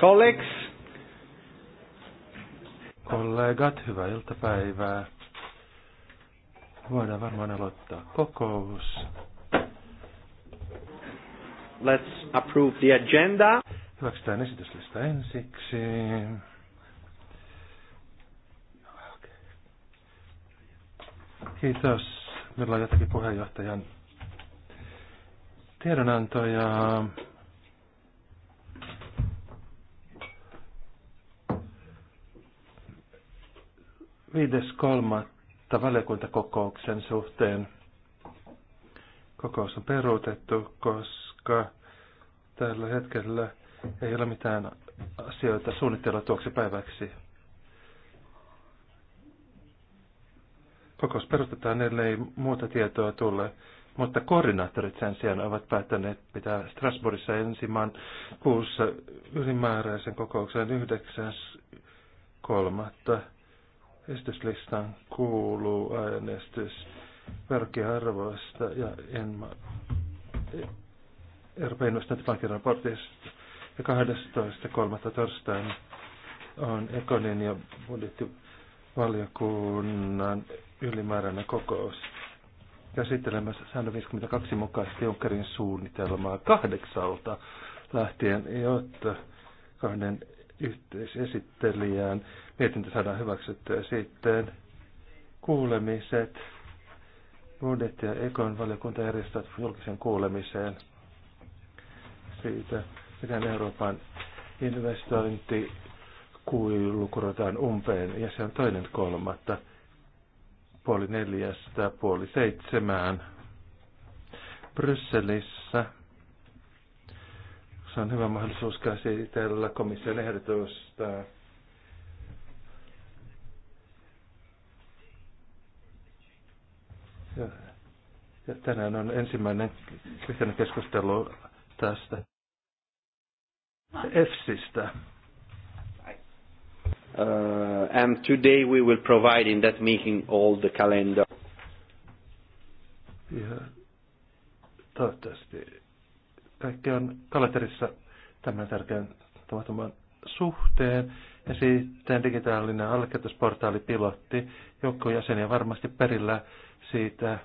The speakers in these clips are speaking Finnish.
Colleagues. Kollegat, hyvää iltapäivää. Voidaan varmaan aloittaa kokous. Let's approve the agenda. Hyväksytään esityslista ensiksi. Kiitos. Meillä on jotakin puheenjohtajan tiedonantoja. viides kolmatta valiokuntakokouksen suhteen kokous on peruutettu, koska tällä hetkellä ei ole mitään asioita suunnitella tuoksi päiväksi. Kokous perustetaan, ellei muuta tietoa tule mutta koordinaattorit sen sijaan ovat päättäneet pitää Strasbourgissa ensimmäinen kuussa ylimääräisen kokouksen 9.3. Estyslistan kuuluu äänestys verkkiarvoista ja en Euroopan investointipankin raportista ja 12.3. torstaina on Ekonin ja budjettivaliokunnan ylimääräinen kokous käsittelemässä säännön 52 mukaisesti Junckerin suunnitelmaa kahdeksalta lähtien, jotta kahden yhteisesittelijän mietintö saadaan hyväksyttyä. Sitten kuulemiset. Budjetti ja Ekon valiokunta järjestää julkisen kuulemiseen siitä, miten Euroopan investointi kuilu kurotaan umpeen, ja se on toinen kolmatta puoli neljästä puoli seitsemään Brysselissä. Se on hyvä mahdollisuus käsitellä komission ehdotusta Ja, ja tänään on ensimmäinen keskustelu tästä EFSistä. Uh, and today we will provide in that meeting all the calendar. toivottavasti kaikki on kalenterissa tämän tärkeän tapahtuman suhteen. Ja sitten digitaalinen allekirjoitusportaali pilotti joukko jäseniä varmasti perillä siitä,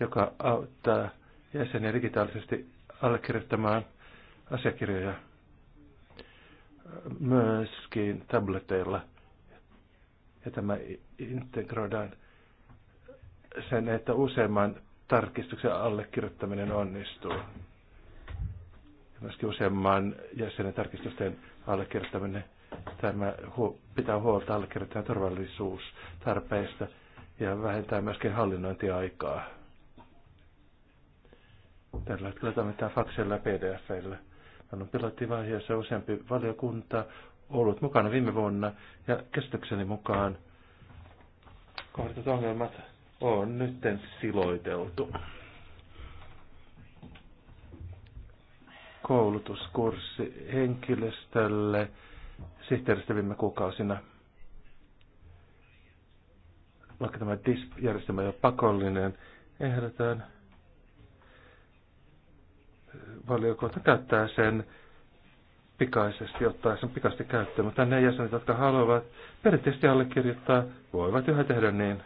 joka auttaa jäseniä digitaalisesti allekirjoittamaan asiakirjoja myöskin tableteilla. Ja tämä integroidaan sen, että useamman tarkistuksen allekirjoittaminen onnistuu. Ja myöskin useamman jäsenen tarkistusten allekirjoittaminen. Tämä pitää huolta allekirjoittajan turvallisuustarpeista ja vähentää myöskin hallinnointiaikaa. Tällä hetkellä toimitaan faksilla ja pdf-illä hän on pilottivaiheessa useampi valiokunta ollut mukana viime vuonna ja käsitykseni mukaan kohdatut ongelmat on nyt siloiteltu. Koulutuskurssi henkilöstölle sihteeristä viime kuukausina. Vaikka tämä DISP-järjestelmä on pakollinen, ehdotetaan valiokunta käyttää sen pikaisesti, ottaa sen pikaisesti käyttöön, mutta ne jäsenet, jotka haluavat perinteisesti allekirjoittaa, voivat yhä tehdä niin.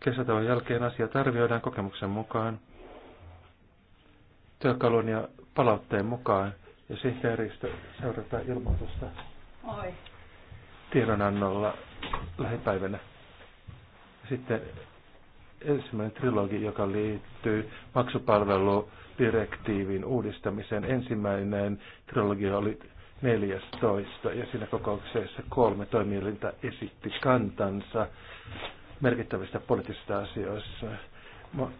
Kesätauon jälkeen asia arvioidaan kokemuksen mukaan, työkalun ja palautteen mukaan ja sihteeristö seurataan ilmoitusta Oi. tiedonannolla lähipäivänä. Sitten ensimmäinen trilogi, joka liittyy maksupalveludirektiivin uudistamiseen. Ensimmäinen trilogi oli 14 ja siinä kokouksessa kolme toimielintä esitti kantansa merkittävistä poliittisista asioista, ma-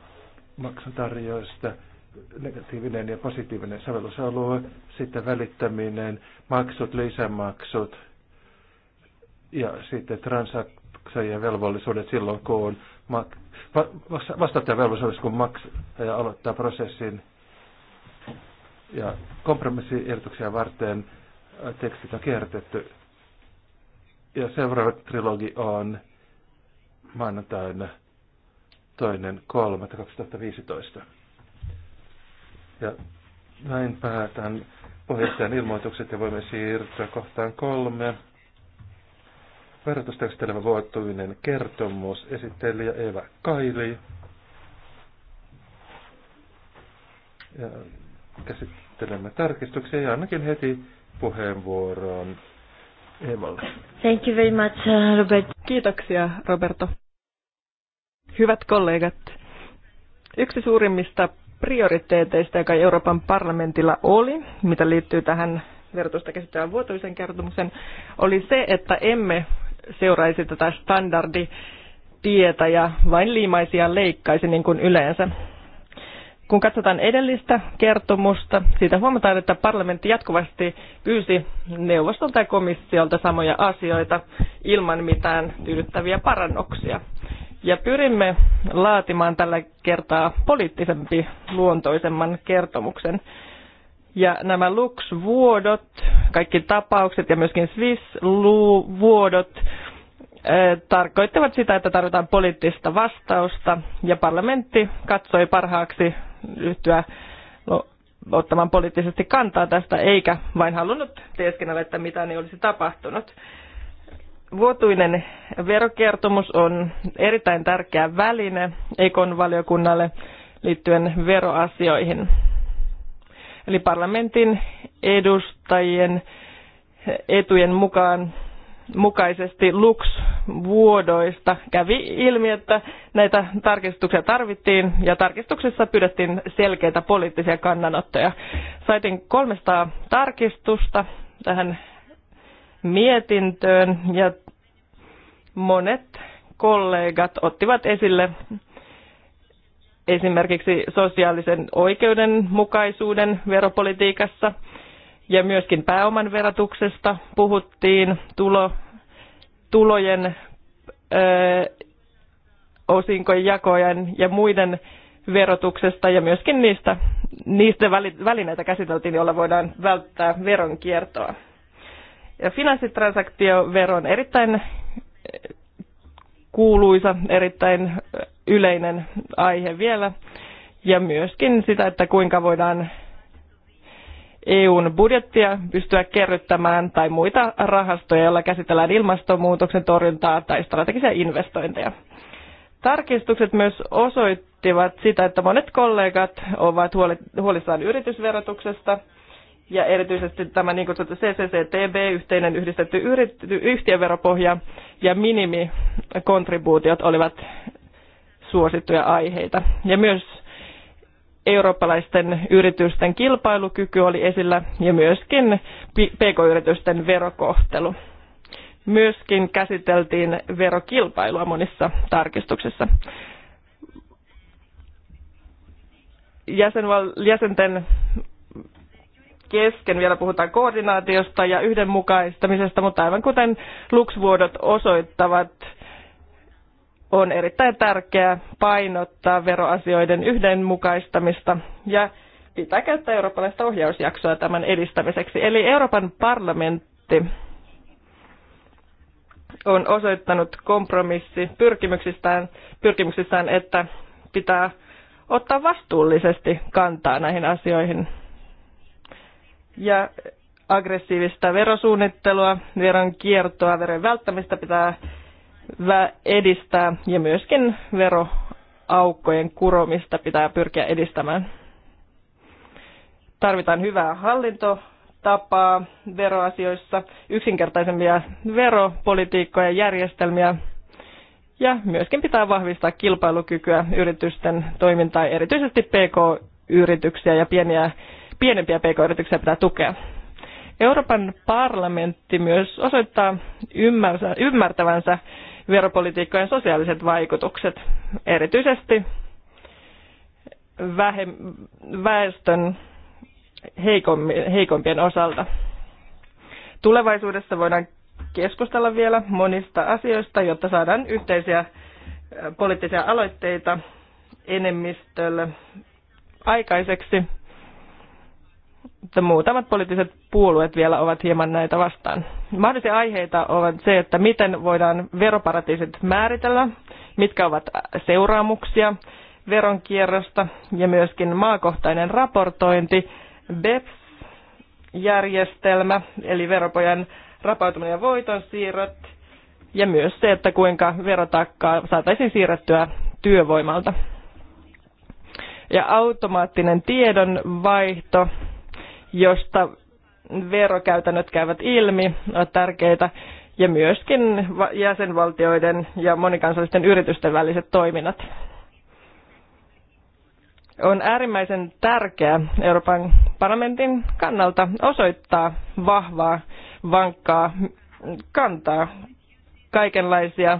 maksantarjoista, negatiivinen ja positiivinen sovellusalue, sitten välittäminen, maksut, lisämaksut ja sitten transak- maksajien velvollisuudet silloin, kun mak- va- vastattajan velvollisuus, kun maksaja aloittaa prosessin. Ja kompromissiehdotuksia varten äh, tekstit on kiertetty. Ja seuraava trilogi on maanantaina toinen kolmatta 2015. Ja näin päätän puheenjohtajan ilmoitukset ja voimme siirtyä kohtaan kolme verotusta käsittelevä vuotuinen kertomus, esittelijä Eva Kaili. Ja käsittelemme tarkistuksia ja ainakin heti puheenvuoroon Evalle. Thank you very much, uh, Robert. Kiitoksia, Roberto. Hyvät kollegat, yksi suurimmista prioriteeteista, joka Euroopan parlamentilla oli, mitä liittyy tähän verotusta käsittävän vuotuisen kertomuksen, oli se, että emme seuraisi tätä standarditietä ja vain liimaisia leikkaisi niin kuin yleensä. Kun katsotaan edellistä kertomusta, siitä huomataan, että parlamentti jatkuvasti pyysi neuvostolta tai komissiolta samoja asioita ilman mitään tyydyttäviä parannuksia. Ja pyrimme laatimaan tällä kertaa poliittisempi luontoisemman kertomuksen. Ja nämä Lux-vuodot, kaikki tapaukset ja myöskin Swiss-vuodot eh, tarkoittavat sitä, että tarvitaan poliittista vastausta ja parlamentti katsoi parhaaksi ryhtyä ottamaan poliittisesti kantaa tästä, eikä vain halunnut teeskennellä, että mitä ei niin olisi tapahtunut. Vuotuinen verokertomus on erittäin tärkeä väline Ekon valiokunnalle liittyen veroasioihin eli parlamentin edustajien etujen mukaan mukaisesti Lux-vuodoista kävi ilmi, että näitä tarkistuksia tarvittiin ja tarkistuksessa pyydettiin selkeitä poliittisia kannanottoja. Saitin 300 tarkistusta tähän mietintöön ja monet kollegat ottivat esille esimerkiksi sosiaalisen oikeudenmukaisuuden veropolitiikassa ja myöskin pääoman verotuksesta puhuttiin, tulo, tulojen, ö, osinkojen, jakojen ja muiden verotuksesta ja myöskin niistä, niistä välineitä käsiteltiin, joilla voidaan välttää veronkiertoa. Ja finanssitransaktiovero on erittäin kuuluisa, erittäin yleinen aihe vielä. Ja myöskin sitä, että kuinka voidaan EUn budjettia pystyä kerryttämään tai muita rahastoja, joilla käsitellään ilmastonmuutoksen torjuntaa tai strategisia investointeja. Tarkistukset myös osoittivat sitä, että monet kollegat ovat huolissaan yritysverotuksesta ja erityisesti tämä niin kutsuttu CCCTB, yhteinen yhdistetty yrity, yhtiöveropohja ja minimikontribuutiot olivat suosittuja aiheita. Ja myös eurooppalaisten yritysten kilpailukyky oli esillä ja myöskin pk-yritysten verokohtelu. Myöskin käsiteltiin verokilpailua monissa tarkistuksissa. Jäsenval- jäsenten kesken vielä puhutaan koordinaatiosta ja yhdenmukaistamisesta, mutta aivan kuten luksvuodot osoittavat, on erittäin tärkeää painottaa veroasioiden yhdenmukaistamista ja pitää käyttää eurooppalaista ohjausjaksoa tämän edistämiseksi. Eli Euroopan parlamentti on osoittanut kompromissi pyrkimyksistään, pyrkimyksistään, että pitää ottaa vastuullisesti kantaa näihin asioihin. Ja aggressiivista verosuunnittelua, veron kiertoa, veron välttämistä pitää edistää ja myöskin veroaukkojen kuromista pitää pyrkiä edistämään. Tarvitaan hyvää hallintotapaa veroasioissa, yksinkertaisempia veropolitiikkoja ja järjestelmiä ja myöskin pitää vahvistaa kilpailukykyä yritysten toimintaa, erityisesti PK-yrityksiä ja pieniä, pienempiä PK-yrityksiä pitää tukea. Euroopan parlamentti myös osoittaa ymmärtävänsä veropolitiikkojen sosiaaliset vaikutukset, erityisesti väestön heikompien osalta. Tulevaisuudessa voidaan keskustella vielä monista asioista, jotta saadaan yhteisiä poliittisia aloitteita enemmistölle aikaiseksi mutta muutamat poliittiset puolueet vielä ovat hieman näitä vastaan. Mahdollisia aiheita ovat se, että miten voidaan veroparatiisit määritellä, mitkä ovat seuraamuksia veronkierrosta ja myöskin maakohtainen raportointi, BEPS-järjestelmä, eli veropojan rapautuminen ja voitonsiirrot, ja myös se, että kuinka verotakkaa saataisiin siirrettyä työvoimalta. Ja automaattinen tiedonvaihto josta verokäytännöt käyvät ilmi, ovat tärkeitä, ja myöskin jäsenvaltioiden ja monikansallisten yritysten väliset toiminnat. On äärimmäisen tärkeää Euroopan parlamentin kannalta osoittaa vahvaa, vankkaa kantaa kaikenlaisia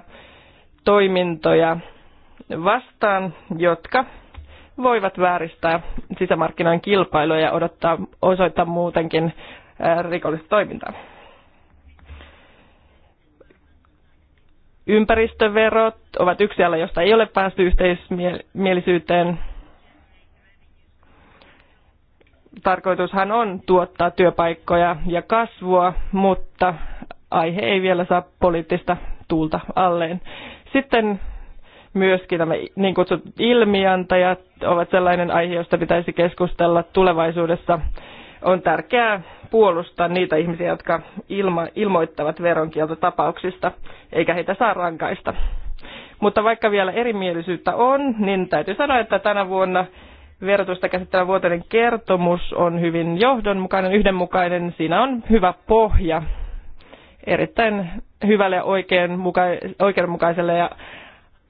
toimintoja vastaan, jotka voivat vääristää sisämarkkinoiden kilpailua ja odottaa, osoittaa muutenkin äh, rikollista toimintaa. Ympäristöverot ovat yksi ala, josta ei ole päästy yhteismielisyyteen. Tarkoitushan on tuottaa työpaikkoja ja kasvua, mutta aihe ei vielä saa poliittista tuulta alleen. Sitten myöskin nämä niin kutsut ilmiantajat ovat sellainen aihe, josta pitäisi keskustella tulevaisuudessa. On tärkeää puolustaa niitä ihmisiä, jotka ilma, ilmoittavat veronkieltotapauksista, eikä heitä saa rankaista. Mutta vaikka vielä erimielisyyttä on, niin täytyy sanoa, että tänä vuonna verotusta käsittelevä vuotinen kertomus on hyvin johdonmukainen, yhdenmukainen. Siinä on hyvä pohja erittäin hyvälle ja oikein ja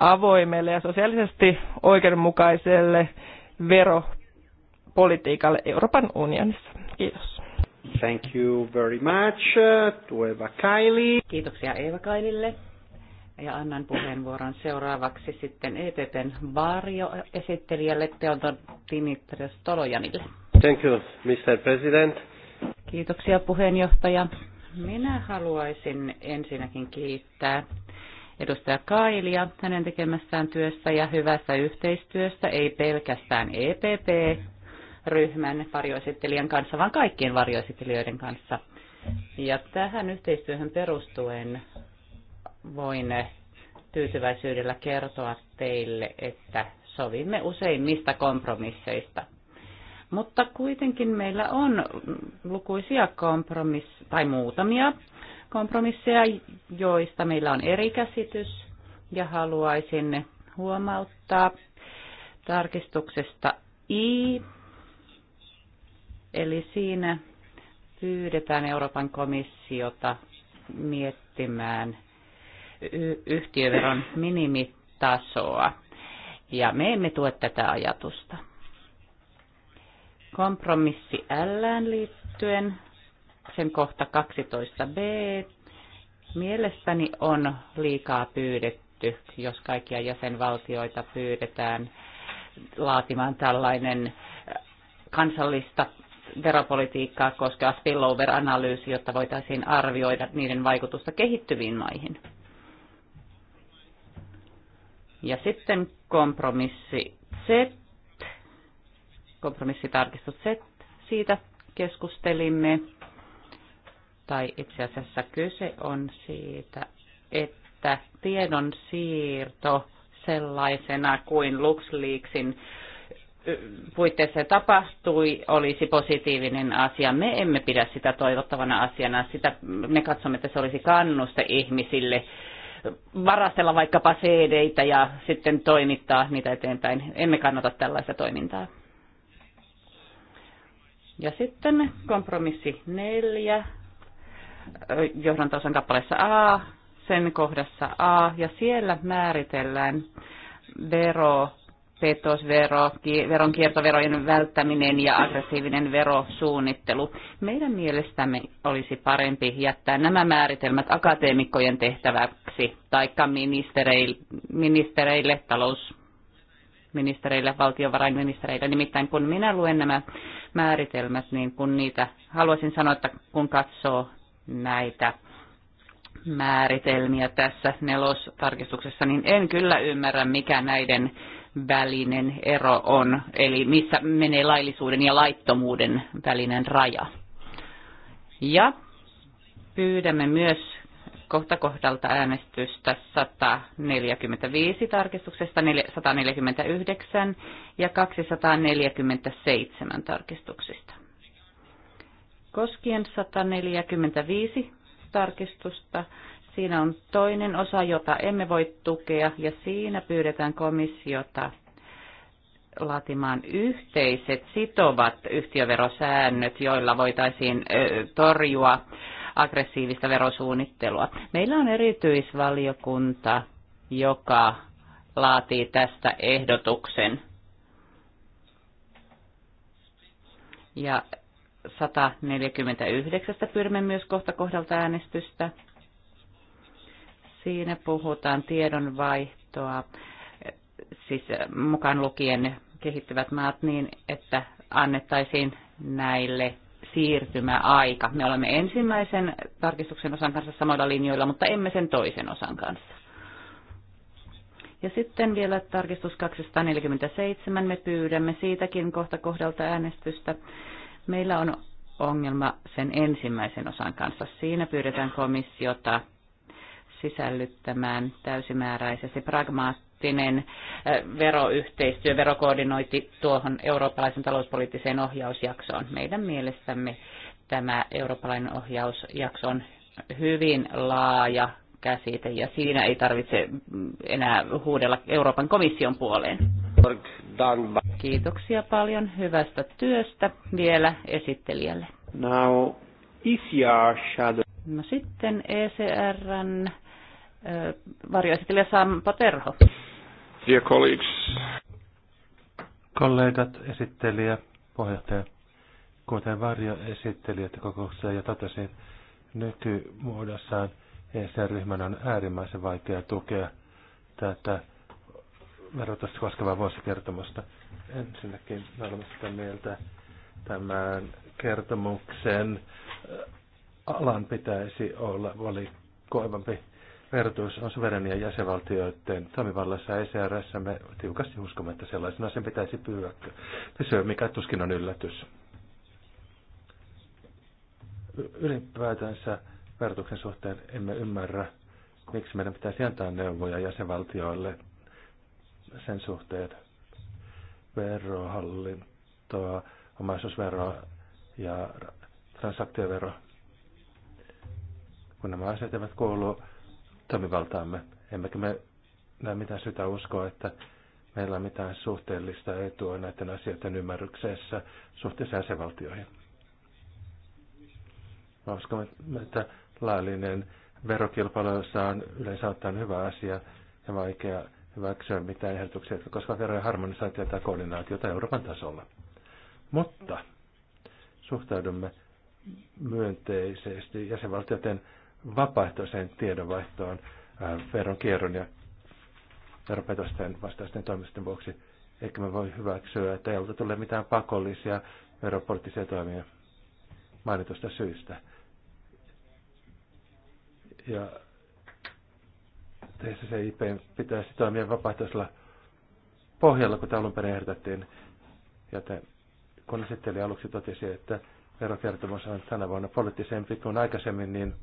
avoimelle ja sosiaalisesti oikeudenmukaiselle veropolitiikalle Euroopan unionissa. Kiitos. Thank you very much uh, to Eva Kaili. Kiitoksia Eva Kailille. Ja annan puheenvuoron seuraavaksi sitten EPPn varjoesittelijälle Teoton Dimitrios Tolojanille. Thank you, Mr. President. Kiitoksia puheenjohtaja. Minä haluaisin ensinnäkin kiittää edustaja Kailia hänen tekemässään työssä ja hyvässä yhteistyössä, ei pelkästään EPP-ryhmän varjoesittelijän kanssa, vaan kaikkien varjoesittelijöiden kanssa. Ja tähän yhteistyöhön perustuen voin tyytyväisyydellä kertoa teille, että sovimme useimmista kompromisseista. Mutta kuitenkin meillä on lukuisia kompromisseja, tai muutamia kompromisseja, joista meillä on eri käsitys ja haluaisin huomauttaa tarkistuksesta I, eli siinä pyydetään Euroopan komissiota miettimään yhtiöveron minimitasoa. Ja me emme tue tätä ajatusta. Kompromissi L liittyen sen kohta 12b mielestäni on liikaa pyydetty, jos kaikkia jäsenvaltioita pyydetään laatimaan tällainen eh, kansallista veropolitiikkaa koskeva spillover-analyysi, jotta voitaisiin arvioida niiden vaikutusta kehittyviin maihin. Ja sitten kompromissi Z, kompromissitarkistus Z, siitä keskustelimme tai itse asiassa kyse on siitä, että tiedon siirto sellaisena kuin LuxLeaksin puitteissa tapahtui, olisi positiivinen asia. Me emme pidä sitä toivottavana asiana. Sitä, me katsomme, että se olisi kannuste ihmisille varastella vaikkapa cd ja sitten toimittaa niitä eteenpäin. Emme kannata tällaista toimintaa. Ja sitten kompromissi neljä johdantosan kappaleessa A, sen kohdassa A, ja siellä määritellään vero, petosvero, veronkiertoverojen välttäminen ja aggressiivinen verosuunnittelu. Meidän mielestämme olisi parempi jättää nämä määritelmät akateemikkojen tehtäväksi tai ministereille, ministereille talousministereille, valtiovarainministereille. Nimittäin kun minä luen nämä määritelmät, niin kun niitä haluaisin sanoa, että kun katsoo näitä määritelmiä tässä nelostarkistuksessa, niin en kyllä ymmärrä, mikä näiden välinen ero on, eli missä menee laillisuuden ja laittomuuden välinen raja. Ja pyydämme myös kohta kohdalta äänestystä 145 tarkistuksesta, 149 ja 247 tarkistuksista koskien 145 tarkistusta. Siinä on toinen osa, jota emme voi tukea, ja siinä pyydetään komissiota laatimaan yhteiset sitovat yhtiöverosäännöt, joilla voitaisiin torjua aggressiivista verosuunnittelua. Meillä on erityisvaliokunta, joka laatii tästä ehdotuksen. Ja 149. pyrimme myös kohta kohdalta äänestystä. Siinä puhutaan tiedonvaihtoa, siis mukaan lukien kehittyvät maat niin, että annettaisiin näille siirtymäaika. Me olemme ensimmäisen tarkistuksen osan kanssa samoilla linjoilla, mutta emme sen toisen osan kanssa. Ja sitten vielä tarkistus 247. Me pyydämme siitäkin kohta kohdalta äänestystä. Meillä on ongelma sen ensimmäisen osan kanssa. Siinä pyydetään komissiota sisällyttämään täysimääräisesti pragmaattinen äh, veroyhteistyö, verokoordinointi tuohon eurooppalaisen talouspoliittiseen ohjausjaksoon. Meidän mielestämme tämä eurooppalainen ohjausjakso on hyvin laaja käsite ja siinä ei tarvitse enää huudella Euroopan komission puoleen. Kiitoksia paljon hyvästä työstä vielä esittelijälle. Now, shadow. No sitten ECRn äh, varjoesittelijä Sampo Terho. Dear colleagues. Kollegat, esittelijä, puheenjohtaja. Kuten varjoesittelijät kokouksessa ja totesin, nykymuodossaan ECR-ryhmän on äärimmäisen vaikea tukea tätä verotusta koskevaa vuosikertomusta. Ensinnäkin me olemme sitä mieltä tämän kertomuksen äh, alan pitäisi olla valikoivampi. Verotus on suverenia jäsenvaltioiden toimivallassa ECRS. Me tiukasti uskomme, että sellaisena sen pitäisi pyyä. pysyä, mikä tuskin on yllätys. Ylipäätänsä verotuksen suhteen emme ymmärrä, miksi meidän pitäisi antaa neuvoja jäsenvaltioille sen suhteet verohallintoa, omaisuusveroa ja transaktiovero. Kun nämä asiat eivät kuulu toimivaltaamme, emmekä me näe mitään syytä uskoa, että meillä on mitään suhteellista etua näiden asioiden ymmärryksessä suhteessa jäsenvaltioihin. Mä uskon, että laillinen verokilpailu, jossa on yleensä ottaen hyvä asia ja vaikea hyväksyä mitään ehdotuksia, koska koskevat verojen harmonisaatio tai koordinaatiota Euroopan tasolla. Mutta suhtaudumme myönteisesti jäsenvaltioiden vapaaehtoiseen tiedonvaihtoon äh, veronkierron ja veropetosten vastaisten toimisten vuoksi. Eikä me voi hyväksyä, että EUlta tulee mitään pakollisia veropoliittisia toimia mainitusta syystä. Ja se IP pitäisi toimia vapaaehtoisella pohjalla, kun alun perin ehdotettiin. Joten kun esitteli aluksi totesi, että verokertomus on tänä vuonna poliittisempi kuin aikaisemmin, niin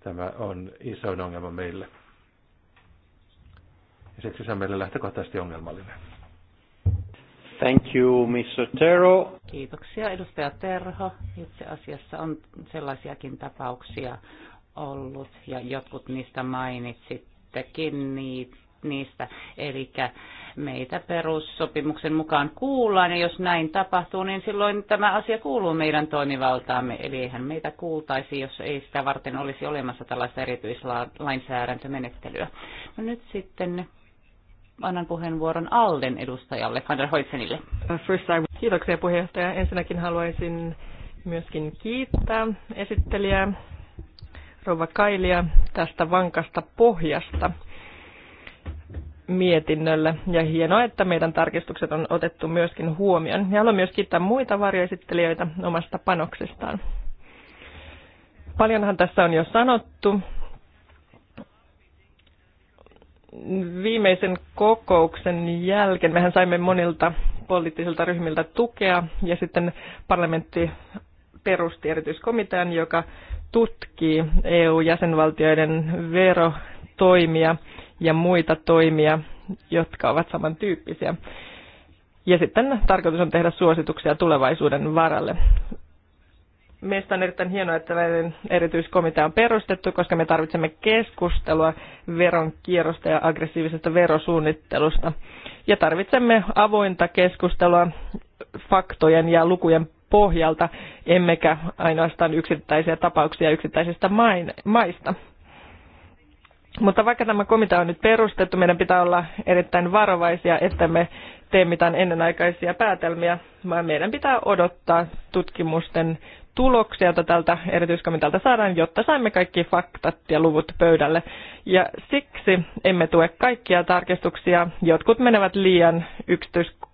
tämä on isoin ongelma meille. Ja siksi se on meille lähtökohtaisesti ongelmallinen. Thank you, Mr. Tero. Kiitoksia, edustaja Terho. Itse asiassa on sellaisiakin tapauksia ollut ja jotkut niistä mainitsittekin niistä. Eli meitä perussopimuksen mukaan kuullaan ja jos näin tapahtuu, niin silloin tämä asia kuuluu meidän toimivaltaamme. Eli eihän meitä kuultaisi, jos ei sitä varten olisi olemassa tällaista erityislainsäädäntömenettelyä. No nyt sitten annan puheenvuoron Alden edustajalle, Van Hoitsenille. Uh, first I... Kiitoksia puheenjohtaja. Ensinnäkin haluaisin myöskin kiittää esittelijää Rova Kailia tästä vankasta pohjasta mietinnölle. Ja hienoa, että meidän tarkistukset on otettu myöskin huomioon. Ja haluan myös kiittää muita varjoesittelijöitä omasta panoksestaan. Paljonhan tässä on jo sanottu. Viimeisen kokouksen jälkeen mehän saimme monilta poliittisilta ryhmiltä tukea ja sitten parlamentti perusti erityiskomitean, joka tutkii EU-jäsenvaltioiden verotoimia ja muita toimia, jotka ovat samantyyppisiä. Ja sitten tarkoitus on tehdä suosituksia tulevaisuuden varalle. Meistä on erittäin hienoa, että näiden erityiskomitea on perustettu, koska me tarvitsemme keskustelua veronkierrosta ja aggressiivisesta verosuunnittelusta. Ja tarvitsemme avointa keskustelua faktojen ja lukujen pohjalta, emmekä ainoastaan yksittäisiä tapauksia yksittäisistä maista. Mutta vaikka tämä komitea on nyt perustettu, meidän pitää olla erittäin varovaisia, että me tee mitään ennenaikaisia päätelmiä, vaan meidän pitää odottaa tutkimusten tuloksia, joita tältä erityiskomitealta saadaan, jotta saimme kaikki faktat ja luvut pöydälle. Ja siksi emme tue kaikkia tarkistuksia. Jotkut menevät liian yksityiskohtaisesti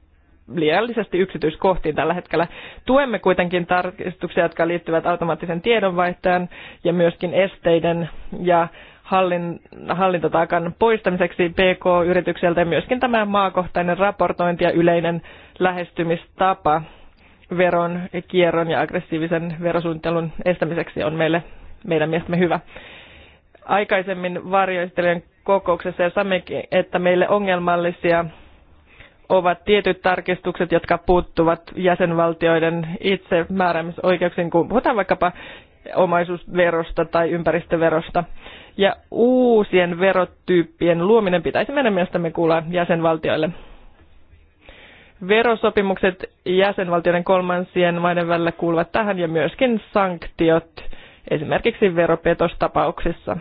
liiallisesti yksityiskohtiin tällä hetkellä. Tuemme kuitenkin tarkistuksia, jotka liittyvät automaattisen tiedonvaihtoon ja myöskin esteiden ja hallin, hallintotaakan poistamiseksi PK-yritykseltä ja myöskin tämä maakohtainen raportointi ja yleinen lähestymistapa veron kierron ja aggressiivisen verosuunnittelun estämiseksi on meille, meidän mielestämme hyvä. Aikaisemmin varjoistelijan kokouksessa ja sanoikin, että meille ongelmallisia ovat tietyt tarkistukset, jotka puuttuvat jäsenvaltioiden itsemääräämisoikeuksiin, kun puhutaan vaikkapa omaisuusverosta tai ympäristöverosta. Ja uusien verotyyppien luominen pitäisi meidän mielestämme kuulla jäsenvaltioille. Verosopimukset jäsenvaltioiden kolmansien maiden välillä kuuluvat tähän ja myöskin sanktiot, esimerkiksi veropetostapauksissa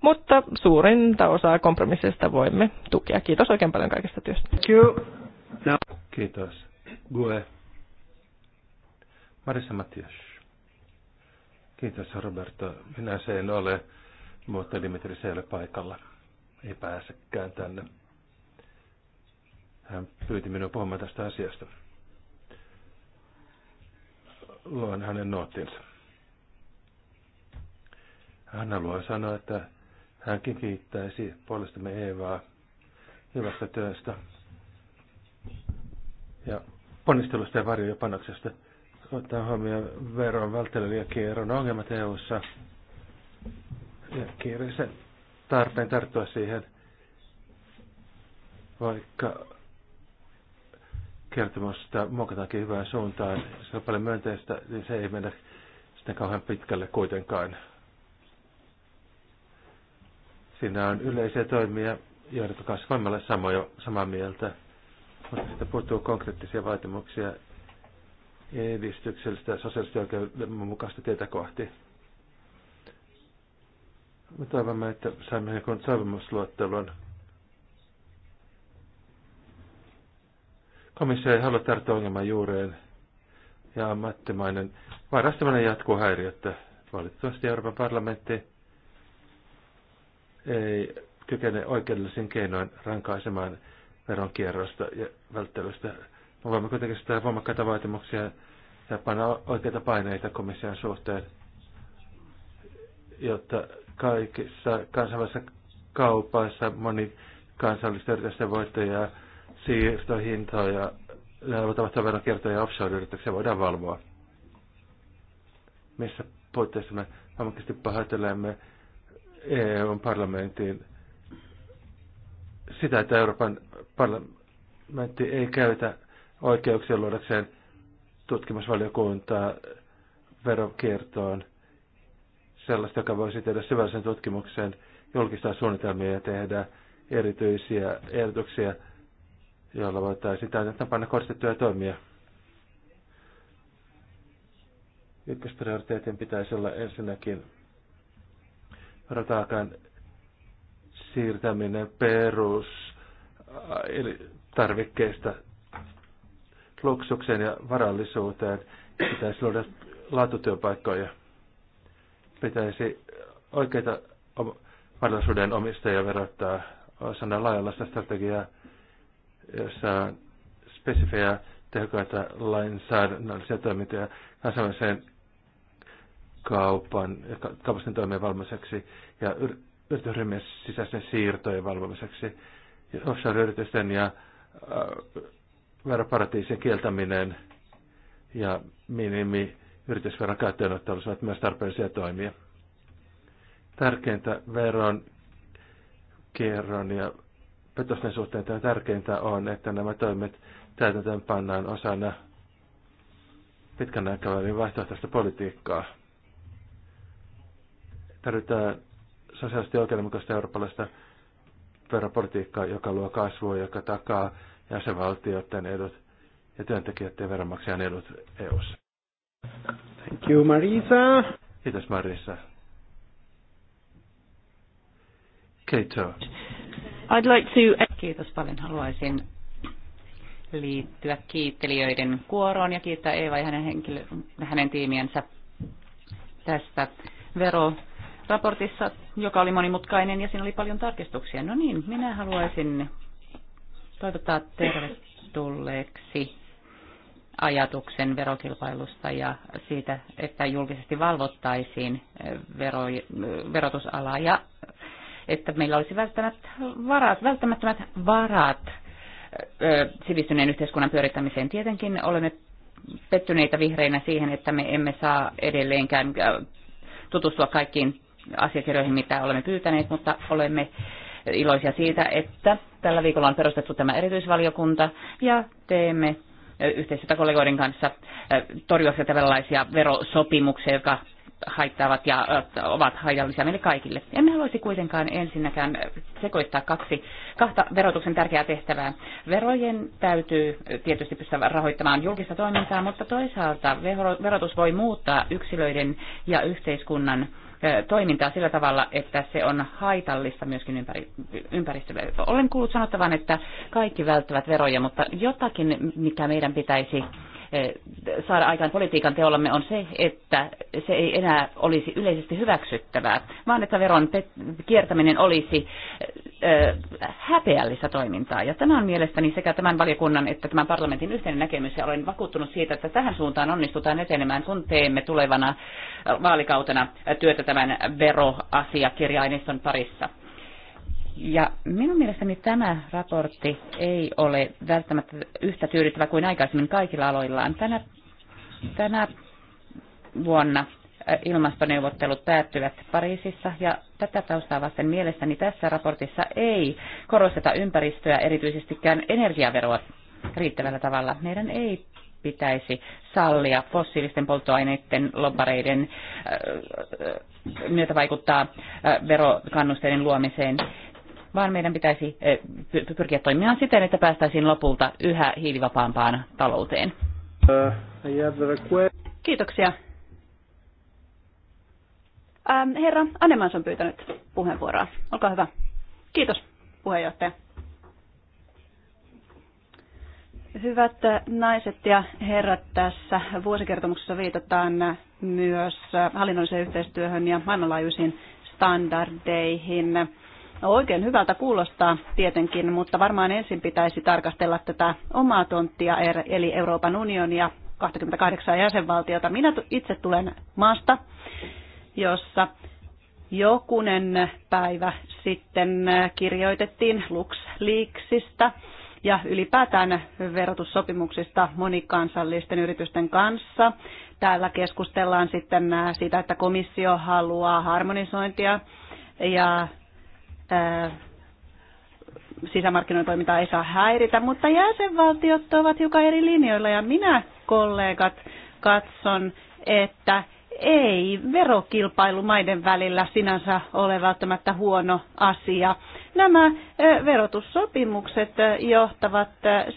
mutta suurinta osaa kompromissista voimme tukea. Kiitos oikein paljon kaikesta työstä. Kiitos. Gue. Marissa Matias. Kiitos Roberto. Minä se en ole, mutta se ei ole paikalla. Ei pääsekään tänne. Hän pyyti minua puhumaan tästä asiasta. Luen hänen noottinsa. Hän haluaa sanoa, että Hänkin kiittäisi puolestamme Eevaa hyvästä työstä ja ponnistelusta ja panoksesta. Ottaa huomioon veron välttelyn ja kierron ongelmat EU-ssa ja kiireisen tarpeen tarttua siihen, vaikka kertomusta muokataankin hyvään suuntaan. Se on paljon myönteistä, niin se ei mennä sitten kauhean pitkälle kuitenkaan. Siinä on yleisiä toimia, joiden kanssa voimme olla samoja, samaa mieltä, mutta siitä puuttuu konkreettisia vaatimuksia edistyksellistä ja sosiaalista oikeudenmukaista tietä kohti. Me toivomme, että saamme jonkun sopimusluottelun. Komissio ei halua tarttua ongelman juureen ja ammattimainen varastaminen jatkuu häiriöttä. Valitettavasti Euroopan parlamentti ei kykene oikeudellisin keinoin rankaisemaan veronkierrosta ja välttelystä. Me voimme kuitenkin sitä voimakkaita vaatimuksia ja panna oikeita paineita komission suhteen, jotta kaikissa kansainvälisissä kaupoissa moni kansallista yritysten voittoja, siirtohintoja, luultavasti veronkiertoja ja offshore-yrityksiä voidaan valvoa. Missä puitteissa me ammatisesti pahoittelemme eu parlamentin sitä, että Euroopan parlamentti ei käytä oikeuksia luodakseen tutkimusvaliokuntaa veronkiertoon sellaista, joka voisi tehdä syvällisen tutkimuksen, julkistaa suunnitelmia ja tehdä erityisiä ehdotuksia, joilla voitaisiin täytettä panna koristettuja toimia. Ykkösprioriteetin pitäisi olla ensinnäkin rataakan siirtäminen perus äh, eli tarvikkeista luksukseen ja varallisuuteen. Pitäisi luoda laatutyöpaikkoja. Pitäisi oikeita varallisuuden omistajia verottaa osana laajalla strategiaa, jossa on spesifejä tehokkaita lainsäädännöllisiä toimintoja kansainväliseen kaupan ja kaupallisten toimien valvomiseksi ja yritysryhmien sisäisten siirtojen valvomiseksi, offshore-yritysten ja äh, veroparatiisien kieltäminen ja minimi yritysveron käyttöönotto olisivat myös tarpeellisia toimia. Tärkeintä veron kierron ja petosten suhteen tämä tärkeintä on, että nämä toimet täytäntöön pannaan osana pitkän aikavälin vaihtoehtoista politiikkaa. Tarvitaan sosiaalisesti oikeudenmukaista eurooppalaista veropolitiikkaa, joka luo kasvua, joka takaa jäsenvaltioiden edut ja työntekijöiden ja veronmaksajan edut EU:ssa. Thank you, Marisa. Kiitos, Marisa. Kato. I'd like to... Kiitos paljon. Haluaisin liittyä kiittelijöiden kuoroon ja kiittää Eeva ja hänen, henkilö, hänen tiimiensä tästä vero raportissa, joka oli monimutkainen ja siinä oli paljon tarkistuksia. No niin, minä haluaisin toivottaa tervetulleeksi ajatuksen verokilpailusta ja siitä, että julkisesti valvottaisiin vero, verotusalaa ja että meillä olisi välttämättömät varat, välttämättömät varat ö, sivistyneen yhteiskunnan pyörittämiseen. Tietenkin olemme pettyneitä vihreinä siihen, että me emme saa edelleenkään tutustua kaikkiin asiakirjoihin, mitä olemme pyytäneet, mutta olemme iloisia siitä, että tällä viikolla on perustettu tämä erityisvaliokunta ja teemme yhteistyötä kollegoiden kanssa äh, torjuaksi tällaisia verosopimuksia, jotka haittaavat ja äh, ovat haitallisia meille kaikille. Emme haluaisi kuitenkaan ensinnäkään sekoittaa kaksi, kahta verotuksen tärkeää tehtävää. Verojen täytyy tietysti pystyä rahoittamaan julkista toimintaa, mutta toisaalta verotus voi muuttaa yksilöiden ja yhteiskunnan toimintaa sillä tavalla, että se on haitallista myöskin ympäri, ympäristölle. Olen kuullut sanottavan, että kaikki välttävät veroja, mutta jotakin, mikä meidän pitäisi Eh, saada aikaan politiikan teollamme on se, että se ei enää olisi yleisesti hyväksyttävää, vaan että veron kiertäminen olisi eh, eh, häpeällistä toimintaa. Ja tämä on mielestäni sekä tämän valiokunnan että tämän parlamentin yhteinen näkemys, ja olen vakuuttunut siitä, että tähän suuntaan onnistutaan etenemään, kun teemme tulevana vaalikautena työtä tämän veroasiakirjaineiston parissa. Ja minun mielestäni tämä raportti ei ole välttämättä yhtä tyydyttävä kuin aikaisemmin kaikilla aloillaan. Tänä, tänä vuonna äh, ilmastoneuvottelut päättyvät Pariisissa ja tätä taustaa vasten mielestäni tässä raportissa ei korosteta ympäristöä, erityisestikään energiaveroa riittävällä tavalla. Meidän ei pitäisi sallia fossiilisten polttoaineiden lobbareiden äh, äh, myötä vaikuttaa verokannusteiden luomiseen vaan meidän pitäisi eh, pyrkiä toimimaan siten, että päästäisiin lopulta yhä hiilivapaampaan talouteen. Kiitoksia. Ähm, herra Anemans on pyytänyt puheenvuoroa. Olkaa hyvä. Kiitos, puheenjohtaja. Hyvät äh, naiset ja herrat, tässä vuosikertomuksessa viitataan äh, myös äh, hallinnolliseen yhteistyöhön ja maailmanlaajuisiin standardeihin. No, oikein hyvältä kuulostaa tietenkin, mutta varmaan ensin pitäisi tarkastella tätä omaa tonttia, er- eli Euroopan unionia, 28 jäsenvaltiota. Minä itse tulen maasta, jossa jokunen päivä sitten kirjoitettiin LuxLeaksista ja ylipäätään verotussopimuksista monikansallisten yritysten kanssa. Täällä keskustellaan sitten äh, siitä, että komissio haluaa harmonisointia ja sisämarkkinoiden ei saa häiritä, mutta jäsenvaltiot ovat hiukan eri linjoilla ja minä kollegat katson, että ei verokilpailu maiden välillä sinänsä ole välttämättä huono asia. Nämä verotussopimukset johtavat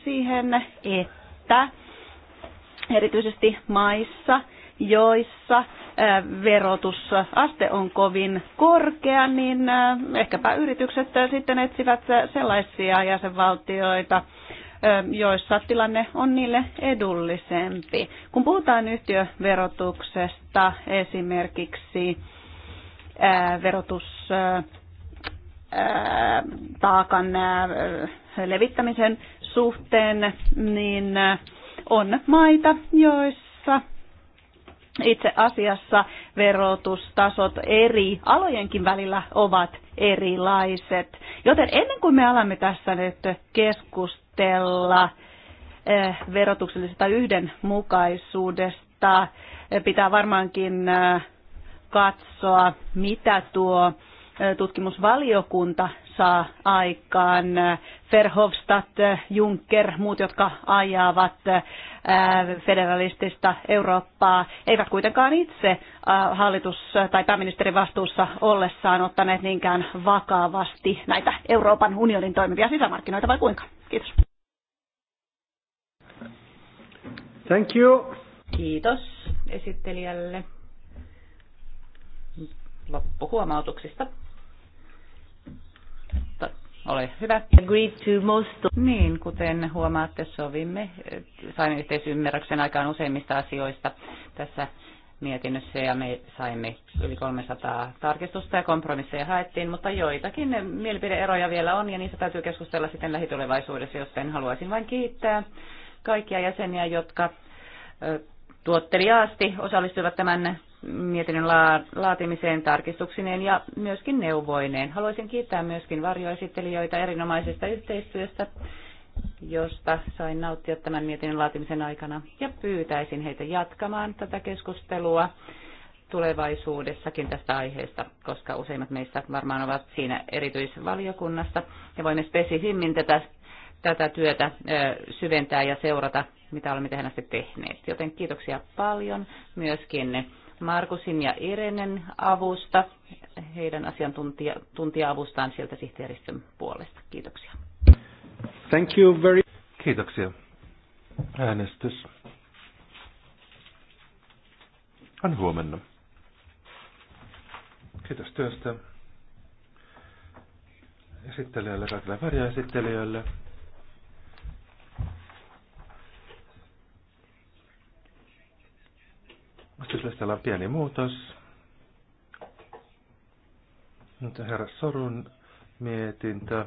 siihen, että erityisesti maissa, joissa verotusaste on kovin korkea, niin ehkäpä yritykset sitten etsivät sellaisia jäsenvaltioita, joissa tilanne on niille edullisempi. Kun puhutaan yhtiöverotuksesta esimerkiksi verotus taakan levittämisen suhteen, niin on maita, joissa itse asiassa verotustasot eri alojenkin välillä ovat erilaiset. Joten ennen kuin me alamme tässä nyt keskustella eh, verotuksellisesta yhdenmukaisuudesta, eh, pitää varmaankin eh, katsoa, mitä tuo tutkimusvaliokunta saa aikaan. Verhofstadt, Juncker, muut, jotka ajaavat äh, federalistista Eurooppaa, eivät kuitenkaan itse äh, hallitus- tai pääministerin vastuussa ollessaan ottaneet niinkään vakavasti näitä Euroopan unionin toimivia sisämarkkinoita, vai kuinka? Kiitos. Thank you. Kiitos esittelijälle loppuhuomautuksista. Ole hyvä. Agreed to most Niin, kuten huomaatte, sovimme, saimme yhteisymmärryksen aikaan useimmista asioista tässä mietinnössä ja me saimme yli 300 tarkistusta ja kompromisseja haettiin, mutta joitakin mielipideeroja vielä on ja niistä täytyy keskustella sitten lähitulevaisuudessa, joten haluaisin vain kiittää kaikkia jäseniä, jotka tuotteliaasti osallistuivat tämän mietinnön laatimiseen tarkistuksineen ja myöskin neuvoineen. Haluaisin kiittää myöskin varjoesittelijöitä erinomaisesta yhteistyöstä, josta sain nauttia tämän mietinnön laatimisen aikana ja pyytäisin heitä jatkamaan tätä keskustelua tulevaisuudessakin tästä aiheesta, koska useimmat meistä varmaan ovat siinä erityisvaliokunnassa ja voimme spesisimmin tätä, tätä työtä ö, syventää ja seurata, mitä olemme tähän asti tehneet. Joten kiitoksia paljon myöskin Markusin ja Irenen avusta, heidän asiantuntija-avustaan sieltä sihteeristön puolesta. Kiitoksia. Thank you very... Kiitoksia. Äänestys on huomenna. Kiitos työstä esittelijälle, kaikille esittelijöille. Täällä pieni muutos. Nyt herra Sorun mietintö.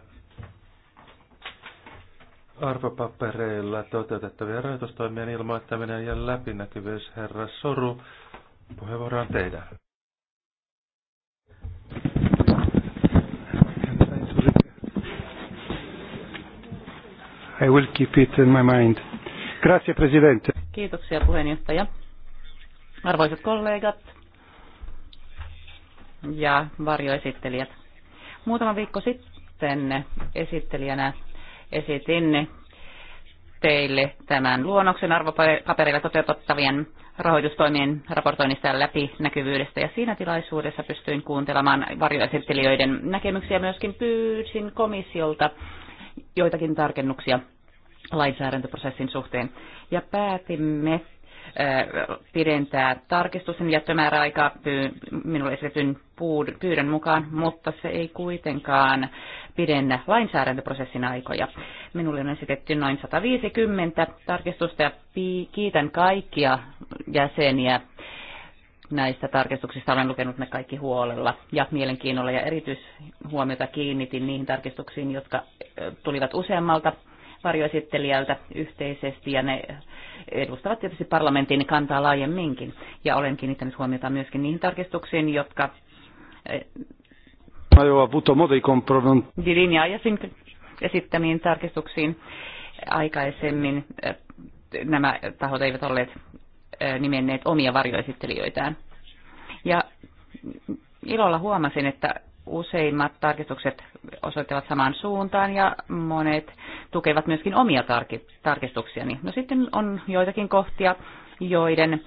Arvopapereilla toteutettavien rajoitustoimien ilmoittaminen ja läpinäkyvyys, herra Soru. Puheenvuoro on teidän. I will keep it in my mind. Grazie, Presidente. Kiitoksia puheenjohtaja. Arvoisat kollegat ja varjoesittelijät. Muutama viikko sitten esittelijänä esitin teille tämän luonnoksen arvopaperilla toteutettavien rahoitustoimien raportoinnista ja läpinäkyvyydestä. Ja siinä tilaisuudessa pystyin kuuntelemaan varjoesittelijöiden näkemyksiä. Myöskin pyysin komissiolta joitakin tarkennuksia lainsäädäntöprosessin suhteen. Ja päätimme pidentää tarkistusten jättömääräaikaa minulle esitetyn pyydön mukaan, mutta se ei kuitenkaan pidennä lainsäädäntöprosessin aikoja. Minulle on esitetty noin 150 tarkistusta ja kiitän kaikkia jäseniä näistä tarkistuksista. Olen lukenut ne kaikki huolella ja mielenkiinnolla ja erityishuomiota kiinnitin niihin tarkistuksiin, jotka tulivat useammalta varjoesittelijältä yhteisesti ja ne edustavat tietysti parlamentin kantaa laajemminkin. Ja olen kiinnittänyt huomiota myöskin niihin tarkistuksiin, jotka... Dilin ja Ajasin esittämiin tarkistuksiin aikaisemmin eh, nämä tahot eivät olleet eh, nimenneet omia varjoesittelijöitään. Ja ilolla huomasin, että useimmat tarkistukset osoittavat samaan suuntaan ja monet tukevat myöskin omia tarki- tarkistuksiani. No sitten on joitakin kohtia, joiden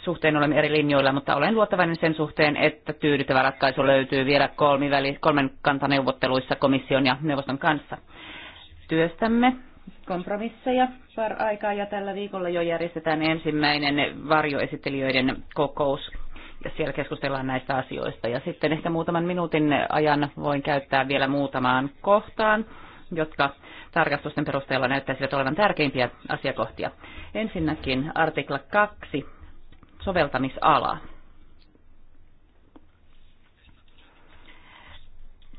suhteen olemme eri linjoilla, mutta olen luottavainen sen suhteen, että tyydyttävä ratkaisu löytyy vielä kolmiväli, kolmen kantaneuvotteluissa komission ja neuvoston kanssa. Työstämme kompromisseja par aikaa ja tällä viikolla jo järjestetään ensimmäinen varjoesittelijöiden kokous siellä keskustellaan näistä asioista. Ja sitten ehkä muutaman minuutin ajan voin käyttää vielä muutamaan kohtaan, jotka tarkastusten perusteella näyttäisivät olevan tärkeimpiä asiakohtia. Ensinnäkin artikla 2, soveltamisala.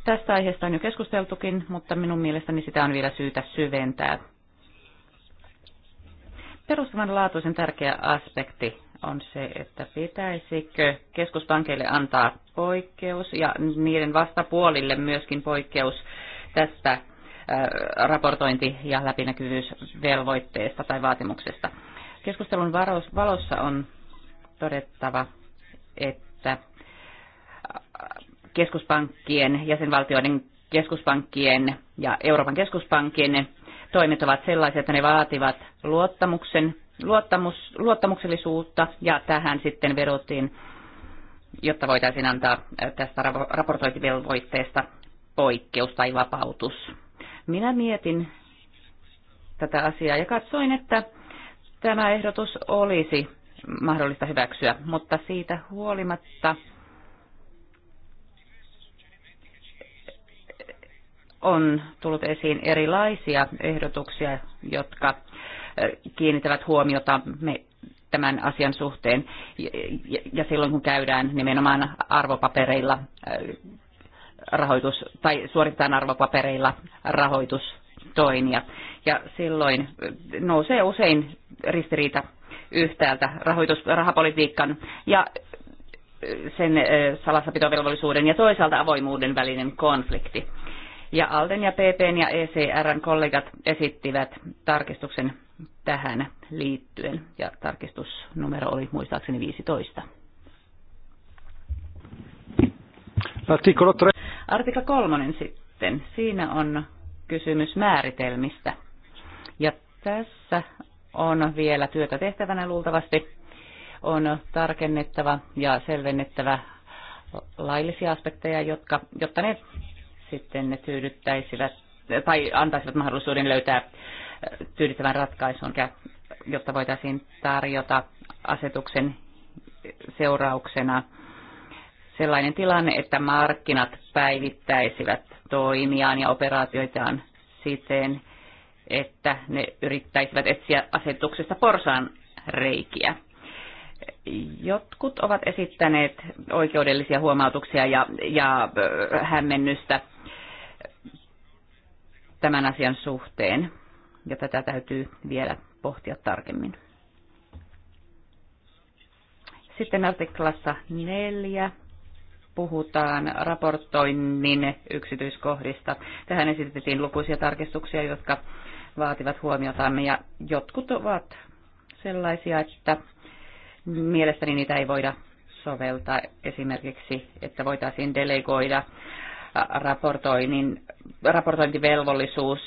Tästä aiheesta on jo keskusteltukin, mutta minun mielestäni sitä on vielä syytä syventää. Perustavanlaatuisen tärkeä aspekti on se, että pitäisikö keskuspankeille antaa poikkeus ja niiden vastapuolille myöskin poikkeus tästä äh, raportointi- ja läpinäkyvyysvelvoitteesta tai vaatimuksesta. Keskustelun valossa on todettava, että äh, keskuspankkien, jäsenvaltioiden keskuspankkien ja Euroopan keskuspankin toimet ovat sellaisia, että ne vaativat luottamuksen luottamus, luottamuksellisuutta ja tähän sitten vedottiin, jotta voitaisiin antaa äh, tästä raportointivelvoitteesta poikkeus tai vapautus. Minä mietin tätä asiaa ja katsoin, että tämä ehdotus olisi mahdollista hyväksyä, mutta siitä huolimatta on tullut esiin erilaisia ehdotuksia, jotka kiinnittävät huomiota me tämän asian suhteen ja silloin kun käydään nimenomaan arvopapereilla rahoitus tai suoritetaan arvopapereilla rahoitustoimia. Ja silloin nousee usein ristiriita yhtäältä rahoitus, rahapolitiikan ja sen salassapitovelvollisuuden ja toisaalta avoimuuden välinen konflikti. Ja Alden ja PPn ja ECRn kollegat esittivät tarkistuksen tähän liittyen. Ja tarkistusnumero oli muistaakseni 15. Artikla 3. Artikla sitten. Siinä on kysymys määritelmistä. Ja tässä on vielä työtä tehtävänä luultavasti. On tarkennettava ja selvennettävä laillisia aspekteja, jotka, jotta ne sitten ne tyydyttäisivät tai antaisivat mahdollisuuden löytää tyydyttävän ratkaisun, jotta voitaisiin tarjota asetuksen seurauksena sellainen tilanne, että markkinat päivittäisivät toimiaan ja operaatioitaan siten, että ne yrittäisivät etsiä asetuksesta porsaan reikiä. Jotkut ovat esittäneet oikeudellisia huomautuksia ja, ja hämmennystä tämän asian suhteen ja tätä täytyy vielä pohtia tarkemmin. Sitten artiklassa neljä puhutaan raportoinnin yksityiskohdista. Tähän esitettiin lukuisia tarkistuksia, jotka vaativat huomiotamme ja jotkut ovat sellaisia, että mielestäni niitä ei voida soveltaa esimerkiksi, että voitaisiin delegoida raportoinnin, raportointivelvollisuus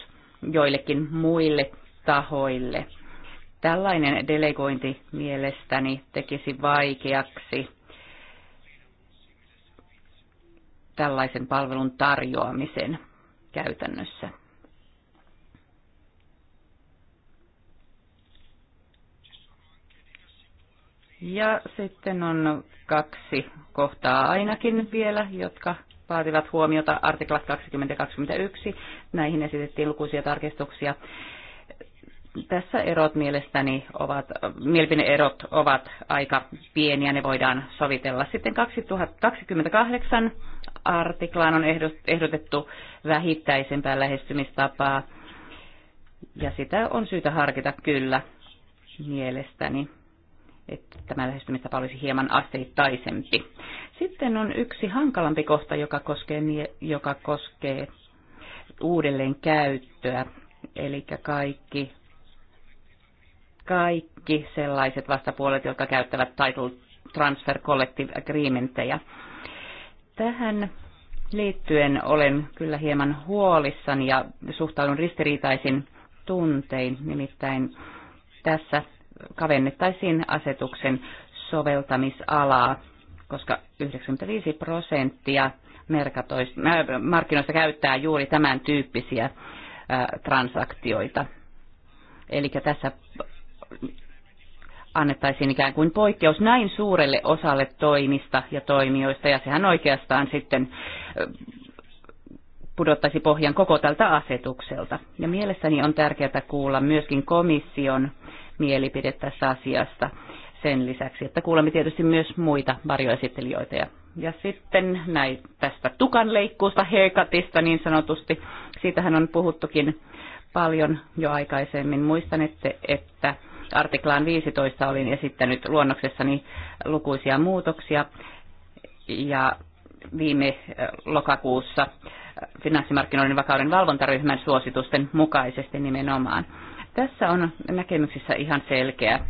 joillekin muille tahoille. Tällainen delegointi mielestäni tekisi vaikeaksi tällaisen palvelun tarjoamisen käytännössä. Ja sitten on kaksi kohtaa ainakin vielä, jotka vaativat huomiota artiklat 20 ja 21. Näihin esitettiin lukuisia tarkistuksia. Tässä erot mielestäni ovat, mielipideerot ovat aika pieniä, ne voidaan sovitella. Sitten 2028 artiklaan on ehdotettu vähittäisempää lähestymistapaa, ja sitä on syytä harkita kyllä mielestäni että tämä lähestymistapa olisi hieman asteittaisempi. Sitten on yksi hankalampi kohta, joka koskee, joka koskee uudelleen käyttöä, eli kaikki, kaikki sellaiset vastapuolet, jotka käyttävät Title Transfer Collective Agreementteja. Tähän liittyen olen kyllä hieman huolissani ja suhtaudun ristiriitaisin tuntein, nimittäin tässä kavennettaisiin asetuksen soveltamisalaa, koska 95 prosenttia äh, markkinoista käyttää juuri tämän tyyppisiä äh, transaktioita. Eli tässä annettaisiin ikään kuin poikkeus näin suurelle osalle toimista ja toimijoista, ja sehän oikeastaan sitten äh, pudottaisi pohjan koko tältä asetukselta. Ja mielestäni on tärkeää kuulla myöskin komission mielipide tässä asiasta sen lisäksi, että kuulemme tietysti myös muita varjoesittelijoita. ja ja sitten näin tästä tukanleikkuusta, heikatista, niin sanotusti, siitähän on puhuttukin paljon jo aikaisemmin. Muistan, että, että artiklaan 15 olin esittänyt luonnoksessani lukuisia muutoksia ja viime eh, lokakuussa finanssimarkkinoiden vakauden valvontaryhmän suositusten mukaisesti nimenomaan. Tässä on näkemyksissä ihan selkeä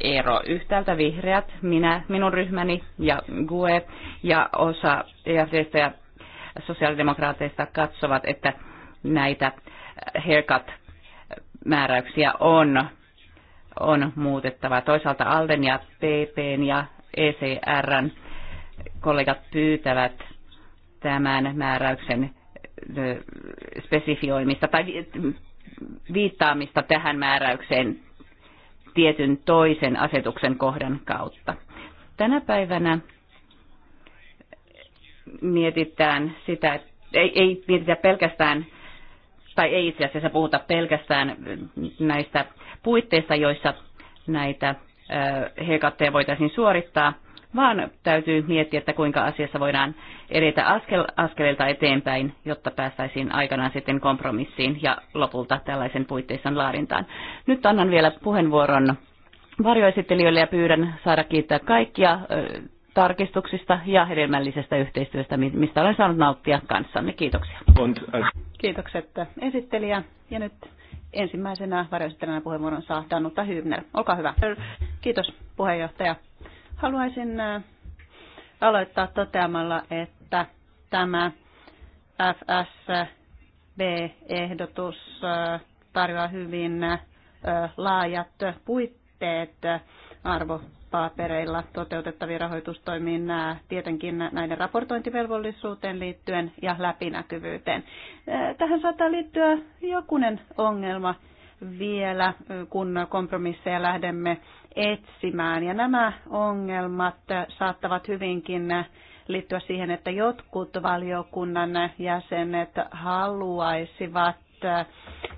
ero. Yhtäältä vihreät, minä, minun ryhmäni ja GUE ja osa EFDstä ja sosiaalidemokraateista katsovat, että näitä haircut-määräyksiä on, on muutettava. Toisaalta Alden ja PPn ja ECRn kollegat pyytävät tämän määräyksen spesifioimista tai viittaamista tähän määräykseen tietyn toisen asetuksen kohdan kautta. Tänä päivänä mietitään sitä, ei, ei mietitä pelkästään, tai ei itse asiassa puhuta pelkästään näistä puitteista, joissa näitä hekatteja voitaisiin suorittaa, vaan täytyy miettiä, että kuinka asiassa voidaan edetä askel, askeleelta eteenpäin, jotta päästäisiin aikanaan sitten kompromissiin ja lopulta tällaisen puitteissaan laadintaan. Nyt annan vielä puheenvuoron varjoesittelijöille ja pyydän saada kiittää kaikkia tarkistuksista ja hedelmällisestä yhteistyöstä, mistä olen saanut nauttia kanssanne. Kiitoksia. Kiitokset äh, esittelijä. Ja nyt ensimmäisenä varjoesittelijänä puheenvuoron saa Danuta Hybner. Olkaa hyvä. Kiitos puheenjohtaja. Haluaisin äh, aloittaa toteamalla, että tämä FSB-ehdotus äh, tarjoaa hyvin äh, laajat puitteet arvopapereilla toteutettaviin rahoitustoimiin tietenkin näiden raportointivelvollisuuteen liittyen ja läpinäkyvyyteen. Tähän saattaa liittyä jokunen ongelma vielä, kun kompromisseja lähdemme etsimään. Ja nämä ongelmat saattavat hyvinkin liittyä siihen, että jotkut valiokunnan jäsenet haluaisivat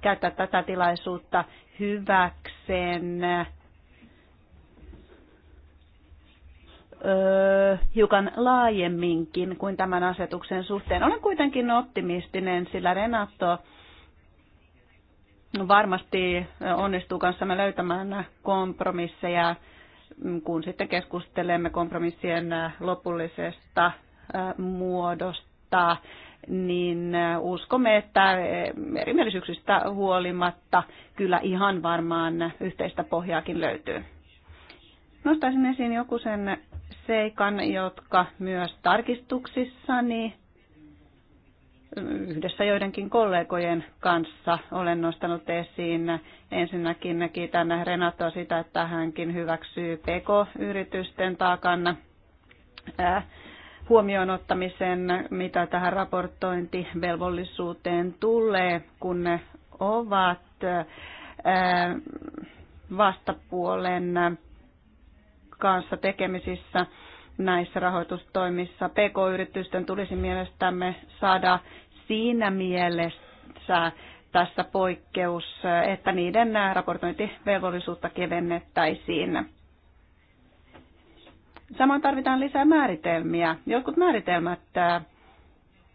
käyttää tätä tilaisuutta hyväkseen öö, hiukan laajemminkin kuin tämän asetuksen suhteen. Olen kuitenkin optimistinen, sillä Renato varmasti onnistuu kanssamme löytämään kompromisseja, mm, kun sitten keskustelemme kompromissien lopullisesta muodosta, niin uskomme, että erimielisyyksistä huolimatta kyllä ihan varmaan yhteistä pohjaakin löytyy. Nostaisin esiin joku sen seikan, jotka myös tarkistuksissani yhdessä joidenkin kollegojen kanssa olen nostanut esiin. Ensinnäkin kiitän Renatoa sitä, että hänkin hyväksyy PK-yritysten takana äh, huomioon ottamisen, mitä tähän raportointivelvollisuuteen tulee, kun ne ovat äh, vastapuolen kanssa tekemisissä näissä rahoitustoimissa. PK-yritysten tulisi mielestämme saada siinä mielessä tässä poikkeus, että niiden raportointivelvollisuutta kevennettäisiin. Samoin tarvitaan lisää määritelmiä. Jotkut määritelmät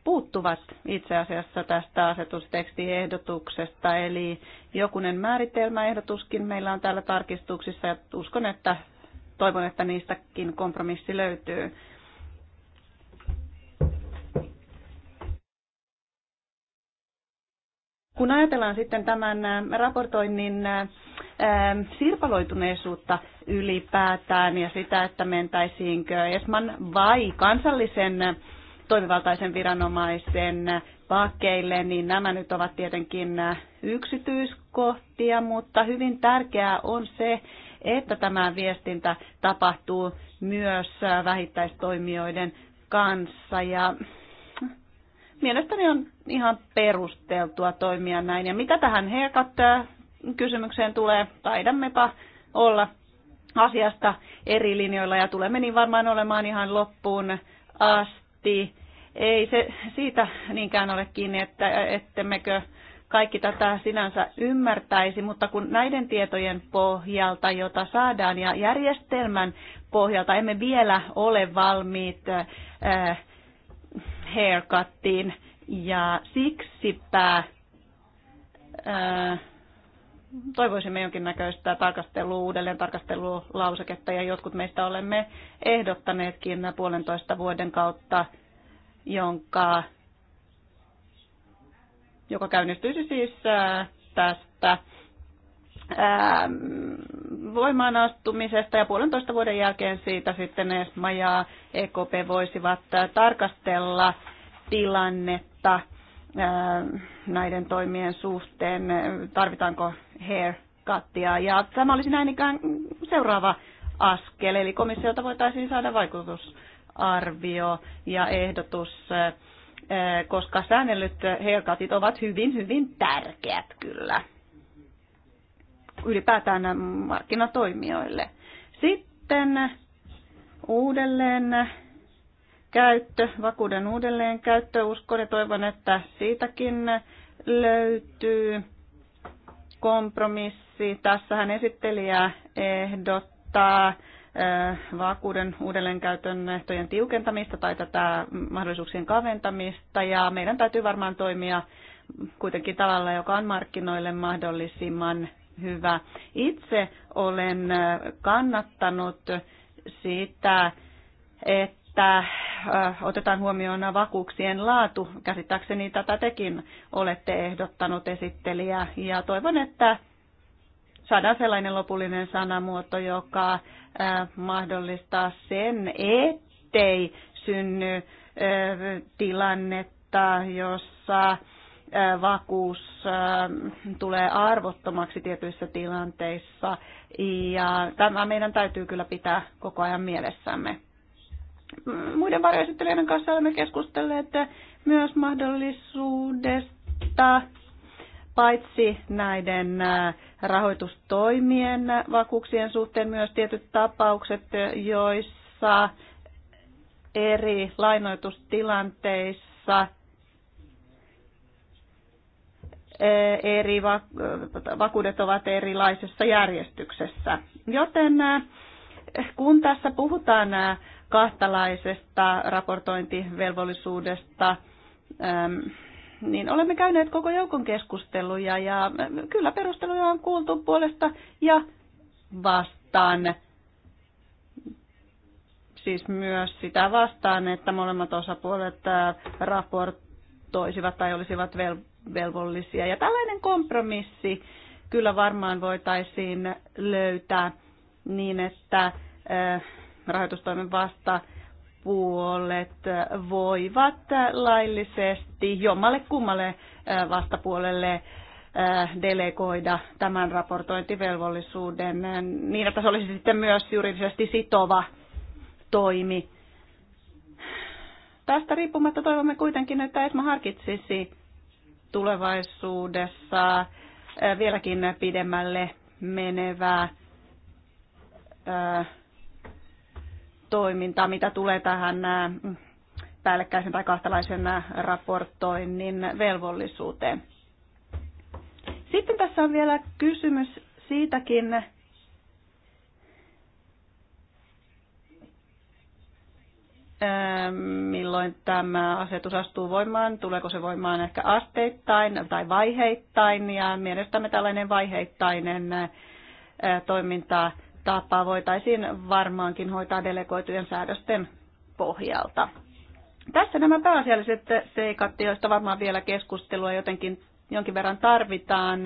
puuttuvat itse asiassa tästä asetustekstiehdotuksesta, eli jokunen määritelmäehdotuskin meillä on täällä tarkistuksissa, ja uskon, että toivon, että niistäkin kompromissi löytyy. Kun ajatellaan sitten tämän raportoinnin sirpaloituneisuutta ylipäätään ja sitä, että mentäisiinkö ESMAN vai kansallisen toimivaltaisen viranomaisen pakkeille, niin nämä nyt ovat tietenkin yksityiskohtia, mutta hyvin tärkeää on se, että tämä viestintä tapahtuu myös vähittäistoimijoiden kanssa. Ja mielestäni on ihan perusteltua toimia näin. Ja mitä tähän herkat äh, kysymykseen tulee, taidammepa olla asiasta eri linjoilla ja tulemme niin varmaan olemaan ihan loppuun asti. Ei se siitä niinkään ole kiinni, että ettemmekö kaikki tätä sinänsä ymmärtäisi, mutta kun näiden tietojen pohjalta, jota saadaan ja järjestelmän pohjalta emme vielä ole valmiit äh, haircuttiin ja siksipä ää, äh, toivoisimme jonkinnäköistä tarkastelua, uudelleen tarkastelulauseketta ja jotkut meistä olemme ehdottaneetkin puolentoista vuoden kautta, jonka, joka käynnistyisi siis ää, äh, tästä ää, ähm, voimaan astumisesta ja puolentoista vuoden jälkeen siitä sitten ESMA ja EKP voisivat äh, tarkastella tilannetta äh, näiden toimien suhteen, äh, tarvitaanko haircuttia. Ja tämä olisi näin ikään seuraava askel, eli komissiolta voitaisiin saada vaikutusarvio ja ehdotus, koska säännellyt haircutit ovat hyvin, hyvin tärkeät kyllä ylipäätään markkinatoimijoille. Sitten uudelleen käyttö, vakuuden uudelleen käyttö. Uskon ja toivon, että siitäkin löytyy kompromissi. Tässähän esittelijä ehdottaa äh, vakuuden uudelleenkäytön ehtojen tiukentamista tai tätä mahdollisuuksien kaventamista. Ja meidän täytyy varmaan toimia kuitenkin tavalla, joka on markkinoille mahdollisimman hyvä. Itse olen kannattanut sitä, että otetaan huomioon vakuuksien laatu. Käsittääkseni tätä tekin olette ehdottanut esittelijä ja toivon, että saadaan sellainen lopullinen sanamuoto, joka mahdollistaa sen, ettei synny tilannetta, jossa Äh, vakuus äh, tulee arvottomaksi tietyissä tilanteissa. Ja tämä meidän täytyy kyllä pitää koko ajan mielessämme. Mm, muiden varjoesittelijöiden kanssa olemme keskustelleet myös mahdollisuudesta paitsi näiden äh, rahoitustoimien vakuuksien suhteen myös tietyt tapaukset, joissa eri lainoitustilanteissa Eh, eri eh, vakuudet ovat erilaisessa järjestyksessä. Joten eh, kun tässä puhutaan kahtalaisesta raportointivelvollisuudesta, ehm, niin olemme käyneet koko joukon keskusteluja ja kyllä perusteluja on kuultu puolesta ja vastaan. Siis myös sitä vastaan, että molemmat osapuolet raportoivat tai olisivat vel- velvollisia. Ja tällainen kompromissi kyllä varmaan voitaisiin löytää niin, että äh, rahoitustoimen vasta puolet voivat laillisesti jommalle kummalle äh, vastapuolelle äh, delegoida tämän raportointivelvollisuuden niin, että se olisi sitten myös juridisesti sitova toimi. Tästä riippumatta toivomme kuitenkin, että ESMA harkitsisi tulevaisuudessa vieläkin pidemmälle menevää toimintaa, mitä tulee tähän päällekkäisen tai kahtalaisen raportoinnin velvollisuuteen. Sitten tässä on vielä kysymys siitäkin, Ähm, milloin tämä asetus astuu voimaan, tuleeko se voimaan ehkä asteittain tai vaiheittain, ja mielestämme tällainen vaiheittainen äh, toiminta tapaa voitaisiin varmaankin hoitaa delegoitujen säädösten pohjalta. Tässä nämä pääasialliset seikat, joista varmaan vielä keskustelua jotenkin jonkin verran tarvitaan.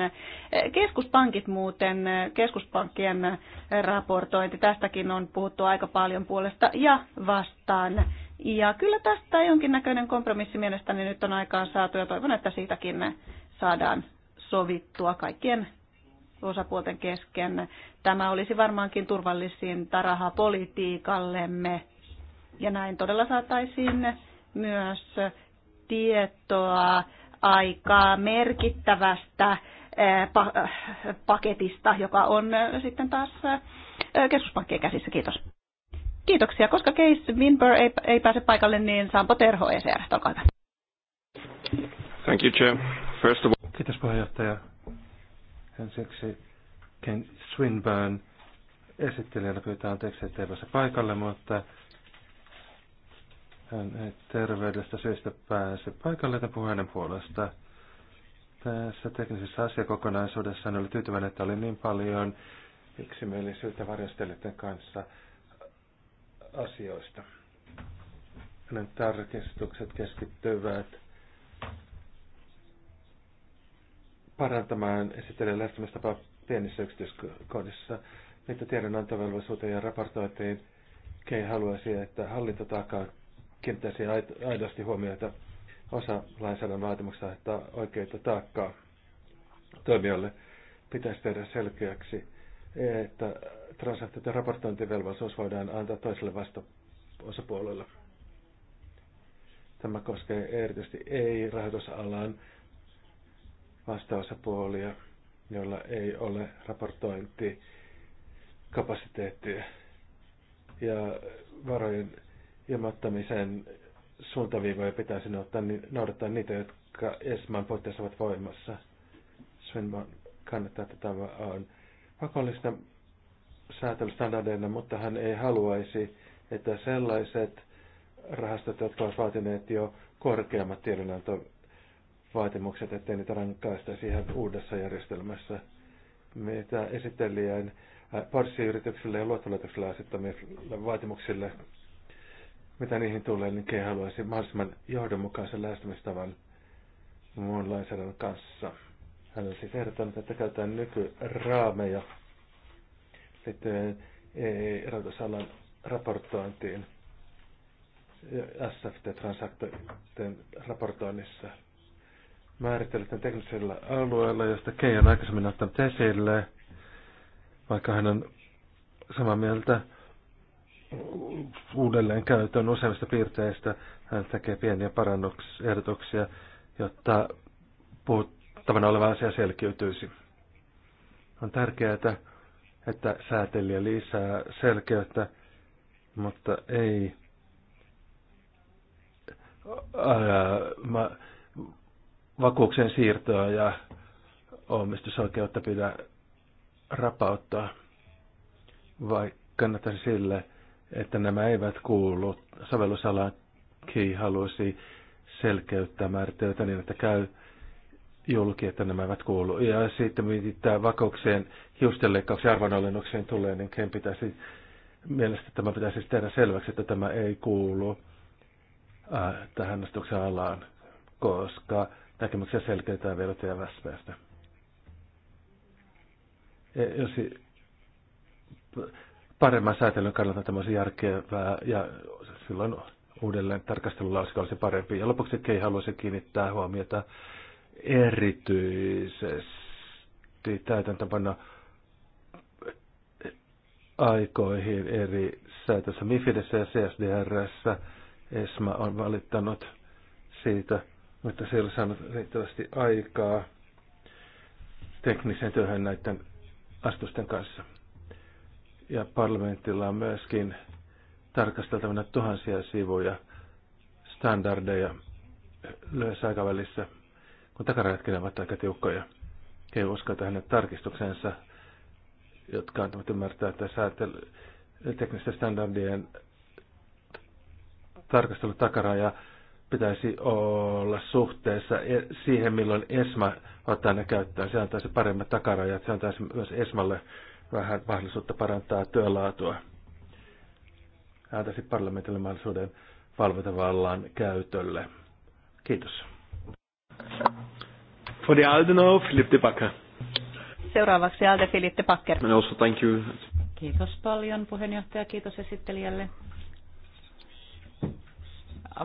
Keskuspankit muuten, keskuspankkien raportointi, tästäkin on puhuttu aika paljon puolesta ja vastaan. Ja kyllä tästä jonkinnäköinen kompromissi mielestäni nyt on aikaan saatu ja toivon, että siitäkin saadaan sovittua kaikkien osapuolten kesken. Tämä olisi varmaankin turvallisinta rahapolitiikallemme. Ja näin todella saataisiin myös tietoa aikaa merkittävästä eh, eh, paketista, joka on eh, sitten taas keskuspankkien käsissä. Kiitos. Kiitoksia. Koska Case Winber ei, ei pääse paikalle, niin Sampo Terho ECR. Olkaa hyvä. Thank you, Chair. First of all... Kiitos puheenjohtaja. Ensiksi Ken Swinburne esittelijänä pyytää anteeksi, ettei pääse paikalle, mutta hän ei terveydestä syystä pääse paikalle tämän puheen puolesta. Tässä teknisessä asiakokonaisuudessa hän oli tyytyväinen, että oli niin paljon yksimielisyyttä varjostelijoiden kanssa asioista. Hänen tarkistukset keskittyvät parantamaan esittelijän lähestymistapaa pienissä yksityiskohdissa, niitä tiedonantovelvollisuuteen ja raportoitiin. Kei haluaisi, että hallinto takaa kiinnittäisiin aidosti huomiota osa lainsäädännön vaatimuksista että oikeita taakkaa toimijoille. Pitäisi tehdä selkeäksi, että transaktioiden raportointivelvollisuus voidaan antaa toiselle vastaosapuolelle. Tämä koskee erityisesti ei-rahoitusalan vastaosapuolia, joilla ei ole raportointikapasiteettia. Ja varojen ilmoittamisen suuntaviivoja pitäisi noudattaa, niin, noudattaa niitä, jotka ESMAn puitteissa ovat voimassa. Svenman kannattaa, että tämä on pakollista säätelystandardeina, mutta hän ei haluaisi, että sellaiset rahastot, jotka ovat vaatineet jo korkeammat tiedonantovaatimukset, ettei niitä rankaista siihen uudessa järjestelmässä, mitä esittelijän äh, pörssiyrityksille ja luottolaitoksille asettamille vaatimuksille mitä niihin tulee, niin Kei haluaisi mahdollisimman johdonmukaisen lähestymistavan muun lainsäädännön kanssa. Hän on siis ehdottanut, että käytetään nykyraameja liittyen erotusalan raportointiin SFT-transaktioiden raportoinnissa määrittelytä teknisellä alueella, josta Kei on aikaisemmin ottanut esille, vaikka hän on samaa mieltä uudelleen käytön useimmista piirteistä. Hän tekee pieniä parannuksia, jotta puhuttavana oleva asia selkiytyisi. On tärkeää, että säätelijä lisää selkeyttä, mutta ei ää, vakuuksien siirtoa ja omistusoikeutta pidä rapauttaa, vai kannattaisi sille, että nämä eivät kuulu sovellusalaan. halusi selkeyttää määritelmää niin, että käy julki, että nämä eivät kuulu. Ja sitten mitä vakaukseen, hiustenleikkauksen arvonalennukseen tulee, niin Ken pitäisi, mielestäni tämä pitäisi siis tehdä selväksi, että tämä ei kuulu äh, tähän nostuksen alaan, koska näkemyksiä selkeytetään vielä TVSPstä. E, jos paremman säätelyn kannalta tämä olisi järkevää ja silloin uudelleen tarkastelulla olisi parempi. Ja lopuksi Kei haluaisin kiinnittää huomiota erityisesti täytäntöpanna aikoihin eri säätössä MIFIDessä ja CSDRssä. ESMA on valittanut siitä, mutta se ei ole saanut riittävästi aikaa tekniseen työhön näiden astusten kanssa. Ja parlamentilla on myöskin tarkasteltavana tuhansia sivuja standardeja lyhyessä aikavälissä, kun takarajatkin ovat aika tiukkoja. Ei usko hänen tarkistuksensa, jotka antavat ymmärtää, että säätely, teknisten standardien tarkastelu takaraja pitäisi olla suhteessa e- siihen, milloin ESMA ottaa ne käyttöön. Se antaisi paremmat takarajat, se antaisi myös ESMAlle vähän mahdollisuutta parantaa työlaatua. Antaisi parlamentille mahdollisuuden valvontavallan käytölle. Kiitos. For the Aldenau, Philippe de Backer. Seuraavaksi Alde Filippi de Backer. And also thank you. Kiitos paljon puheenjohtaja, kiitos esittelijälle.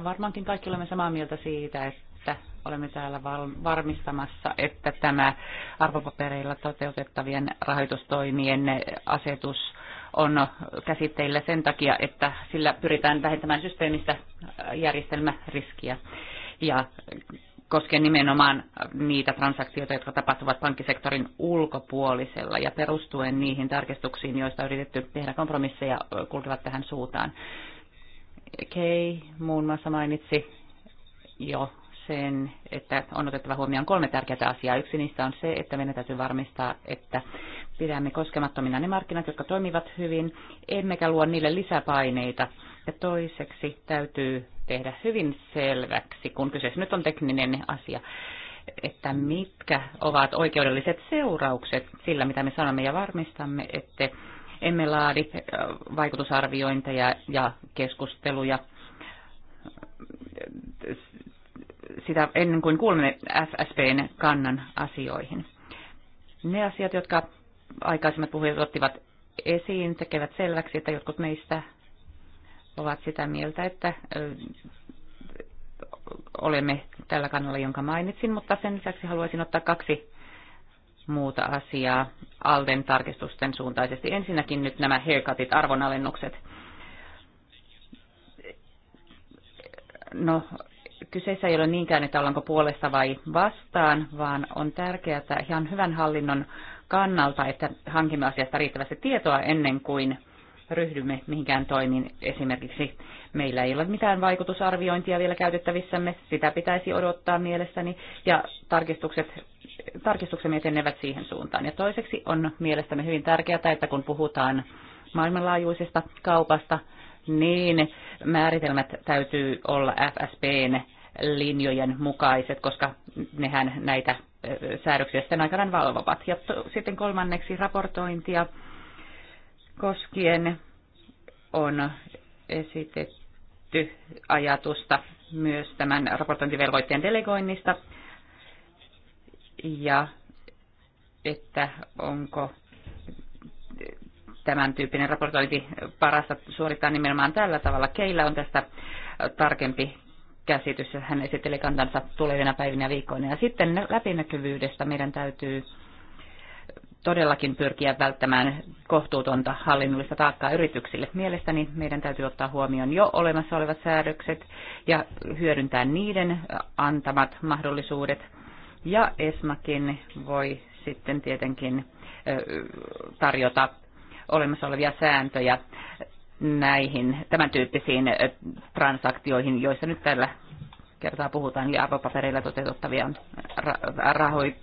Varmaankin kaikki olemme samaa mieltä siitä, että olemme täällä varmistamassa, että tämä arvopapereilla toteutettavien rahoitustoimien asetus on käsitteillä sen takia, että sillä pyritään vähentämään systeemistä järjestelmäriskiä ja koskee nimenomaan niitä transaktioita, jotka tapahtuvat pankkisektorin ulkopuolisella ja perustuen niihin tarkistuksiin, joista on yritetty tehdä kompromisseja, kulkevat tähän suuntaan. Kei muun muassa mainitsi jo sen, että on otettava huomioon kolme tärkeää asiaa. Yksi niistä on se, että meidän täytyy varmistaa, että pidämme koskemattomina ne markkinat, jotka toimivat hyvin, emmekä luo niille lisäpaineita. Ja toiseksi täytyy tehdä hyvin selväksi, kun kyseessä nyt on tekninen asia, että mitkä ovat oikeudelliset seuraukset sillä, mitä me sanomme ja varmistamme, että emme laadi äh, vaikutusarviointeja ja keskusteluja sitä ennen kuin kuulemme FSPn kannan asioihin. Ne asiat, jotka aikaisemmat puhujat ottivat esiin, tekevät selväksi, että jotkut meistä ovat sitä mieltä, että olemme tällä kannalla, jonka mainitsin, mutta sen lisäksi haluaisin ottaa kaksi muuta asiaa Alden tarkistusten suuntaisesti. Ensinnäkin nyt nämä haircutit, arvonalennukset. No, kyseessä ei ole niinkään, että ollaanko puolesta vai vastaan, vaan on tärkeää että ihan hyvän hallinnon kannalta, että hankimme asiasta riittävästi tietoa ennen kuin ryhdymme mihinkään toimiin. Esimerkiksi meillä ei ole mitään vaikutusarviointia vielä käytettävissämme, sitä pitäisi odottaa mielessäni, ja tarkistukset, tarkistuksemme etenevät siihen suuntaan. Ja toiseksi on mielestämme hyvin tärkeää, että kun puhutaan maailmanlaajuisesta kaupasta, niin määritelmät täytyy olla FSPn linjojen mukaiset, koska nehän näitä säädöksiä sitten aikanaan valvovat. Ja to, sitten kolmanneksi raportointia koskien on esitetty ajatusta myös tämän raportointivelvoitteen delegoinnista ja että onko tämän tyyppinen raportointi parasta suorittaa nimenomaan tällä tavalla. Keillä on tästä tarkempi käsitys, ja hän esitteli kantansa tulevina päivinä ja viikkoina. Ja sitten läpinäkyvyydestä meidän täytyy todellakin pyrkiä välttämään kohtuutonta hallinnollista taakkaa yrityksille. Mielestäni meidän täytyy ottaa huomioon jo olemassa olevat säädökset ja hyödyntää niiden antamat mahdollisuudet. Ja ESMAkin voi sitten tietenkin tarjota olemassa olevia sääntöjä näihin tämän tyyppisiin transaktioihin, joissa nyt tällä kertaa puhutaan, eli arvopapereilla toteutettavia rahoit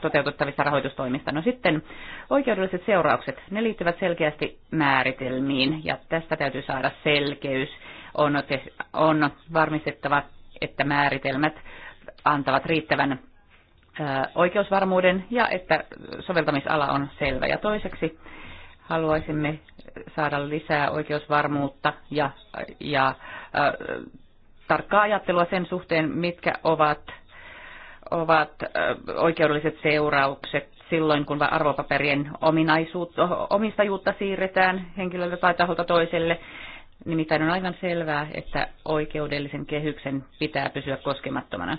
toteutettavista rahoitustoimista. No sitten oikeudelliset seuraukset, ne liittyvät selkeästi määritelmiin ja tästä täytyy saada selkeys. On, te, on varmistettava, että määritelmät antavat riittävän ö, oikeusvarmuuden ja että soveltamisala on selvä. Ja toiseksi Haluaisimme saada lisää oikeusvarmuutta ja, ja äh, tarkkaa ajattelua sen suhteen, mitkä ovat, ovat äh, oikeudelliset seuraukset silloin, kun arvopaperien ominaisuutta, omistajuutta siirretään henkilöltä tai taholta toiselle. Nimittäin on aivan selvää, että oikeudellisen kehyksen pitää pysyä koskemattomana.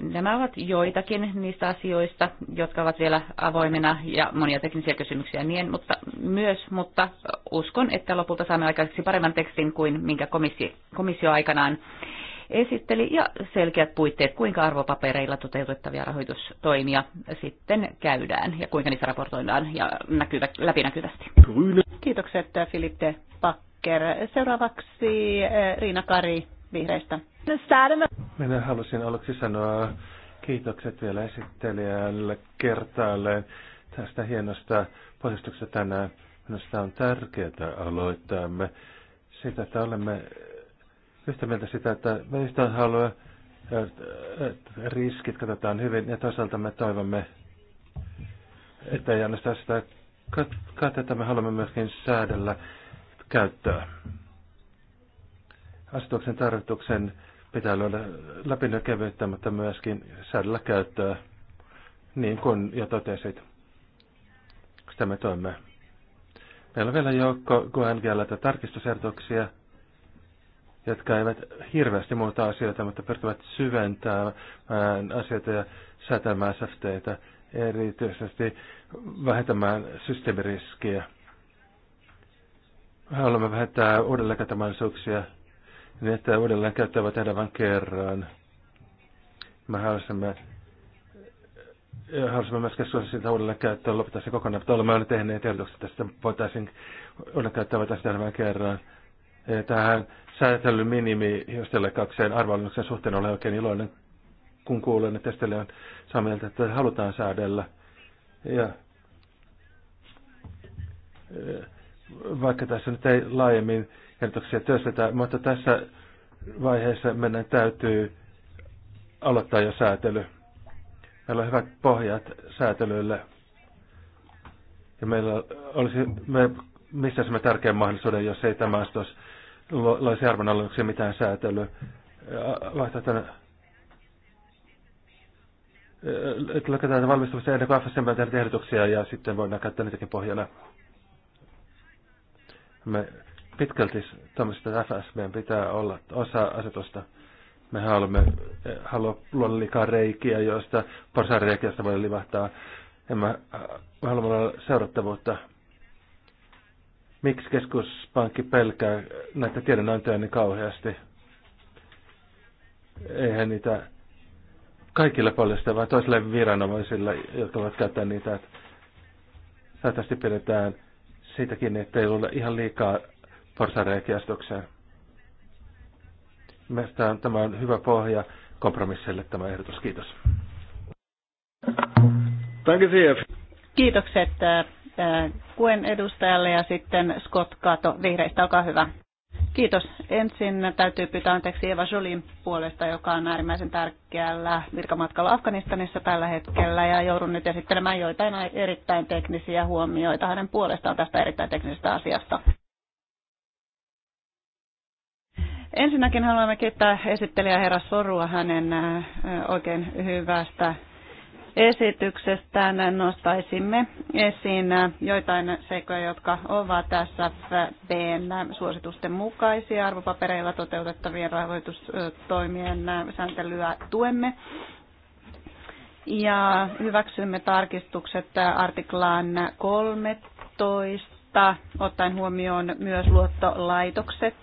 Nämä ovat joitakin niistä asioista, jotka ovat vielä avoimena ja monia teknisiä kysymyksiä niin, mutta myös, mutta uskon, että lopulta saamme aikaiseksi paremman tekstin kuin minkä komissio, komissio aikanaan esitteli ja selkeät puitteet, kuinka arvopapereilla toteutettavia rahoitustoimia sitten käydään ja kuinka niitä raportoidaan ja näkyvä, läpinäkyvästi. Kiitokset Filippe Pakker. Seuraavaksi eh, Riina Kari vihreistä. Minä halusin aluksi sanoa kiitokset vielä esittelijälle kertaalleen tästä hienosta pohjustuksesta tänään. Minusta on tärkeää aloittaa me sitä, että olemme yhtä mieltä sitä, että me haluaa, että riskit katsotaan hyvin ja toisaalta me toivomme, että ei ainoastaan sitä katsota, me haluamme myöskin säädellä käyttöä asetuksen tarkoituksen pitää olla läpinäkyvyyttä, mutta myöskin säädellä käyttöä, niin kuin jo totesit. Sitä me toimme. Meillä on vielä joukko KNGLtä tarkistusehdotuksia, jotka eivät hirveästi muuta asioita, mutta pyrkivät syventämään asioita ja säätämään säfteitä, erityisesti vähentämään systeemiriskiä. Haluamme vähentää uudelleenkäyttömahdollisuuksia niin että uudelleen käyttävät elämän kerran. Mä halusimme, halusimme myös keskustella siitä uudelleen käyttöön lopettaa se kokonaan, mutta olemme aina tehneet ehdotukset, tästä voitaisiin uudelleen käyttävät tästä elämän kerran. Tähän säätelyn minimi jos kakseen arvonnuksen suhteen ole oikein iloinen, kun kuulen, että Estelle on samaa mieltä, että halutaan säädellä. Ja vaikka tässä nyt ei laajemmin ehdotuksia työstetään, mutta tässä vaiheessa meidän täytyy aloittaa jo säätely. Meillä on hyvät pohjat säätelylle. Ja meillä olisi, me se tärkeän mahdollisuuden, jos ei tämä olisi loisi mitään säätelyä. Vaihtoehtona äh, äh, että lykätään valmistumista ennen kuin FSM tehdään ehdotuksia ja sitten voidaan käyttää niitäkin pohjana. Me pitkälti tämmöistä FSB pitää olla osa asetusta. Me haluamme eh, halua luoda liikaa reikiä, joista porsareikiä, joista voi livahtaa. Emme eh, haluamme olla seurattavuutta. Miksi keskuspankki pelkää näitä tiedonantoja niin kauheasti? Eihän niitä kaikille paljasta, vaan toisille viranomaisille, jotka voivat käyttää niitä. Että pidetään siitäkin, että ei ole ihan liikaa porsareikiastukseen. Mielestäni tämä on hyvä pohja kompromissille tämä ehdotus. Kiitos. Kiitokset äh, äh, kuen edustajalle ja sitten Scott Kato vihreistä. Olkaa hyvä. Kiitos. Ensin täytyy pyytää anteeksi Eva Jolin puolesta, joka on äärimmäisen tärkeällä virkamatkalla Afganistanissa tällä hetkellä ja joudun nyt esittelemään joitain erittäin teknisiä huomioita hänen puolestaan tästä erittäin teknisestä asiasta. Ensinnäkin haluamme kiittää esittelijä herra Sorua hänen äh, oikein hyvästä esityksestään. Nostaisimme esiin äh, joitain seikkoja, jotka ovat tässä äh, BN suositusten mukaisia arvopapereilla toteutettavien rahoitustoimien sääntelyä tuemme. Ja hyväksymme tarkistukset artiklaan 13, ottaen huomioon myös luottolaitokset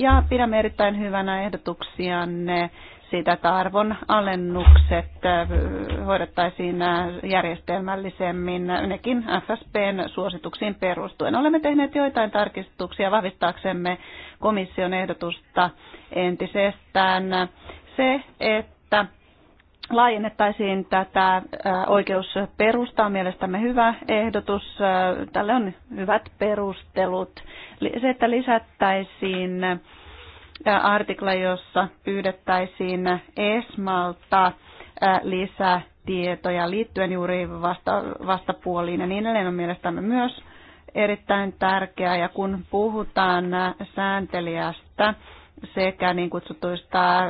ja pidämme erittäin hyvänä ehdotuksianne siitä, että arvon alennukset äh, hoidettaisiin äh, järjestelmällisemmin, nekin FSPn suosituksiin perustuen. Olemme tehneet joitain tarkistuksia vahvistaaksemme komission ehdotusta entisestään. Se, että laajennettaisiin tätä oikeusperustaa. Mielestämme hyvä ehdotus. Tälle on hyvät perustelut. Se, että lisättäisiin artikla, jossa pyydettäisiin ESMalta lisätietoja liittyen juuri vasta, vastapuoliin ja niin edelleen on mielestämme myös erittäin tärkeää. Ja kun puhutaan sääntelijästä, sekä niin kutsutuista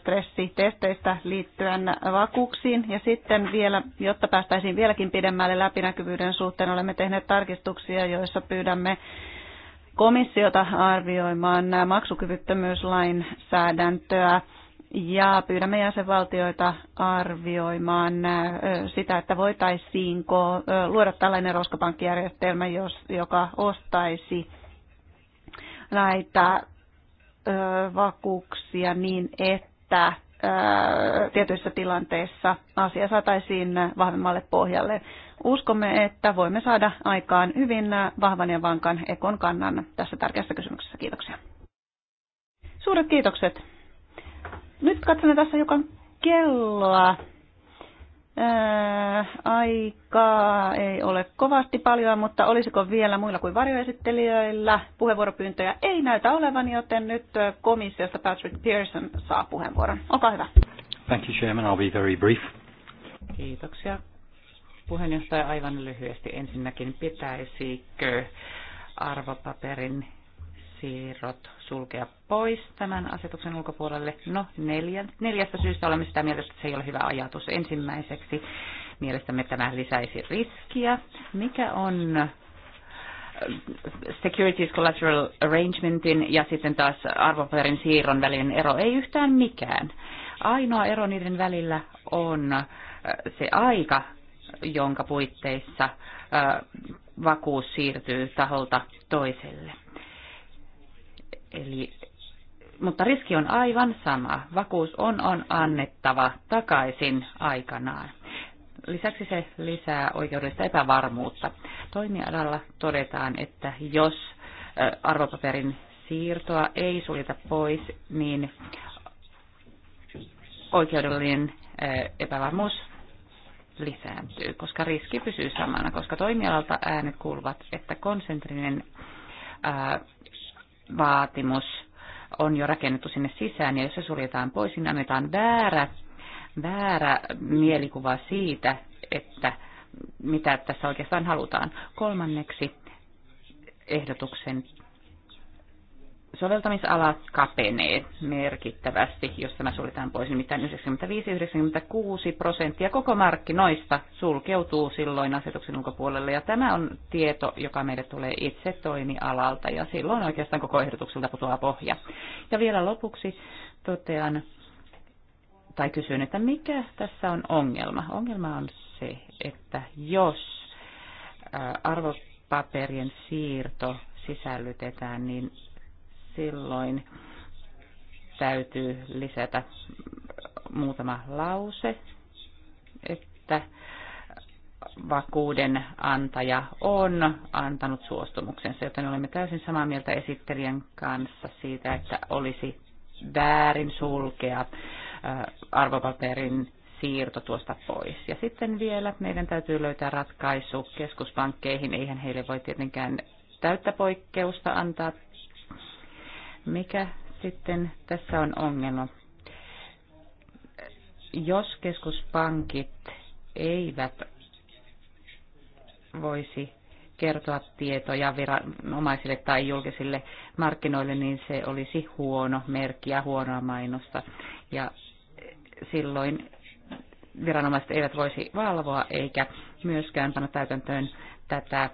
stressitesteistä liittyen vakuuksiin. Ja sitten vielä, jotta päästäisiin vieläkin pidemmälle läpinäkyvyyden suhteen, olemme tehneet tarkistuksia, joissa pyydämme komissiota arvioimaan maksukyvyttömyyslainsäädäntöä ja pyydämme jäsenvaltioita arvioimaan sitä, että voitaisiinko luoda tällainen roskapankkijärjestelmä, joka ostaisi näitä vakuuksia niin, että tietyissä tilanteissa asia saataisiin vahvemmalle pohjalle. Uskomme, että voimme saada aikaan hyvin vahvan ja vankan ekon kannan tässä tärkeässä kysymyksessä. Kiitoksia. Suuret kiitokset. Nyt katsomme tässä joka kelloa. Ää, äh, aikaa ei ole kovasti paljon, mutta olisiko vielä muilla kuin varjoesittelijöillä puheenvuoropyyntöjä? Ei näytä olevan, joten nyt äh, komissiosta Patrick Pearson saa puheenvuoron. Olkaa hyvä. Thank you, Chairman. I'll be very brief. Kiitoksia. Puheenjohtaja aivan lyhyesti ensinnäkin pitäisikö arvopaperin siirrot sulkea pois tämän asetuksen ulkopuolelle? No neljä, neljästä syystä olemme sitä mieltä, että se ei ole hyvä ajatus. Ensimmäiseksi mielestämme tämä lisäisi riskiä. Mikä on äh, Securities Collateral Arrangementin ja sitten taas arvopaperin siirron välinen ero? Ei yhtään mikään. Ainoa ero niiden välillä on äh, se aika, jonka puitteissa äh, vakuus siirtyy taholta toiselle. Eli, mutta riski on aivan sama. Vakuus on, on annettava takaisin aikanaan. Lisäksi se lisää oikeudellista epävarmuutta. Toimialalla todetaan, että jos arvopaperin siirtoa ei suljeta pois, niin oikeudellinen epävarmuus lisääntyy, koska riski pysyy samana, koska toimialalta äänet kuuluvat, että konsentrinen ää, vaatimus on jo rakennettu sinne sisään, ja jos se suljetaan pois, niin annetaan väärä, väärä mielikuva siitä, että mitä tässä oikeastaan halutaan. Kolmanneksi ehdotuksen soveltamisala kapenee merkittävästi, jos tämä suljetaan pois. Nimittäin 95-96 prosenttia koko markkinoista sulkeutuu silloin asetuksen ulkopuolelle. Ja tämä on tieto, joka meille tulee itse toimialalta. Ja silloin oikeastaan koko ehdotukselta putoaa pohja. Ja vielä lopuksi totean tai kysyn, että mikä tässä on ongelma? Ongelma on se, että jos arvopaperien siirto sisällytetään, niin silloin täytyy lisätä muutama lause, että vakuuden antaja on antanut suostumuksensa, joten olemme täysin samaa mieltä esittelijän kanssa siitä, että olisi väärin sulkea arvopaperin siirto tuosta pois. Ja sitten vielä meidän täytyy löytää ratkaisu keskuspankkeihin. Eihän heille voi tietenkään täyttä poikkeusta antaa mikä sitten tässä on ongelma? Jos keskuspankit eivät voisi kertoa tietoja viranomaisille tai julkisille markkinoille, niin se olisi huono merkki ja huonoa mainosta. Ja silloin viranomaiset eivät voisi valvoa eikä myöskään panna täytäntöön tätä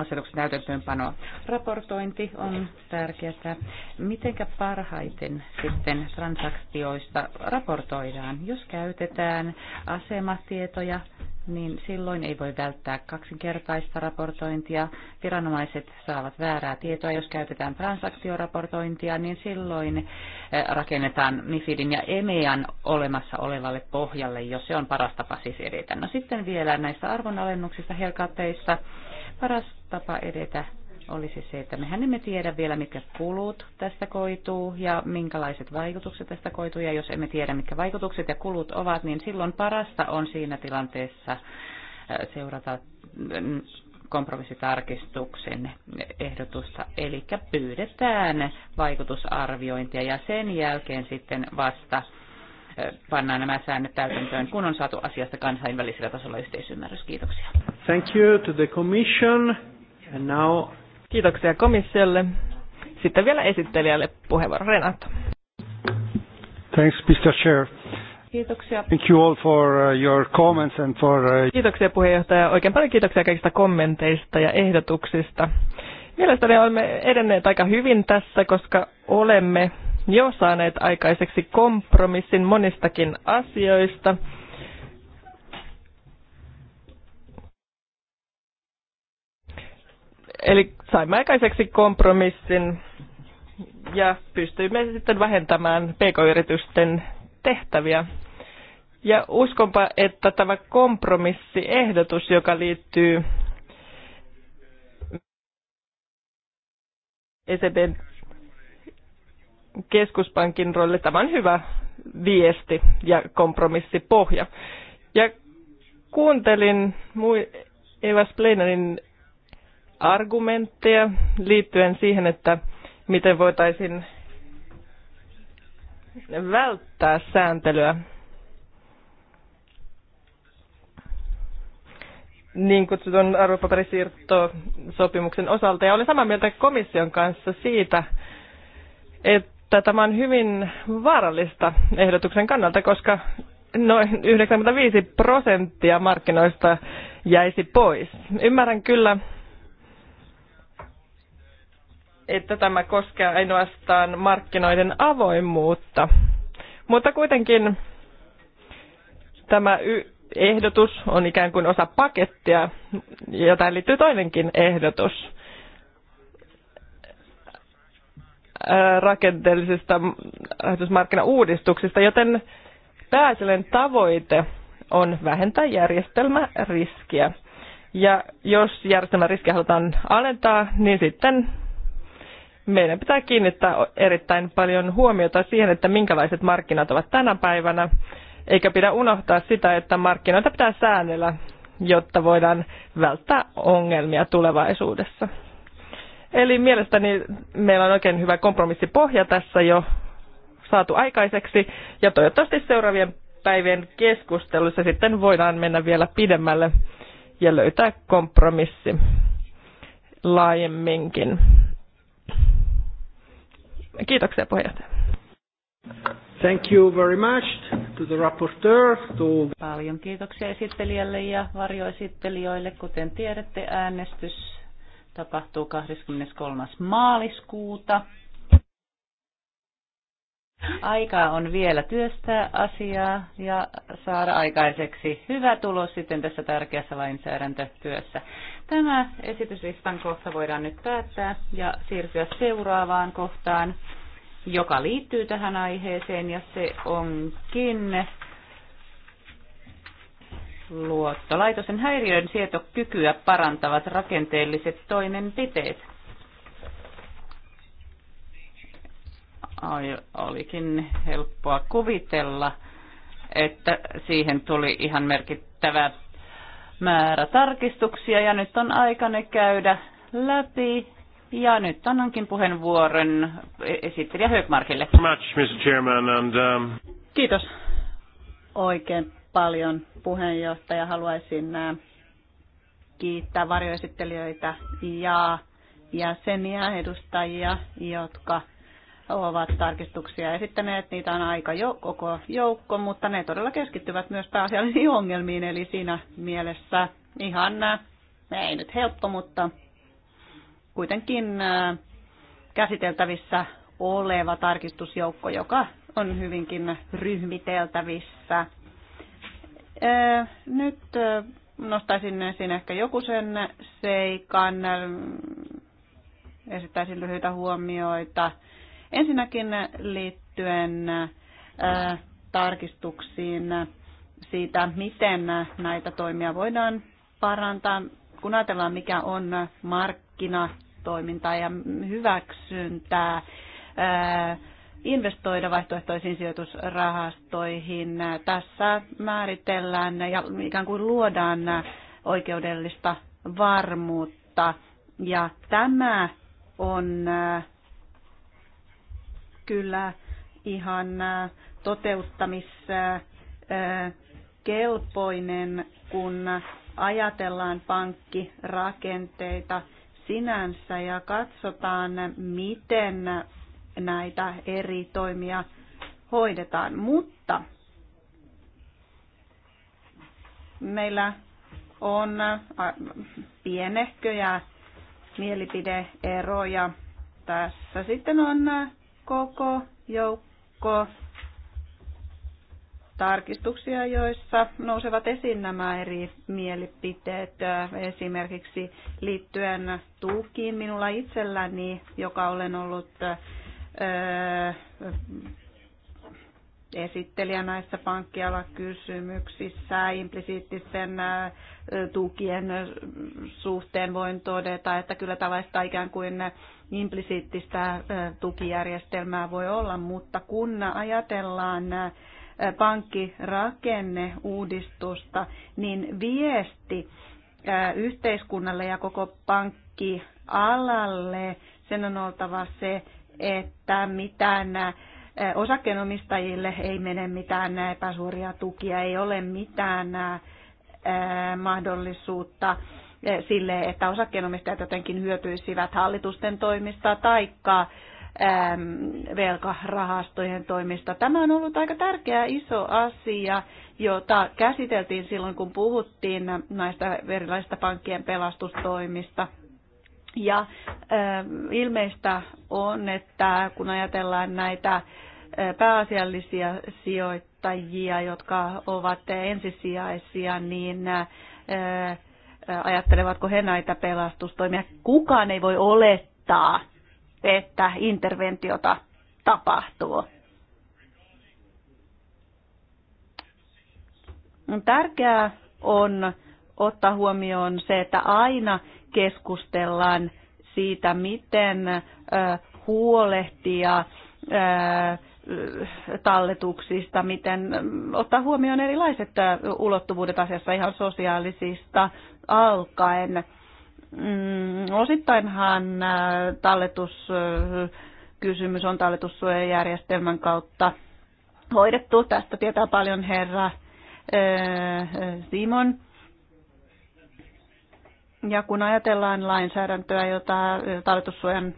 asetuksen täytäntöönpanoa. Raportointi on tärkeää. Mitenkä parhaiten sitten transaktioista raportoidaan? Jos käytetään asematietoja, niin silloin ei voi välttää kaksinkertaista raportointia. Viranomaiset saavat väärää tietoa. Jos käytetään transaktioraportointia, niin silloin eh, rakennetaan MIFIDin ja EMEAN olemassa olevalle pohjalle, jos se on paras tapa siis edetä. No sitten vielä näistä arvonalennuksista, helkateista. Paras tapa edetä olisi se, että mehän emme tiedä vielä, mitkä kulut tästä koituu ja minkälaiset vaikutukset tästä koituu. Ja jos emme tiedä, mitkä vaikutukset ja kulut ovat, niin silloin parasta on siinä tilanteessa äh, seurata mm, kompromissitarkistuksen ehdotusta, eli pyydetään vaikutusarviointia ja sen jälkeen sitten vasta äh, pannaan nämä säännöt täytäntöön, kun on saatu asiasta kansainvälisellä tasolla yhteisymmärrys. Kiitoksia. Thank you to the commission. And now... Kiitoksia komissiolle. Sitten vielä esittelijälle puheenvuoro Renato. Thanks, Mr. Chair. Kiitoksia. Thank you all for uh, your comments and for... Uh, kiitoksia puheenjohtaja. Oikein paljon kiitoksia kaikista kommenteista ja ehdotuksista. Mielestäni olemme edenneet aika hyvin tässä, koska olemme jo saaneet aikaiseksi kompromissin monistakin asioista Eli saimme aikaiseksi kompromissin ja pystyimme sitten vähentämään pk-yritysten tehtäviä. Ja uskonpa, että tämä kompromissiehdotus, joka liittyy ECBn keskuspankin rooli, tämä on hyvä viesti ja kompromissipohja. Ja kuuntelin Eva Pleinarin argumentteja liittyen siihen, että miten voitaisiin välttää sääntelyä. niin kutsutun arvopaperisiirtosopimuksen osalta. Ja olen samaa mieltä komission kanssa siitä, että tämä on hyvin vaarallista ehdotuksen kannalta, koska noin 95 prosenttia markkinoista jäisi pois. Ymmärrän kyllä että tämä koskee ainoastaan markkinoiden avoimuutta. Mutta kuitenkin tämä ehdotus on ikään kuin osa pakettia, ja tähän liittyy toinenkin ehdotus rakenteellisista rahoitusmarkkinauudistuksista, joten pääasiallinen tavoite on vähentää järjestelmäriskiä. Ja jos järjestelmäriskiä halutaan alentaa, niin sitten meidän pitää kiinnittää erittäin paljon huomiota siihen, että minkälaiset markkinat ovat tänä päivänä, eikä pidä unohtaa sitä, että markkinoita pitää säännellä, jotta voidaan välttää ongelmia tulevaisuudessa. Eli mielestäni meillä on oikein hyvä kompromissipohja tässä jo saatu aikaiseksi, ja toivottavasti seuraavien päivien keskustelussa sitten voidaan mennä vielä pidemmälle ja löytää kompromissi laajemminkin. Kiitoksia puheenjohtaja. Thank you very much to the rapporteur. To... Paljon kiitoksia esittelijälle ja varjoesittelijöille. Kuten tiedätte, äänestys tapahtuu 23. maaliskuuta. Aikaa on vielä työstää asiaa ja saada aikaiseksi hyvä tulos sitten tässä tärkeässä lainsäädäntötyössä. Tämä esityslistan kohta voidaan nyt päättää ja siirtyä seuraavaan kohtaan, joka liittyy tähän aiheeseen ja se onkin luottolaitosten häiriön sietokykyä parantavat rakenteelliset toimenpiteet. olikin helppoa kuvitella, että siihen tuli ihan merkittävä määrä tarkistuksia ja nyt on aika ne käydä läpi. Ja nyt annankin puheenvuoron esittelijä Högmarkille. Mr. Chairman, and, um, Kiitos oikein paljon puheenjohtaja. Haluaisin äh, kiittää varjoesittelijöitä ja jäseniä, edustajia, jotka ovat tarkistuksia esittäneet. Niitä on aika jo, koko joukko, mutta ne todella keskittyvät myös pääasiallisiin ongelmiin. Eli siinä mielessä ihan, äh, ei nyt helppo, mutta kuitenkin äh, käsiteltävissä oleva tarkistusjoukko, joka on hyvinkin ryhmiteltävissä. Äh, nyt nostaisin esiin ehkä joku sen seikan, esittäisin lyhyitä huomioita Ensinnäkin liittyen tarkistuksiin siitä, miten näitä toimia voidaan parantaa. Kun ajatellaan, mikä on markkinatoimintaa ja hyväksyntää, investoida vaihtoehtoisiin sijoitusrahastoihin. Tässä määritellään ja ikään kuin luodaan oikeudellista varmuutta. Ja tämä on kyllä ihan äh, toteuttamiskelpoinen, äh, äh, kun ajatellaan pankkirakenteita sinänsä ja katsotaan, miten näitä eri toimia hoidetaan. Mutta meillä on pienehköjä mielipideeroja. Tässä sitten on koko joukko tarkistuksia, joissa nousevat esiin nämä eri mielipiteet, esimerkiksi liittyen tukiin minulla itselläni, joka olen ollut esittelijä näissä pankkialakysymyksissä implisiittisten äh, tukien äh, suhteen voin todeta, että kyllä tällaista ikään kuin implisiittistä äh, tukijärjestelmää voi olla, mutta kun ajatellaan pankkirakenneuudistusta, niin viesti yhteiskunnalle ja koko pankkialalle, sen on oltava se, että mitään osakkeenomistajille ei mene mitään epäsuoria tukia, ei ole mitään mahdollisuutta sille, että osakkeenomistajat jotenkin hyötyisivät hallitusten toimista tai velkarahastojen toimista. Tämä on ollut aika tärkeä iso asia, jota käsiteltiin silloin, kun puhuttiin näistä erilaisista pankkien pelastustoimista – ja ähm, ilmeistä on, että kun ajatellaan näitä äh, pääasiallisia sijoittajia, jotka ovat ensisijaisia, niin äh, äh, ajattelevatko he näitä pelastustoimia? Kukaan ei voi olettaa, että interventiota tapahtuu. Tärkeää on ottaa huomioon se, että aina keskustellaan siitä, miten huolehtia talletuksista, miten ottaa huomioon erilaiset ulottuvuudet asiassa ihan sosiaalisista alkaen. Mm, osittainhan talletuskysymys on talletussuojajärjestelmän kautta hoidettu. Tästä tietää paljon herra Simon ja kun ajatellaan lainsäädäntöä, jota talletussuojan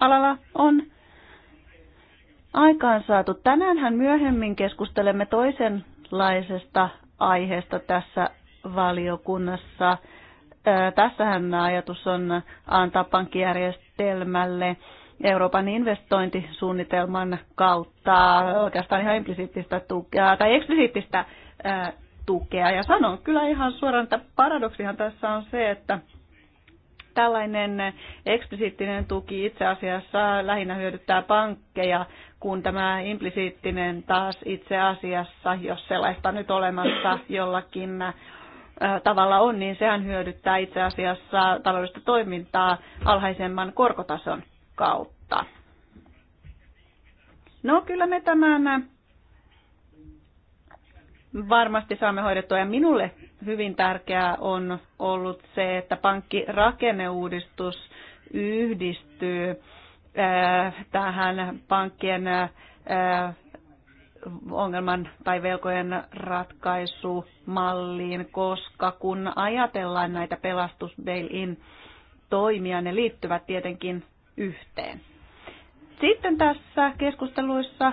alalla on aikaansaatu, tänäänhän myöhemmin keskustelemme toisenlaisesta aiheesta tässä valiokunnassa. Tässähän ajatus on antaa pankkijärjestelmälle Euroopan investointisuunnitelman kautta oikeastaan ihan implisiittistä tukea tai eksplisiittistä tukea. Ja sanon kyllä ihan suoraan, että paradoksihan tässä on se, että tällainen eksplisiittinen tuki itse asiassa lähinnä hyödyttää pankkeja, kun tämä implisiittinen taas itse asiassa, jos sellaista nyt olemassa jollakin tavalla on, niin sehän hyödyttää itse asiassa taloudellista toimintaa alhaisemman korkotason kautta. No kyllä me tämän varmasti saamme hoidettua. Ja minulle hyvin tärkeää on ollut se, että pankkirakenneuudistus yhdistyy äh, tähän pankkien äh, ongelman tai velkojen ratkaisumalliin, koska kun ajatellaan näitä pelastus in toimia, ne liittyvät tietenkin yhteen. Sitten tässä keskusteluissa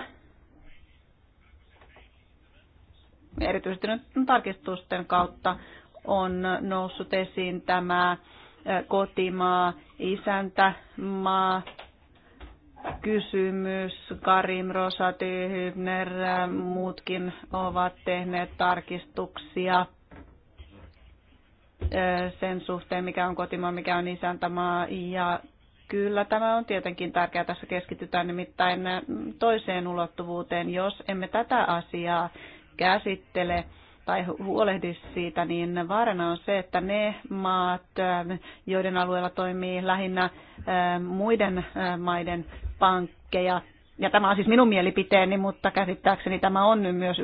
erityisesti nyt tarkistusten kautta on noussut esiin tämä kotimaa, isäntämaa, kysymys. Karim Rosati Hybner, muutkin ovat tehneet tarkistuksia sen suhteen, mikä on kotimaa, mikä on isäntämaa. Ja kyllä tämä on tietenkin tärkeää. Tässä keskitytään nimittäin toiseen ulottuvuuteen. Jos emme tätä asiaa käsittele tai huolehdi siitä, niin vaarana on se, että ne maat, ähm, joiden alueella toimii lähinnä ähm, muiden äh, maiden pankkeja, ja tämä on siis minun mielipiteeni, mutta käsittääkseni tämä on nyt myös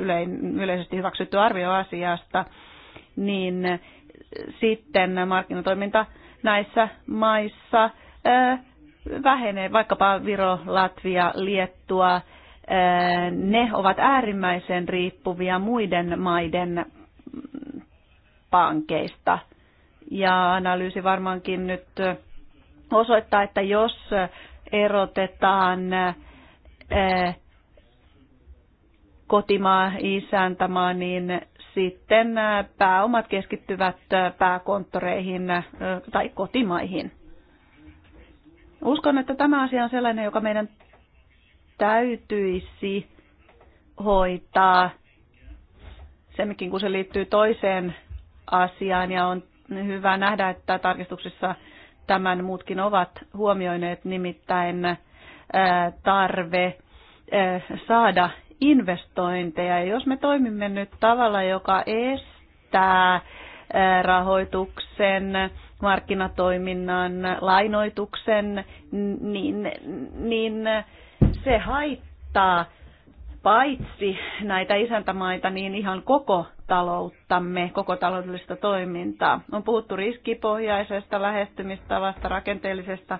yleisesti hyväksytty arvio asiasta, niin äh, sitten markkinatoiminta näissä maissa äh, vähenee, vaikkapa Viro, Latvia, Liettua, ne ovat äärimmäisen riippuvia muiden maiden pankeista. Ja analyysi varmaankin nyt osoittaa, että jos erotetaan kotimaa isäntämaa, niin sitten pääomat keskittyvät pääkonttoreihin tai kotimaihin. Uskon, että tämä asia on sellainen, joka meidän täytyisi hoitaa, semmekin kun se liittyy toiseen asiaan ja on hyvä nähdä, että tarkistuksessa tämän muutkin ovat huomioineet, nimittäin tarve saada investointeja. Jos me toimimme nyt tavalla, joka estää rahoituksen, markkinatoiminnan, lainoituksen, niin, niin se haittaa paitsi näitä isäntämaita, niin ihan koko talouttamme, koko taloudellista toimintaa. On puhuttu riskipohjaisesta lähestymistavasta, rakenteellisesta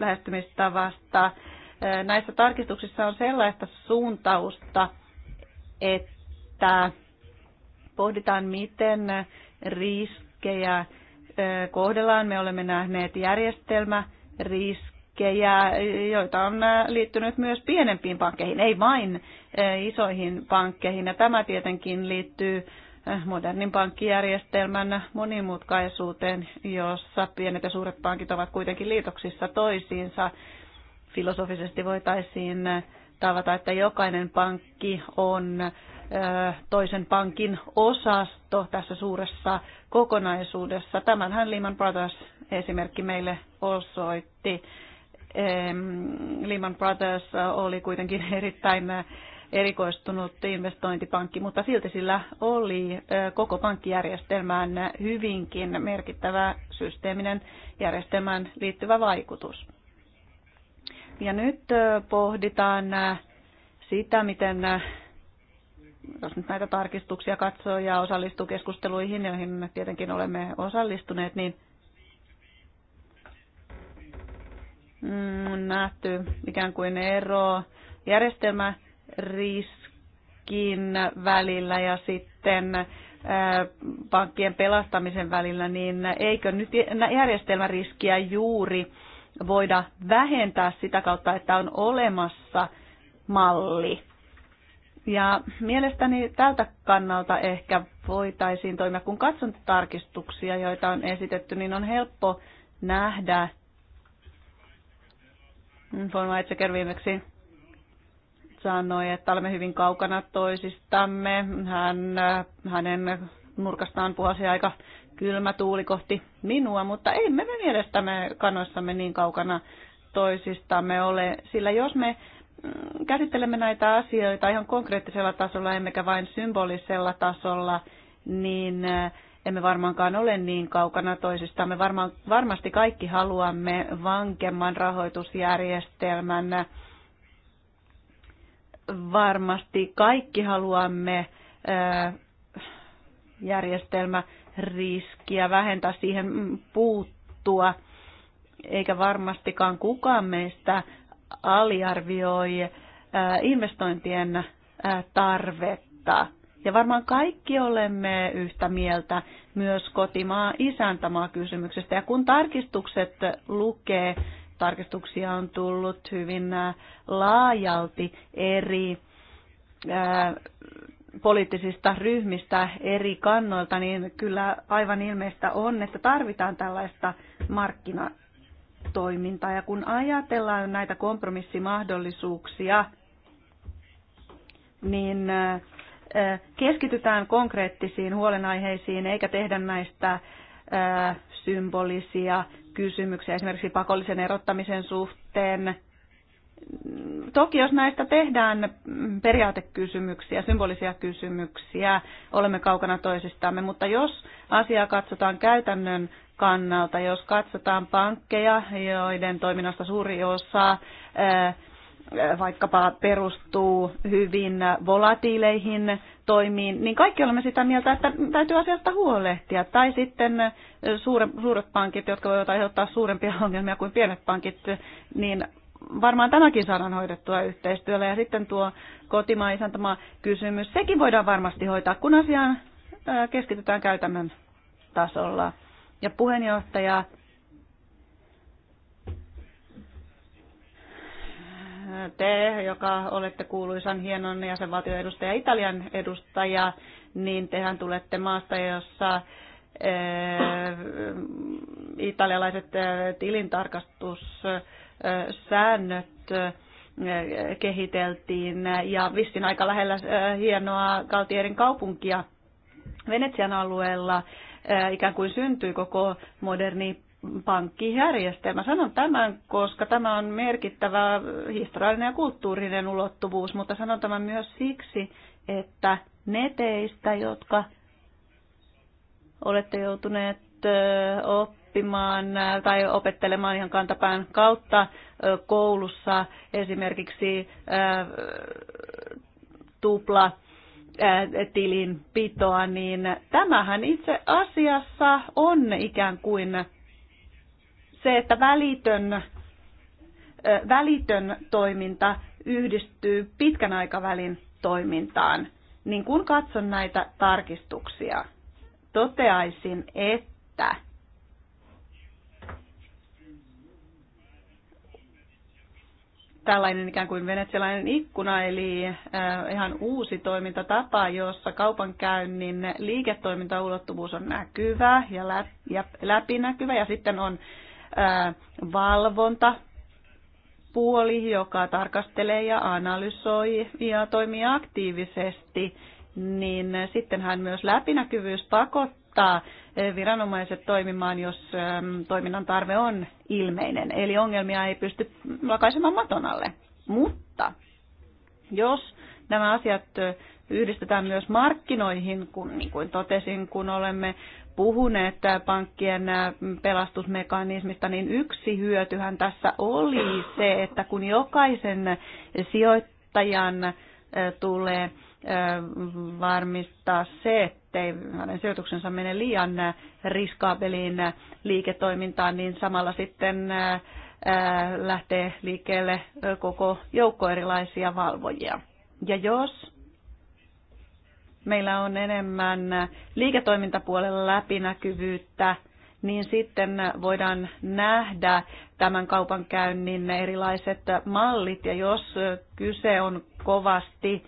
lähestymistavasta. Näissä tarkistuksissa on sellaista suuntausta, että pohditaan, miten riskejä kohdellaan. Me olemme nähneet järjestelmäriskejä pankkeja, joita on äh, liittynyt myös pienempiin pankkeihin, ei vain äh, isoihin pankkeihin. Ja tämä tietenkin liittyy äh, modernin pankkijärjestelmän monimutkaisuuteen, jossa pienet ja suuret pankit ovat kuitenkin liitoksissa toisiinsa. Filosofisesti voitaisiin tavata, että jokainen pankki on toisen pankin osasto tässä suuressa kokonaisuudessa. Tämänhän Lehman Brothers esimerkki meille osoitti. Lehman Brothers oli kuitenkin erittäin eh, erikoistunut investointipankki, mutta silti sillä oli eh, koko pankkijärjestelmään hyvinkin merkittävä systeeminen järjestelmään liittyvä vaikutus. Ja nyt eh, pohditaan sitä, miten jos nyt näitä tarkistuksia katsoo ja osallistuu keskusteluihin, joihin tietenkin olemme osallistuneet, niin – Mm, nähty ikään kuin ero järjestelmäriskin välillä ja sitten pankkien pelastamisen välillä, niin eikö nyt järjestelmäriskiä juuri voida vähentää sitä kautta, että on olemassa malli? Ja mielestäni tältä kannalta ehkä voitaisiin toimia, kun katson tarkistuksia, joita on esitetty, niin on helppo nähdä, Voima Etsäker viimeksi sanoi, että olemme hyvin kaukana toisistamme. Hän, hänen nurkastaan puhasi aika kylmä tuuli kohti minua, mutta ei me mielestämme kanoissamme niin kaukana toisistamme ole, sillä jos me mm, käsittelemme näitä asioita ihan konkreettisella tasolla, emmekä vain symbolisella tasolla, niin emme varmaankaan ole niin kaukana Me Varma, varmasti kaikki haluamme vankemman rahoitusjärjestelmän. Varmasti kaikki haluamme järjestelmäriskiä vähentää, siihen puuttua. Eikä varmastikaan kukaan meistä aliarvioi investointien tarvetta ja varmaan kaikki olemme yhtä mieltä myös kotimaa isäntämaa kysymyksestä. Ja kun tarkistukset lukee, tarkistuksia on tullut hyvin äh, laajalti eri ää, äh, poliittisista ryhmistä eri kannoilta, niin kyllä aivan ilmeistä on, että tarvitaan tällaista markkinatoimintaa. Ja kun ajatellaan näitä kompromissimahdollisuuksia, niin äh, keskitytään konkreettisiin huolenaiheisiin eikä tehdä näistä symbolisia kysymyksiä esimerkiksi pakollisen erottamisen suhteen. Toki jos näistä tehdään periaatekysymyksiä, symbolisia kysymyksiä, olemme kaukana toisistamme, mutta jos asiaa katsotaan käytännön kannalta, jos katsotaan pankkeja, joiden toiminnasta suuri osa vaikkapa perustuu hyvin volatiileihin toimiin, niin kaikki olemme sitä mieltä, että täytyy asiasta huolehtia. Tai sitten suuret pankit, jotka voivat aiheuttaa suurempia ongelmia kuin pienet pankit, niin varmaan tämäkin saadaan hoidettua yhteistyöllä. Ja sitten tuo tämä kysymys, sekin voidaan varmasti hoitaa, kun asiaan äh, keskitytään käytännön tasolla. Ja puheenjohtaja te, joka olette kuuluisan hienon jäsenvaltion edustaja, Italian edustaja, niin tehän tulette maasta, jossa eh, italialaiset eh, tilintarkastussäännöt eh, kehiteltiin ja vissin aika lähellä hienoa Galtierin kaupunkia Venetsian alueella ikään kuin syntyi koko moderni pankkijärjestelmä. Sanon tämän, koska tämä on merkittävä historiallinen ja kulttuurinen ulottuvuus, mutta sanon tämän myös siksi, että ne teistä, jotka olette joutuneet oppimaan tai opettelemaan ihan kantapään kautta koulussa esimerkiksi tupla tilin pitoa, niin tämähän itse asiassa on ikään kuin se, että välitön, välitön toiminta yhdistyy pitkän aikavälin toimintaan, niin kun katson näitä tarkistuksia, toteaisin, että tällainen ikään kuin venetsialainen ikkuna, eli ihan uusi toimintatapa, jossa kaupankäynnin liiketoimintaulottuvuus on näkyvä ja läpinäkyvä, ja sitten on valvonta puoli, joka tarkastelee ja analysoi ja toimii aktiivisesti, niin sittenhän myös läpinäkyvyys pakottaa viranomaiset toimimaan, jos toiminnan tarve on ilmeinen. Eli ongelmia ei pysty lakaisemaan maton alle. Mutta jos nämä asiat yhdistetään myös markkinoihin, kun, niin kuin totesin, kun olemme puhuneet pankkien pelastusmekanismista, niin yksi hyötyhän tässä oli se, että kun jokaisen sijoittajan tulee varmistaa se, ettei hänen sijoituksensa mene liian riskaabeliin liiketoimintaan, niin samalla sitten lähtee liikkeelle koko joukko erilaisia valvojia. Ja jos meillä on enemmän liiketoimintapuolella läpinäkyvyyttä, niin sitten voidaan nähdä tämän kaupankäynnin erilaiset mallit. Ja jos kyse on kovasti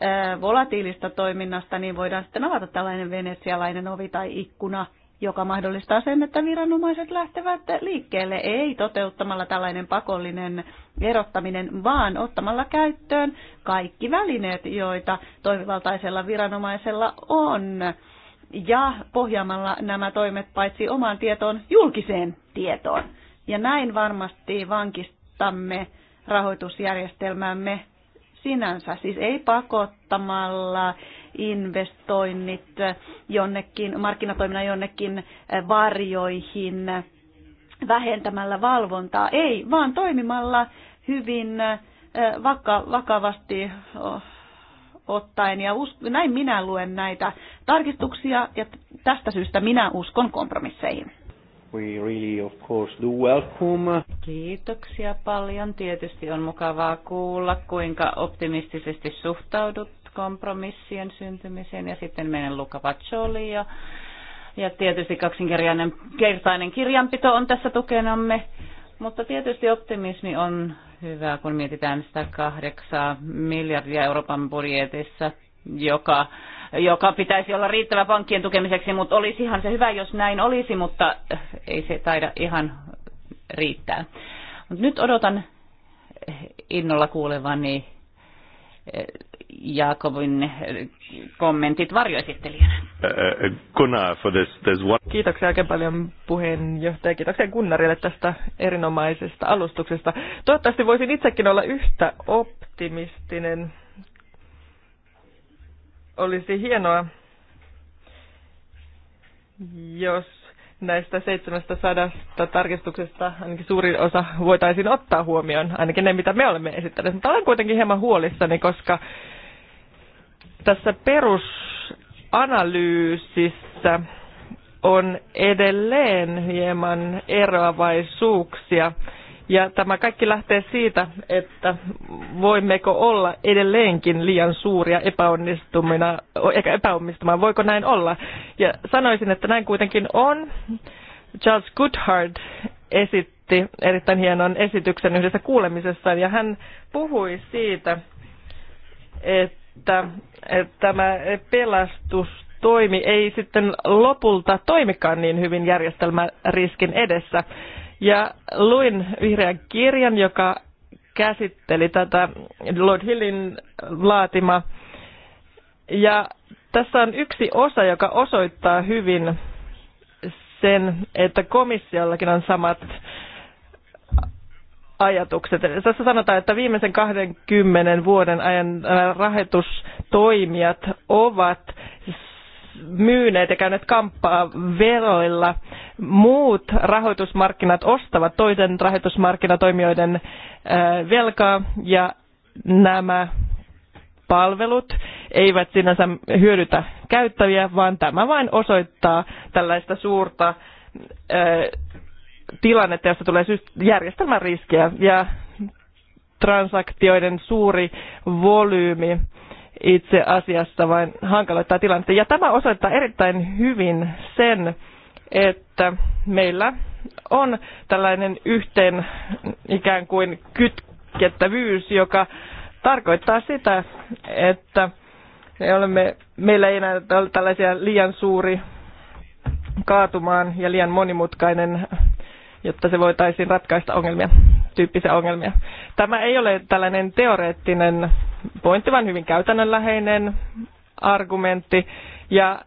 eh, volatiilista toiminnasta, niin voidaan sitten avata tällainen venetsialainen ovi tai ikkuna joka mahdollistaa sen, että viranomaiset lähtevät liikkeelle, ei toteuttamalla tällainen pakollinen erottaminen, vaan ottamalla käyttöön kaikki välineet, joita toimivaltaisella viranomaisella on, ja pohjaamalla nämä toimet paitsi omaan tietoon, julkiseen tietoon. Ja näin varmasti vankistamme rahoitusjärjestelmämme sinänsä, siis ei pakottamalla investoinnit jonnekin, markkinatoiminnan jonnekin eh, varjoihin vähentämällä valvontaa. Ei, vaan toimimalla hyvin eh, vaka- vakavasti oh, ottaen. Ja us- näin minä luen näitä tarkistuksia ja tästä syystä minä uskon kompromisseihin. We really of course do welcome. Kiitoksia paljon. Tietysti on mukavaa kuulla, kuinka optimistisesti suhtaudut kompromissien syntymiseen ja sitten meidän Luca Pacioli ja, ja tietysti kaksinkertainen kertainen kirjanpito on tässä tukenamme. Mutta tietysti optimismi on hyvä, kun mietitään sitä kahdeksaa miljardia Euroopan budjetissa, joka, joka pitäisi olla riittävä pankkien tukemiseksi, mutta olisihan se hyvä, jos näin olisi, mutta eh, ei se taida ihan riittää. Mut nyt odotan innolla kuulevani eh, Jaakobin eh, kommentit varjoesittelijänä. Eh, eh, for this, this one... Kiitoksia oikein paljon puheenjohtaja. Kiitoksia Gunnarille tästä erinomaisesta alustuksesta. Toivottavasti voisin itsekin olla yhtä optimistinen. Olisi hienoa, jos näistä 700 tarkistuksesta ainakin suurin osa voitaisiin ottaa huomioon, ainakin ne mitä me olemme esittäneet. Mutta olen kuitenkin hieman huolissani, koska tässä perusanalyysissä on edelleen hieman eroavaisuuksia ja tämä kaikki lähtee siitä, että voimmeko olla edelleenkin liian suuria epäonnistumina, epäonnistumaan, voiko näin olla? Ja sanoisin, että näin kuitenkin on. Charles Goodhart esitti erittäin hienon esityksen yhdessä kuulemisessaan, ja hän puhui siitä, että, että tämä pelastus toimi ei sitten lopulta toimikaan niin hyvin järjestelmäriskin edessä. Ja luin vihreän kirjan, joka käsitteli tätä Lord Hillin laatima. Ja tässä on yksi osa, joka osoittaa hyvin sen, että komissiollakin on samat ajatukset. Tässä sanotaan, että viimeisen 20 vuoden ajan rahoitustoimijat ovat myyneet ja käyneet kamppaa veroilla. Muut rahoitusmarkkinat ostavat toisen rahoitusmarkkinatoimijoiden äh, velkaa ja nämä palvelut eivät sinänsä hyödytä käyttäviä vaan tämä vain osoittaa tällaista suurta äh, tilannetta, jossa tulee järjestelmän riskejä ja transaktioiden suuri volyymi itse asiassa vain hankaloittaa tilannetta. Ja tämä osoittaa erittäin hyvin sen, että meillä on tällainen yhteen ikään kuin kytkettävyys, joka tarkoittaa sitä, että me olemme, meillä ei enää ole tällaisia liian suuri kaatumaan ja liian monimutkainen jotta se voitaisiin ratkaista ongelmia, tyyppisiä ongelmia. Tämä ei ole tällainen teoreettinen pointti, vaan hyvin käytännönläheinen argumentti. Ja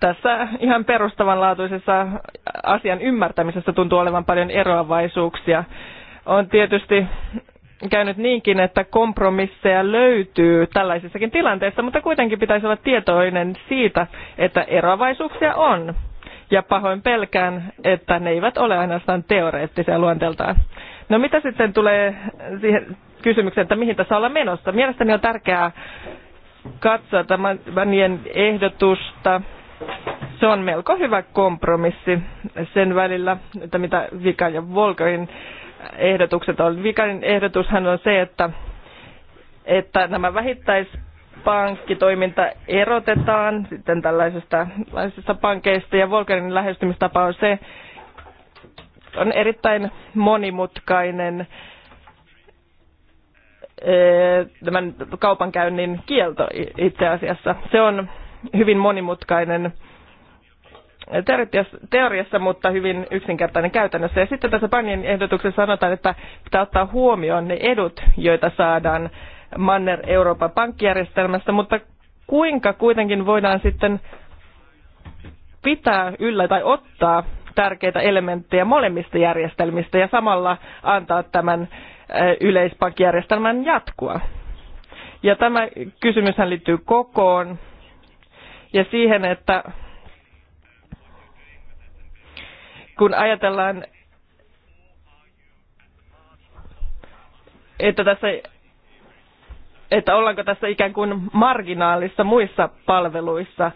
tässä ihan perustavanlaatuisessa asian ymmärtämisessä tuntuu olevan paljon eroavaisuuksia. On tietysti käynyt niinkin, että kompromisseja löytyy tällaisissakin tilanteissa, mutta kuitenkin pitäisi olla tietoinen siitä, että eroavaisuuksia on ja pahoin pelkään, että ne eivät ole ainoastaan teoreettisia luonteeltaan. No mitä sitten tulee siihen kysymykseen, että mihin tässä ollaan menossa? Mielestäni on tärkeää katsoa tämän Vanien ehdotusta. Se on melko hyvä kompromissi sen välillä, että mitä Vika ja Volkerin ehdotukset on. Vikarin ehdotushan on se, että, että nämä vähittäis pankkitoiminta erotetaan sitten tällaisesta laillisista pankeista ja Volkerin lähestymistapa on se, on erittäin monimutkainen eh, tämän kaupankäynnin kielto itse asiassa. Se on hyvin monimutkainen teoriassa, mutta hyvin yksinkertainen käytännössä. Ja sitten tässä Panjen ehdotuksessa sanotaan, että pitää ottaa huomioon ne edut, joita saadaan Manner Euroopan pankkijärjestelmästä, mutta kuinka kuitenkin voidaan sitten pitää yllä tai ottaa tärkeitä elementtejä molemmista järjestelmistä ja samalla antaa tämän eh, yleispankkijärjestelmän jatkua. Ja tämä kysymyshän liittyy kokoon ja siihen, että kun ajatellaan, että tässä että ollaanko tässä ikään kuin marginaalissa muissa palveluissa.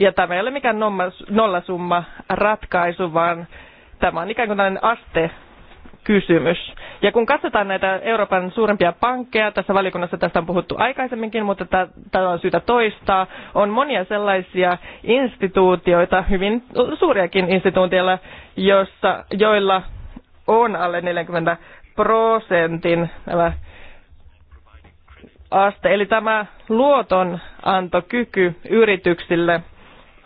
Ja tämä ei ole mikään nollasumma ratkaisu, vaan tämä on ikään kuin tällainen aste kysymys. Ja kun katsotaan näitä Euroopan suurempia pankkeja, tässä valikunnassa tästä on puhuttu aikaisemminkin, mutta tätä on syytä toistaa, on monia sellaisia instituutioita, hyvin suuriakin instituutioilla, joissa, joilla on alle 40 prosentin aste, eli tämä luotonantokyky yrityksille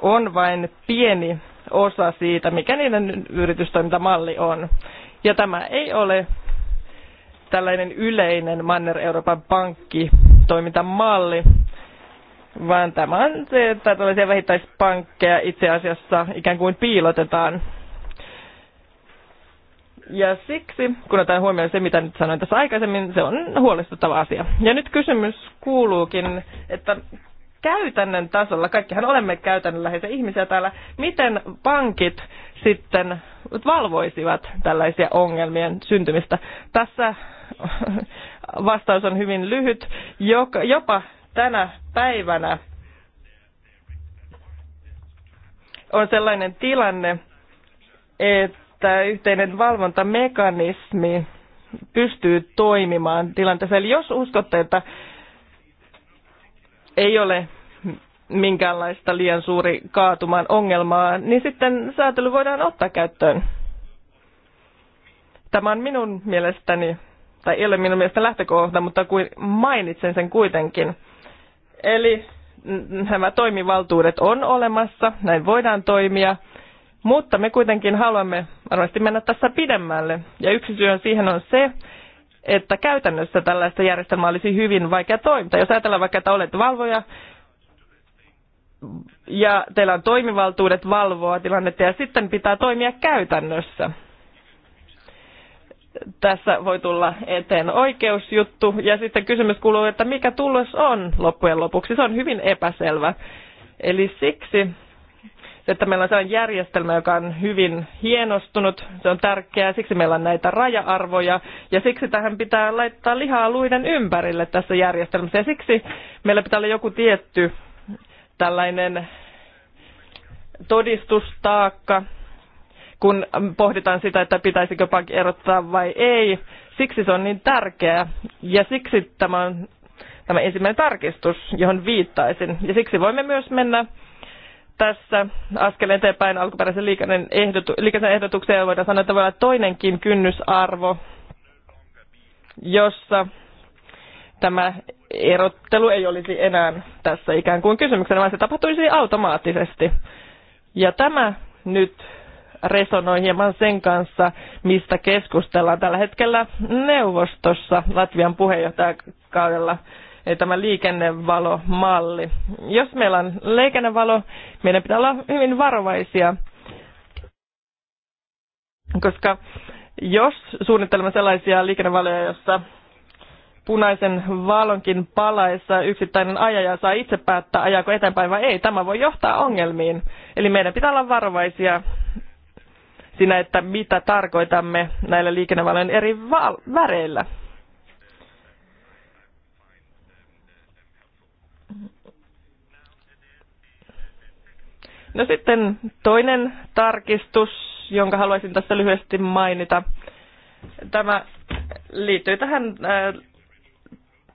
on vain pieni osa siitä, mikä niiden yritystoimintamalli on. Ja tämä ei ole tällainen yleinen Manner-Euroopan toimintamalli vaan tämä on se, että tällaisia vähittäispankkeja itse asiassa ikään kuin piilotetaan ja siksi, kun otan huomioon se, mitä nyt sanoin tässä aikaisemmin, se on huolestuttava asia. Ja nyt kysymys kuuluukin, että käytännön tasolla, kaikkihan olemme käytännönläheisiä ihmisiä täällä, miten pankit sitten valvoisivat tällaisia ongelmien syntymistä? Tässä vastaus on hyvin lyhyt. Jopa tänä päivänä on sellainen tilanne, että että yhteinen valvontamekanismi pystyy toimimaan tilanteessa. Eli jos uskotte, että ei ole minkäänlaista liian suuri kaatuman ongelmaa, niin sitten säätely voidaan ottaa käyttöön. Tämä on minun mielestäni, tai ei ole minun mielestäni lähtökohta, mutta kuin mainitsen sen kuitenkin. Eli nämä toimivaltuudet on olemassa, näin voidaan toimia – mutta me kuitenkin haluamme varmasti mennä tässä pidemmälle. Ja yksi syy siihen on se, että käytännössä tällaista järjestelmää olisi hyvin vaikea toimia. Jos ajatellaan vaikka, että olet valvoja ja teillä on toimivaltuudet valvoa tilannetta ja sitten pitää toimia käytännössä. Tässä voi tulla eteen oikeusjuttu ja sitten kysymys kuuluu, että mikä tulos on loppujen lopuksi. Se on hyvin epäselvä. Eli siksi että meillä on sellainen järjestelmä, joka on hyvin hienostunut. Se on tärkeää, siksi meillä on näitä raja-arvoja ja siksi tähän pitää laittaa lihaa luiden ympärille tässä järjestelmässä. Ja siksi meillä pitää olla joku tietty tällainen todistustaakka, kun pohditaan sitä, että pitäisikö pankki erottaa vai ei. Siksi se on niin tärkeää ja siksi tämä on tämä ensimmäinen tarkistus, johon viittaisin. Ja siksi voimme myös mennä tässä askel eteenpäin alkuperäisen liikaisen ehdotu, liikaisen ehdotukseen voidaan sanoa, että voi olla toinenkin kynnysarvo, jossa tämä erottelu ei olisi enää tässä ikään kuin kysymyksenä, vaan se tapahtuisi automaattisesti. Ja tämä nyt resonoi hieman sen kanssa, mistä keskustellaan tällä hetkellä neuvostossa Latvian puheenjohtajakaudella tämä liikennevalomalli. Jos meillä on liikennevalo, meidän pitää olla hyvin varovaisia, koska jos suunnittelemme sellaisia liikennevaloja, jossa punaisen valonkin palaessa yksittäinen ajaja saa itse päättää, ajaako eteenpäin vai ei. Tämä voi johtaa ongelmiin. Eli meidän pitää olla varovaisia siinä, että mitä tarkoitamme näillä liikennevalojen eri väreillä. No sitten toinen tarkistus, jonka haluaisin tässä lyhyesti mainita. Tämä liittyy tähän äh,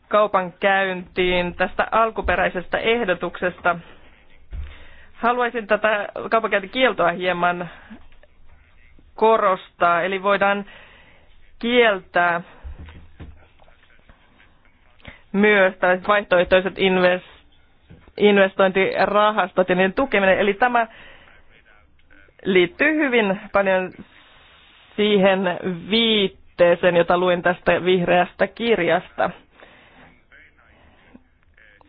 kaupan käyntiin tästä alkuperäisestä ehdotuksesta. Haluaisin tätä kaupankäyntikieltoa hieman korostaa, eli voidaan kieltää myös tällaiset vaihtoehtoiset invest investointirahastot ja niiden tukeminen. Eli tämä liittyy hyvin paljon siihen viitteeseen, jota luin tästä vihreästä kirjasta.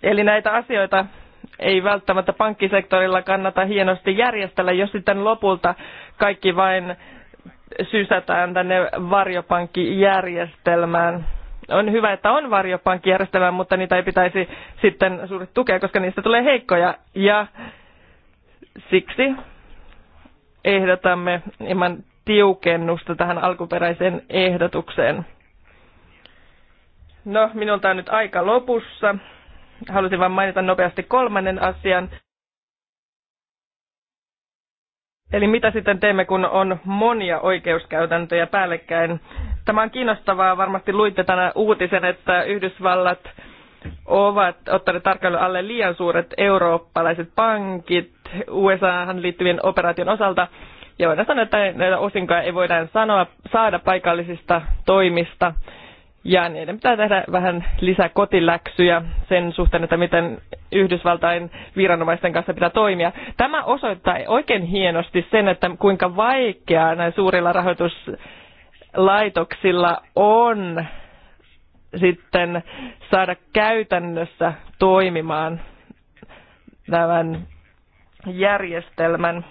Eli näitä asioita ei välttämättä pankkisektorilla kannata hienosti järjestellä, jos sitten lopulta kaikki vain sysätään tänne varjopankkijärjestelmään on hyvä, että on varjopankkijärjestelmä, mutta niitä ei pitäisi sitten suuri tukea, koska niistä tulee heikkoja. Ja siksi ehdotamme hieman tiukennusta tähän alkuperäiseen ehdotukseen. No, minulta on nyt aika lopussa. Halusin vain mainita nopeasti kolmannen asian. Eli mitä sitten teemme, kun on monia oikeuskäytäntöjä päällekkäin? Tämä on kiinnostavaa. Varmasti luitte tänä uutisen, että Yhdysvallat ovat ottaneet tarkkailu alle liian suuret eurooppalaiset pankit USAhan liittyvien operaation osalta. Ja voidaan sanoa, että näitä osinkoja ei voida sanoa, saada paikallisista toimista. Ja niiden pitää tehdä vähän lisää kotiläksyjä sen suhteen, että miten Yhdysvaltain viranomaisten kanssa pitää toimia. Tämä osoittaa oikein hienosti sen, että kuinka vaikeaa näin suurilla rahoitus laitoksilla on sitten saada käytännössä toimimaan tämän järjestelmän.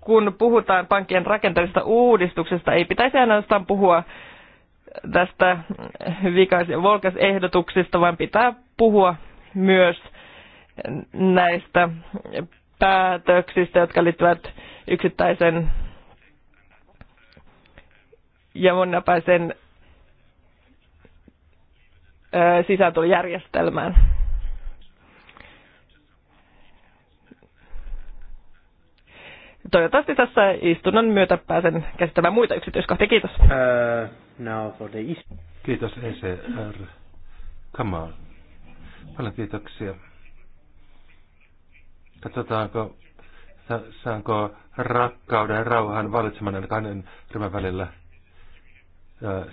Kun puhutaan pankkien rakenteellisesta uudistuksesta, ei pitäisi ainoastaan puhua tästä vikas- ja volkasehdotuksista, vaan pitää puhua myös näistä päätöksistä, jotka liittyvät yksittäisen ja moninapäisen sisääntulojärjestelmään. Toivottavasti tässä istunnon myötä pääsen käsittämään muita yksityiskohtia. Kiitos. Uh, now for the Kiitos ECR. Come on. Paljon kiitoksia. Katsotaanko, saanko rakkauden ja rauhan valitsemanen kahden ryhmän välillä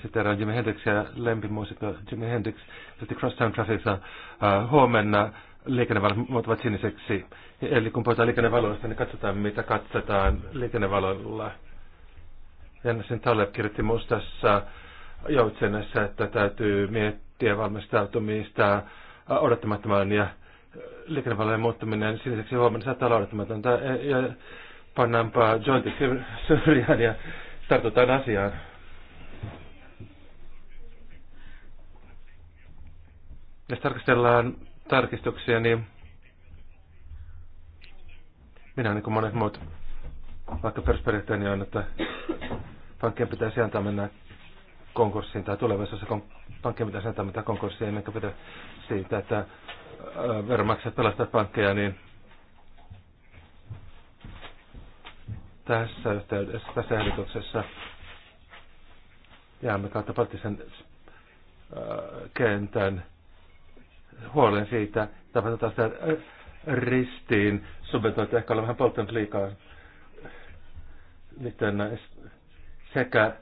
siteraan Jimi Hendrixia lempimuusikko Jimi Hendrix, sitten Crosstown Trafficissa uh, huomenna liikennevalot muuttuvat siniseksi. Eli kun puhutaan liikennevaloista, niin katsotaan mitä katsotaan liikennevaloilla. Jensen Taleb kirjoitti mustassa joutsenessa, että täytyy miettiä valmistautumista odottamattomaan ja liikennevalojen muuttuminen siniseksi huomenna saattaa olla odottamatonta. E, ja pannaanpa jointit syrjään ja tartutaan asiaan. Jos tarkastellaan tarkistuksia, niin minä niin kuin monet muut, vaikka perusperiaatteeni on, niin että pankkien pitäisi antaa mennä konkurssiin tai tulevaisuudessa kon- pankkien pitäisi antaa mitä konkurssiin, emmekä pidä siitä, että veronmaksajat pelastavat pankkeja, niin tässä yhteydessä, tässä ehdotuksessa jäämme kautta poliittisen kentän huolen siitä, että tapahtuu sitä ristiin subventointi. Ehkä olen vähän polttanut liikaa niiden sekä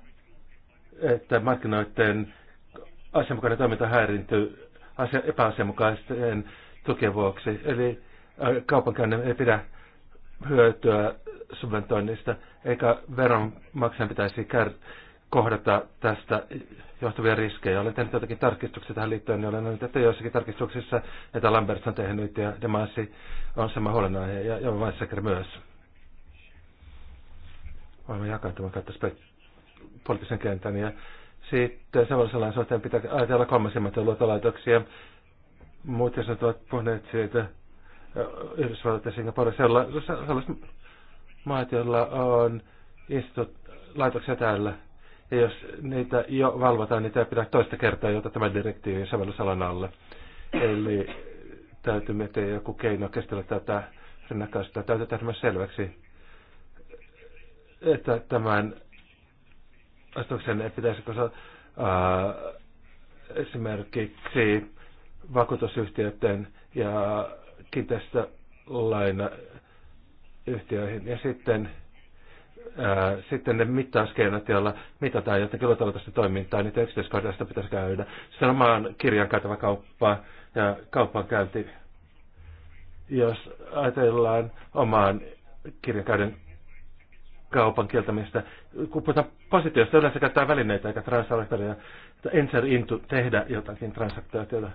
että markkinoiden asianmukainen toiminta häirintyy asia, epäasianmukaisten tukien vuoksi. Eli kaupankäynnin ei pidä hyötyä subventoinnista, eikä veronmaksajan pitäisi kär, kohdata tästä johtuvia riskejä. Olen tehnyt jotakin tarkistuksia tähän liittyen, niin olen nähnyt, että joissakin tarkistuksissa, että Lamberts on tehnyt ja Demassi on sama huolenaihe ja, ja Weissaker myös. Olemme tämän kautta poliittisen kentän ja sitten samanlaisen suhteen pitää ajatella kolmasimmat luotolaitoksia. Muut jos ovat puhuneet siitä Yhdysvallat ja Singapore, sellaiset maat, joilla on istut laitoksia täällä ja jos niitä jo valvotaan, niitä tämä pidä toista kertaa jota tämän direktiivin sovellusalan alle. Eli täytyy miettiä joku keino kestellä tätä rinnakkaista. Täytyy tehdä myös selväksi, että tämän astuksen ei pitäisi kosa, ää, esimerkiksi vakuutusyhtiöiden ja kiinteistölainayhtiöihin. Ja sitten sitten ne mittauskeinot, joilla mitataan jotta luotavaltaista toimintaa, niitä yksityiskohdasta pitäisi käydä. Samaan omaan kirjan käytävä kauppaa ja käynti, Jos ajatellaan omaan kirjakäyden kaupan kieltämistä, kun puhutaan positiosta, yleensä käyttää välineitä eikä että Enter into tehdä jotakin transaktiota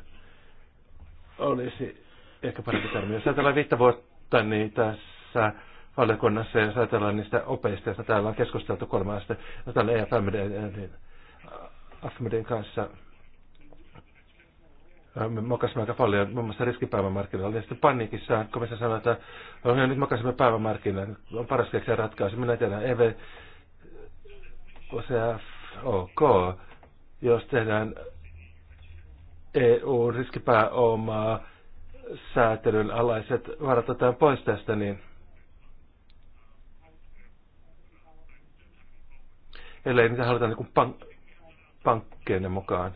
olisi ehkä parempi termi. Jos ajatellaan viittä vuotta, niin tässä valiokunnassa, jos ajatellaan niistä opeista, joista täällä on keskusteltu kolmesta, täällä EFMDn Ahmedin kanssa me mokasimme aika paljon, muun muassa riskipäivämarkkinoilla. Ja sitten kun me sanoin, että no, nyt mokasimme päivämarkkinoilla, on paras keksiä ratkaisu. Minä tiedän, EV, OCF, OK, jos tehdään EU-riskipääomaa säätelyn alaiset varat otetaan pois tästä, niin ellei niitä haluta niin pank- pankkeina mukaan.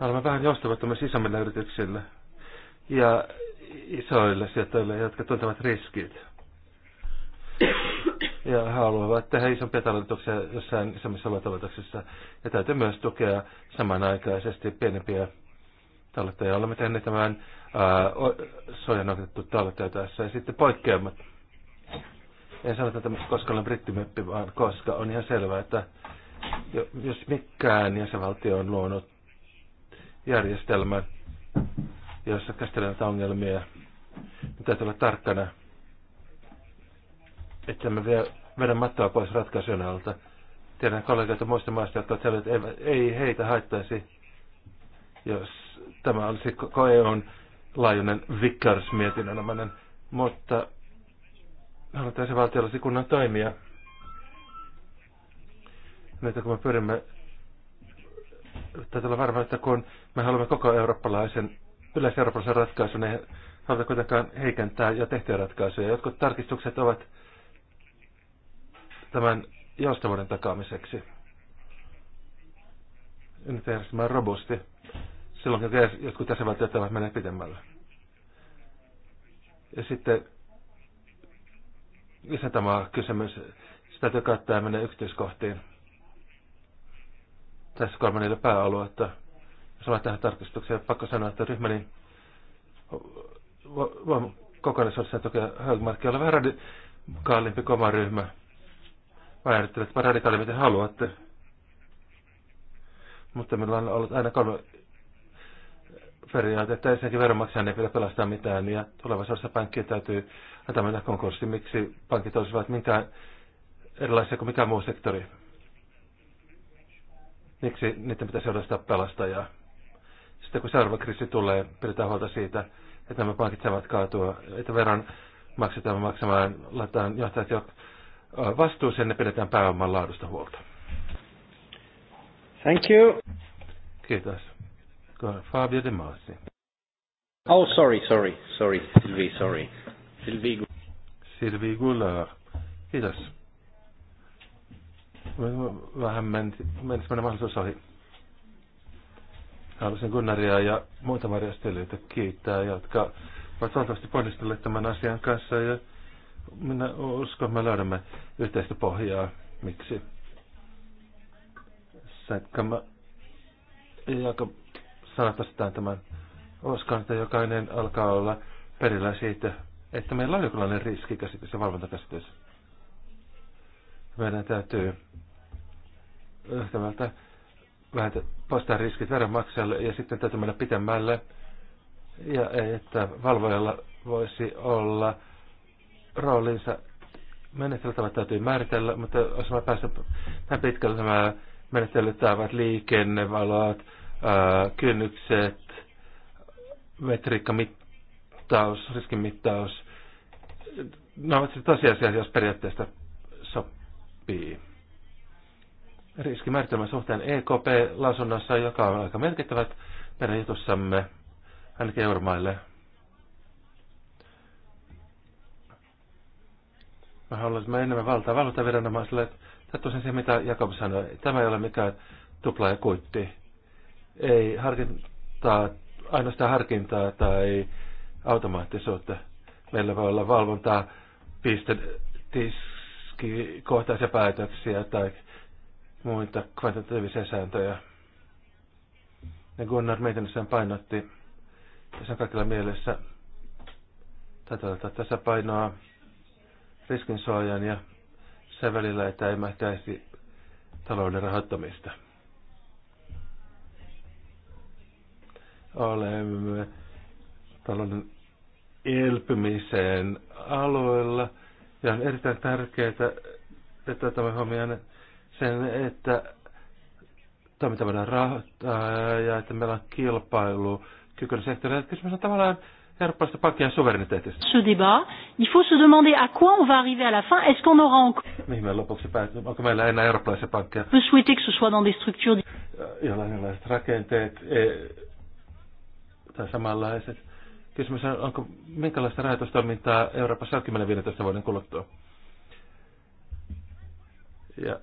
Me olemme vähän joustavattomia sisämmillä yrityksillä ja isoille sijoittajille, jotka tuntevat riskit. Ja haluavat tehdä isompia talletuksia jossain isommissa luotalletuksissa. Ja täytyy myös tukea samanaikaisesti pienempiä tallettajia. Olemme tehneet tämän sojan otettu tässä. Ja sitten poikkeamat. En sanota tämmöistä koska olen brittimeppi, vaan koska on ihan selvää, että jos mikään jäsenvaltio on luonut järjestelmän, jossa käsitellään näitä ongelmia, niin täytyy olla tarkkana, että me vie, vedä mattoa pois ratkaisun alta. Tiedän kollegoita muista maista, jotka ovat että ei heitä haittaisi, jos tämä olisi koko EUn laajuinen vickers mutta halutaan se valtiolla kunnan toimia. Nyt kun me pyrimme, täytyy olla varma, että kun me haluamme koko eurooppalaisen, yleiseurooppalaisen ratkaisun, niin haluta kuitenkaan heikentää jo tehtyjä ratkaisuja. Jotkut tarkistukset ovat tämän joustavuuden takaamiseksi. Nyt järjestelmä on robusti. Silloin kun jotkut jäsenvaltiot ovat menneet pidemmälle. Ja sitten lisätama kysymys, sitä täytyy käyttää mennä yksityiskohtiin tässä kolmannella että Jos ovat tähän tarkistukseen, pakko sanoa, että ryhmäni niin voimme kokonaisuudessaan tukea Högmarkia olla vähän radikaalimpi kuin oma ryhmä. Mä ajattelen, että radikaali miten haluatte. Mutta meillä on ollut aina kolme periaate, että ensinnäkin veronmaksajan ei pidä pelastaa mitään ja tulevaisuudessa pankkien täytyy antaa mennä konkurssiin. Miksi pankit olisivat minkään erilaisia kuin mikään muu sektori? Miksi niiden pitäisi odottaa pelastajaa? Sitten kun seuraava kriisi tulee, pidetään huolta siitä, että nämä pankit saavat kaatua, että veron maksetaan maksamaan, laitetaan johtajat jo vastuuseen ja pidetään pääoman laadusta huolta. Thank you. Kiitos. Fabio De Masi. Oh, sorry, sorry, sorry, Sylvie, sorry. Sylvie Goulard. Sylvie Goulard. Kiitos vähän meni semmoinen mahdollisuus ohi. Haluaisin Gunnaria ja muita varjastelijoita kiittää, jotka ovat valtavasti ponnistelleet tämän asian kanssa ja minä uskon, että me löydämme yhteistä pohjaa. Miksi? Sekä mä Jakob sanotaan tämän uskon, että jokainen alkaa olla perillä siitä, että meillä on jokinlainen riskikäsitys ja valvontakäsitys meidän täytyy yhtävältä vähän poistaa riskit veronmaksajalle ja sitten täytyy mennä pitemmälle. Ja että valvojalla voisi olla roolinsa menettelytavat täytyy määritellä, mutta jos mä pääsen näin pitkälle nämä menettelytavat, liikennevalot, kynnykset, metriikkamittaus, riskimittaus, nämä ovat siis tosiasiassa, jos periaatteesta sopii. Riskimääritelmän suhteen EKP-lausunnossa, joka on aika merkittävät meidän jutussamme, ainakin euromaille. Mä haluaisimme enemmän valtaa että Tätä siihen, mitä Jakob sanoi. Tämä ei ole mikään tupla ja kuitti. Ei harkintaa, ainoastaan harkintaa tai automaattisuutta. Meillä voi olla valvontaa piste, tis, kohtaisia päätöksiä tai muita kvantitatiivisia sääntöjä. Ja Gunnar mietinnössään painotti, ja kaikilla mielessä tätä tasapainoa riskinsuojan ja sen välillä, että ei mähtäisi talouden rahoittamista. Olemme talouden elpymiseen alueella – ja on erittäin tärkeää, että tämä huomioon sen, että toiminta voidaan rahoittaa ja että meillä on kilpailu kykyinen sektori. Kysymys on tavallaan eurooppalaisesta pankkien suvereniteetista. Ce débat, il faut se demander à quoi on va arriver à la fin. Est-ce qu'on aura encore... Mihin me lopuksi päätyy? Onko meillä enää eurooppalaisia pankkeja? Peut souhaiter que ce soit dans des structures... Jollain erilaiset rakenteet e, tai samanlaiset Kysymys on, onko minkälaista rahoitustoimintaa Euroopassa 10-15 vuoden kuluttua? Ja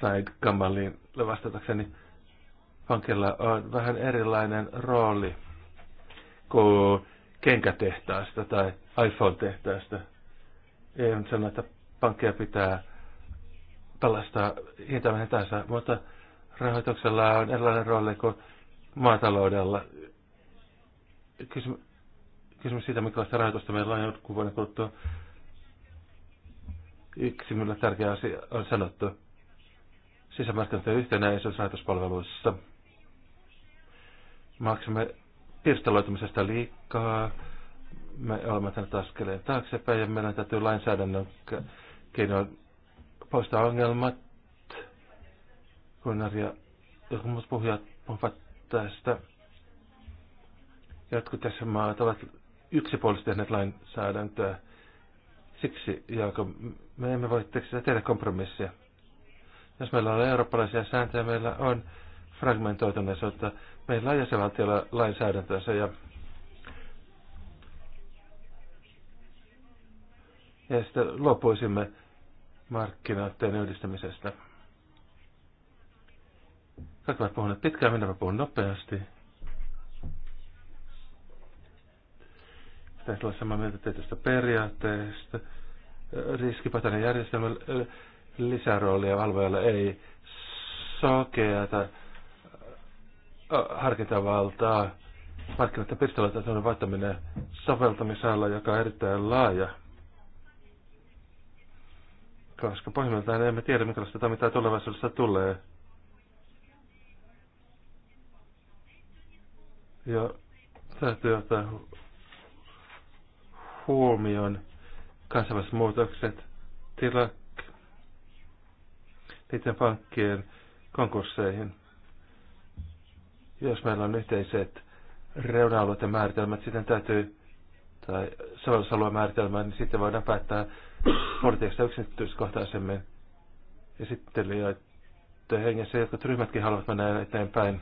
Said Kamalin vastatakseni, pankilla on vähän erilainen rooli kuin kenkätehtaasta tai iPhone-tehtaasta. Ei sano, että pankkia pitää pelastaa hinta tahansa, mutta rahoituksella on erilainen rooli kuin maataloudella. Kysymys kysymys siitä, minkälaista rahoitusta meillä on jotkut vuoden kuluttua. Yksi minulle tärkeä asia on sanottu sisämarkkinoiden yhtenäisyys rahoituspalveluissa. Maksamme pirstaloitumisesta liikaa. Me olemme tänne askeleen taaksepäin ja meidän täytyy lainsäädännön keinoin poistaa ongelmat. Gunnar ja jotkut muut puhujat puhuvat tästä. Jotkut tässä maat ovat yksipuolisesti tehneet lainsäädäntöä. Siksi, Jaako, me emme voi tehdä kompromissia. Jos meillä on eurooppalaisia sääntöjä, meillä on fragmentoituneisuutta. Meillä on jäsenvaltiolla lainsäädäntönsä ja, ja sitten lopuisimme markkinoiden yhdistämisestä. Kaikki ovat puhuneet pitkään, minä puhun nopeasti. Pitäisi olla samaa mieltä tietystä periaatteesta. Riskipatainen järjestelmä äh, lisäroolia valvojalla ei sokeata äh, harkintavaltaa. Markkinoiden pirstaloitaisuuden vaihtaminen soveltamisalla, joka on erittäin laaja koska pohjimmiltaan emme tiedä, minkälaista toimintaa tulevaisuudessa tulee. Ja täytyy ottaa huomioon kansainväliset muutokset, tilak, niiden pankkien konkursseihin. Jos meillä on yhteiset reuna-alueiden määritelmät, sitten täytyy, tai sovellusalueen määritelmä, niin sitten voidaan päättää politiikasta yksityiskohtaisemmin esittelijöiden hengessä. Jotkut ryhmätkin haluavat mennä eteenpäin.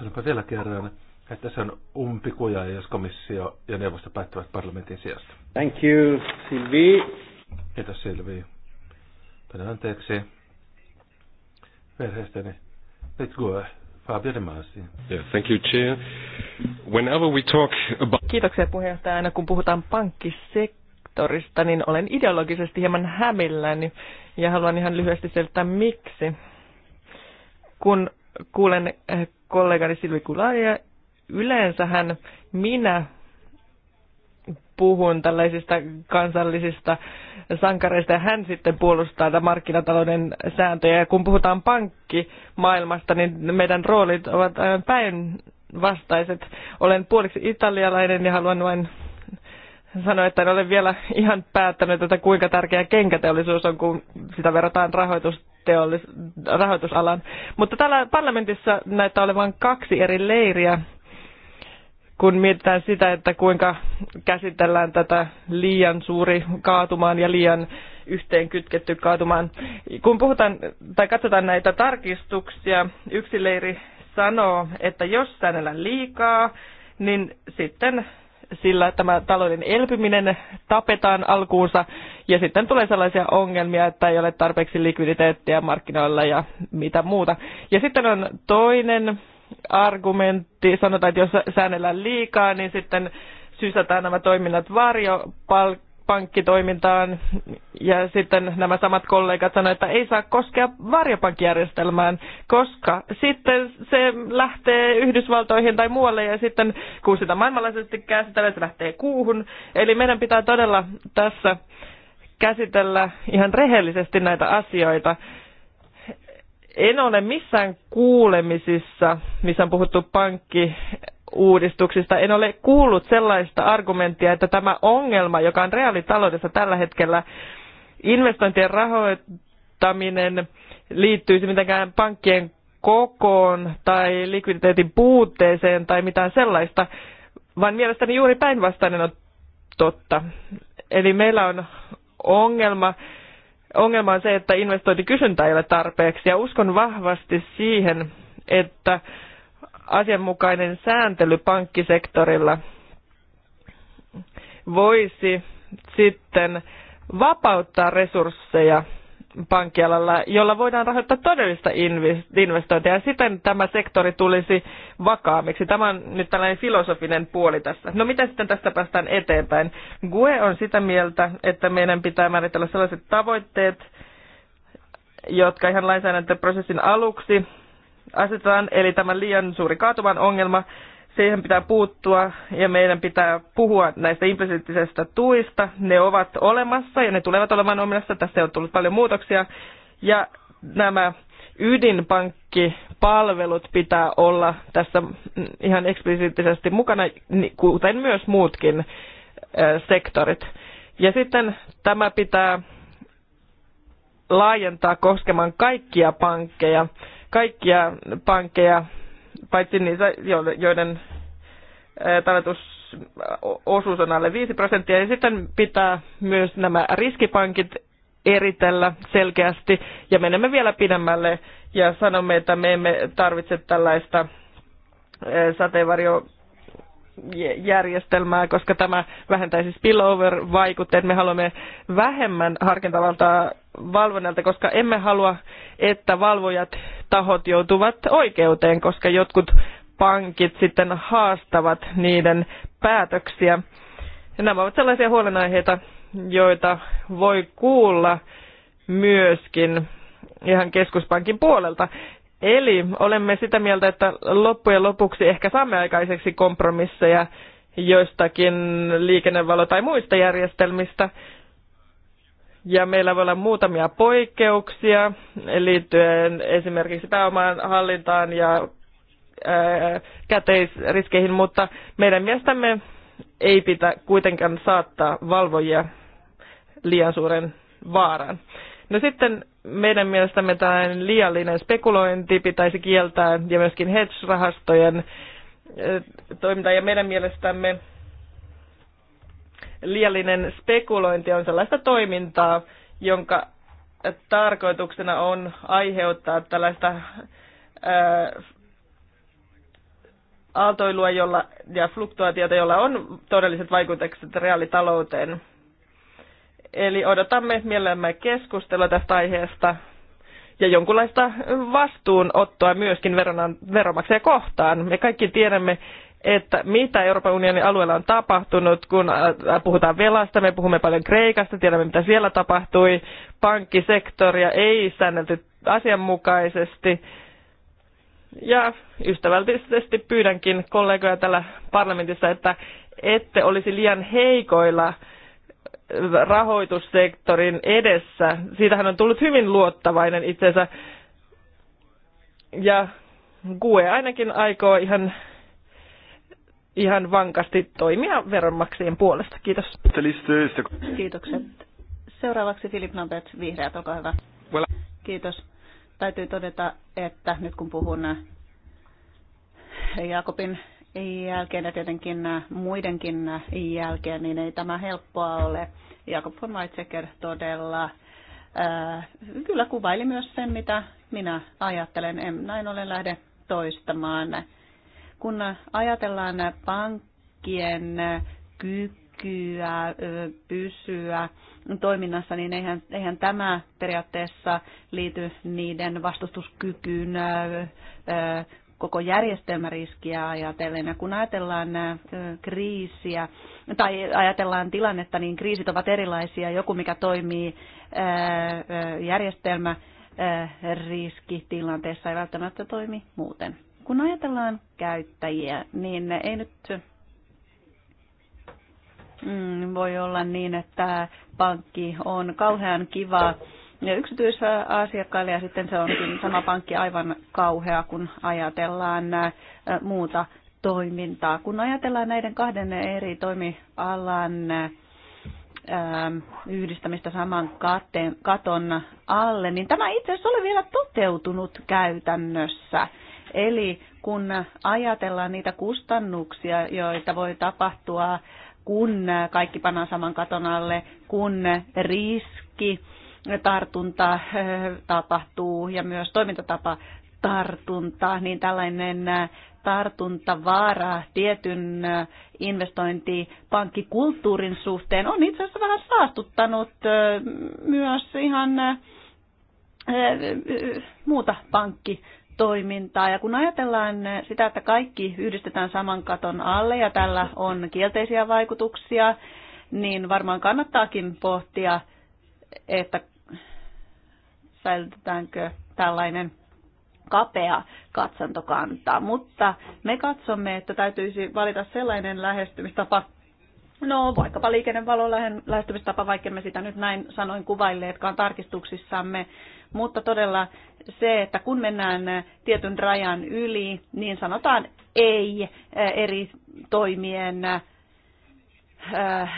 sanonpa vielä kerran, että se on umpikuja, jos komissio ja neuvosto päättävät parlamentin sijasta. Thank you, Silvi. Kiitos, Silvi. Pyydän anteeksi perheestäni. Let's go. Fabio De Masi. Yeah, thank you, Chair. Whenever we talk about... Kiitoksia puheenjohtaja. Aina kun puhutaan pankkisektorista, niin olen ideologisesti hieman hämilläni ja haluan ihan lyhyesti selittää miksi. Kun kuulen eh, kollegani Silvi Kulaja. Yleensähän minä puhun tällaisista kansallisista sankareista ja hän sitten puolustaa tätä markkinatalouden sääntöjä. Ja kun puhutaan pankkimaailmasta, niin meidän roolit ovat aivan päinvastaiset. Olen puoliksi italialainen ja haluan vain sanoa, että en ole vielä ihan päättänyt, että kuinka tärkeä kenkäteollisuus on, kun sitä verrataan rahoitusta teollis- rahoitusalan. Mutta täällä parlamentissa näyttää olevan kaksi eri leiriä, kun mietitään sitä, että kuinka käsitellään tätä liian suuri kaatumaan ja liian yhteen kytketty kaatumaan. Kun puhutaan tai katsotaan näitä tarkistuksia, yksi leiri sanoo, että jos säännellään liikaa, niin sitten sillä tämä talouden elpyminen tapetaan alkuunsa ja sitten tulee sellaisia ongelmia, että ei ole tarpeeksi likviditeettiä markkinoilla ja mitä muuta. Ja sitten on toinen argumentti, sanotaan, että jos säännellään liikaa, niin sitten sysätään nämä toiminnat varjopalkkaan pankkitoimintaan ja sitten nämä samat kollegat sanoivat, että ei saa koskea varjopankkijärjestelmään, koska sitten se lähtee Yhdysvaltoihin tai muualle ja sitten kun sitä maailmanlaisesti käsitellään, se lähtee kuuhun. Eli meidän pitää todella tässä käsitellä ihan rehellisesti näitä asioita. En ole missään kuulemisissa, missä on puhuttu pankki uudistuksista. En ole kuullut sellaista argumenttia, että tämä ongelma, joka on reaalitaloudessa tällä hetkellä, investointien rahoittaminen liittyisi mitenkään pankkien kokoon tai likviditeetin puutteeseen tai mitään sellaista, vaan mielestäni juuri päinvastainen on totta. Eli meillä on ongelma, ongelma on se, että investointikysyntä ei ole tarpeeksi ja uskon vahvasti siihen, että asianmukainen sääntely pankkisektorilla voisi sitten vapauttaa resursseja pankkialalla, jolla voidaan rahoittaa todellista investointia. Ja siten tämä sektori tulisi vakaammiksi. Tämä on nyt tällainen filosofinen puoli tässä. No miten sitten tästä päästään eteenpäin? GUE on sitä mieltä, että meidän pitää määritellä sellaiset tavoitteet, jotka ihan lainsäädäntöprosessin aluksi asetetaan, eli tämä liian suuri kaatuman ongelma, siihen pitää puuttua ja meidän pitää puhua näistä implisiittisistä tuista. Ne ovat olemassa ja ne tulevat olemaan olemassa. Tässä on tullut paljon muutoksia. Ja nämä ydinpankkipalvelut pitää olla tässä ihan eksplisiittisesti mukana, kuten myös muutkin sektorit. Ja sitten tämä pitää laajentaa koskemaan kaikkia pankkeja kaikkia pankkeja, paitsi niitä, joiden talletusosuus on alle 5 prosenttia. Ja sitten pitää myös nämä riskipankit eritellä selkeästi ja menemme vielä pidemmälle ja sanomme, että me emme tarvitse tällaista sateenvarjo järjestelmää, koska tämä vähentäisi spillover-vaikutteet. Me haluamme vähemmän harkintavaltaa valvonnalta, koska emme halua, että valvojat tahot joutuvat oikeuteen, koska jotkut pankit sitten haastavat niiden päätöksiä. Ja nämä ovat sellaisia huolenaiheita, joita voi kuulla myöskin ihan keskuspankin puolelta. Eli olemme sitä mieltä, että loppujen lopuksi ehkä saamme aikaiseksi kompromisseja joistakin liikennevalo- tai muista järjestelmistä. Ja meillä voi olla muutamia poikkeuksia liittyen esimerkiksi pääoman hallintaan ja ää, käteisriskeihin, mutta meidän mielestämme ei pitä kuitenkaan saattaa valvojia liian suuren vaaran. No sitten meidän mielestämme tällainen liiallinen spekulointi pitäisi kieltää ja myöskin hedge-rahastojen eh, toiminta. Ja meidän mielestämme liiallinen spekulointi on sellaista toimintaa, jonka tarkoituksena on aiheuttaa tällaista ää, eh, aaltoilua jolla, ja fluktuaatiota, jolla on todelliset vaikutukset reaalitalouteen. Eli odotamme mielellämme keskustella tästä aiheesta ja jonkunlaista vastuunottoa myöskin veronan, kohtaan. Me kaikki tiedämme, että mitä Euroopan unionin alueella on tapahtunut, kun äh, äh, puhutaan velasta, me puhumme paljon Kreikasta, tiedämme mitä siellä tapahtui, pankkisektoria ei säännelty asianmukaisesti. Ja ystävällisesti pyydänkin kollegoja täällä parlamentissa, että ette olisi liian heikoilla rahoitussektorin edessä. Siitähän on tullut hyvin luottavainen itsensä. Ja GUE ainakin aikoo ihan, ihan vankasti toimia veronmaksien puolesta. Kiitos. Kiitokset. Seuraavaksi Filip Nobet, Vihreät, olkaa hyvä. Kiitos. Täytyy todeta, että nyt kun puhun eh, Jakobin jälkeen ja tietenkin äh, muidenkin äh, jälkeen, niin ei tämä helppoa ole. Jakob von Weizsäcker todella äh, kyllä kuvaili myös sen, mitä minä ajattelen. En näin ole lähde toistamaan. Kun ajatellaan pankkien kykyä pysyä toiminnassa, niin eihän, eihän tämä periaatteessa liity niiden vastustuskykyyn koko järjestelmäriskiä ajatellen. Ja kun ajatellaan nämä äh, kriisiä tai ajatellaan tilannetta, niin kriisit ovat erilaisia. Joku, mikä toimii äh, äh, järjestelmä riskitilanteessa ei välttämättä toimi muuten. Kun ajatellaan käyttäjiä, niin ei nyt mm, voi olla niin, että pankki on kauhean kiva yksityisasiakkaille ja sitten se onkin sama pankki aivan kauhea, kun ajatellaan äh, muuta toimintaa. Kun ajatellaan näiden kahden eri toimialan ähm, yhdistämistä saman katon alle, niin tämä itse asiassa oli vielä toteutunut käytännössä. Eli kun ajatellaan niitä kustannuksia, joita voi tapahtua, kun kaikki pannaan saman katon alle, kun riski tartunta eh, tapahtuu ja myös toimintatapa tartunta, niin tällainen eh, tartuntavaara tietyn eh, investointipankkikulttuurin suhteen on itse asiassa vähän saastuttanut myös ihan muuta pankki toimintaa. Ja kun ajatellaan sitä, että kaikki yhdistetään saman katon alle ja tällä on kielteisiä vaikutuksia, niin varmaan kannattaakin pohtia, että säilytetäänkö tällainen kapea katsantokanta, mutta me katsomme, että täytyisi valita sellainen lähestymistapa, No vaikkapa liikennevalon lähestymistapa, vaikka me sitä nyt näin sanoin kuvailleetkaan tarkistuksissamme, mutta todella se, että kun mennään tietyn rajan yli, niin sanotaan ei eh, eri toimien eh,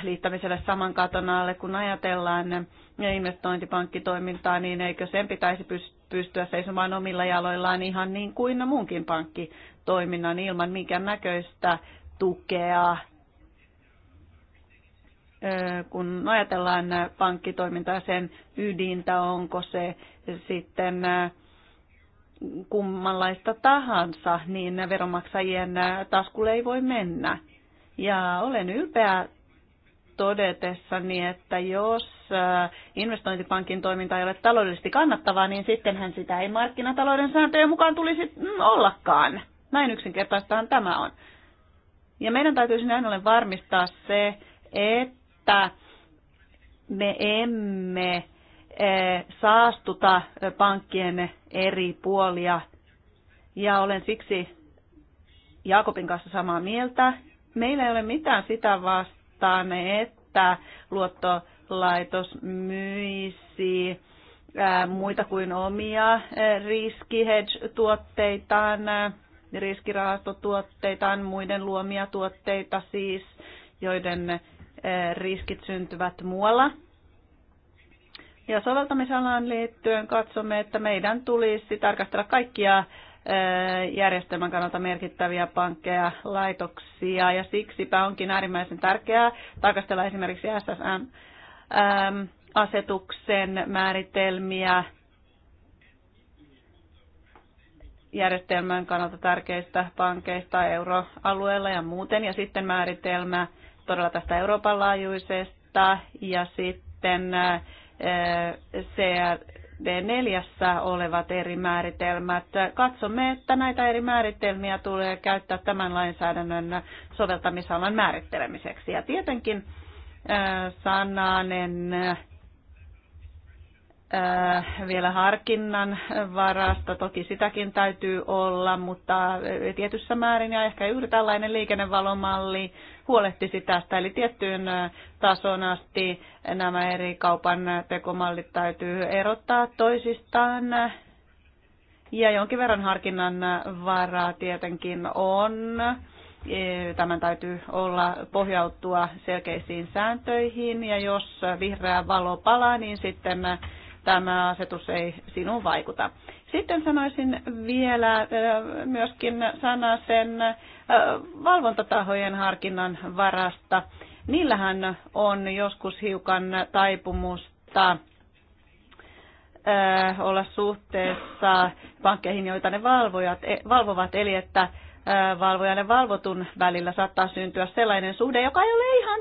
liittämiselle saman katon alle, kun ajatellaan ja investointipankkitoimintaa, niin eikö sen pitäisi pystyä seisomaan omilla jaloillaan ihan niin kuin muunkin pankkitoiminnan ilman minkään näköistä tukea kun ajatellaan pankkitoimintaa sen ydintä, onko se sitten kummanlaista tahansa, niin veronmaksajien taskulle ei voi mennä. Ja olen ylpeä todetessani, että jos äh, investointipankin toiminta ei ole taloudellisesti kannattavaa, niin sittenhän sitä ei markkinatalouden sääntöjen mukaan tulisi mm, ollakaan. Näin yksinkertaistahan tämä on. Ja meidän täytyisi näin ollen varmistaa se, että me emme äh, saastuta äh, pankkien eri puolia. Ja olen siksi Jaakobin kanssa samaa mieltä. Meillä ei ole mitään sitä vastaan vastaan, että luottolaitos myisi muita kuin omia riskihedge-tuotteitaan, riskirahastotuotteitaan, muiden luomia tuotteita siis, joiden riskit syntyvät muualla. Ja soveltamisalaan liittyen katsomme, että meidän tulisi tarkastella kaikkia Eh, järjestelmän kannalta merkittäviä pankkeja, laitoksia ja siksipä onkin äärimmäisen tärkeää tarkastella esimerkiksi SSM ähm, asetuksen määritelmiä järjestelmän kannalta tärkeistä pankeista euroalueella ja muuten, ja sitten määritelmä todella tästä Euroopan laajuisesta, ja sitten äh, CR, D4 olevat eri määritelmät. Katsomme, että näitä eri määritelmiä tulee käyttää tämän lainsäädännön soveltamisalan määrittelemiseksi. Ja tietenkin äh, sananen äh, vielä harkinnan varasta. Toki sitäkin täytyy olla, mutta tietyssä määrin ja ehkä juuri tällainen liikennevalomalli huolehtisi tästä. Eli tiettyyn tason asti nämä eri kaupan tekomallit täytyy erottaa toisistaan. Ja jonkin verran harkinnan varaa tietenkin on. E, tämän täytyy olla pohjautua selkeisiin sääntöihin ja jos vihreä valo palaa, niin sitten tämä asetus ei sinun vaikuta. Sitten sanoisin vielä myöskin sana sen valvontatahojen harkinnan varasta. Niillähän on joskus hiukan taipumusta olla suhteessa pankkeihin, joita ne valvojat, e, valvovat, eli että valvojan ja valvotun välillä saattaa syntyä sellainen suhde, joka ei ole ihan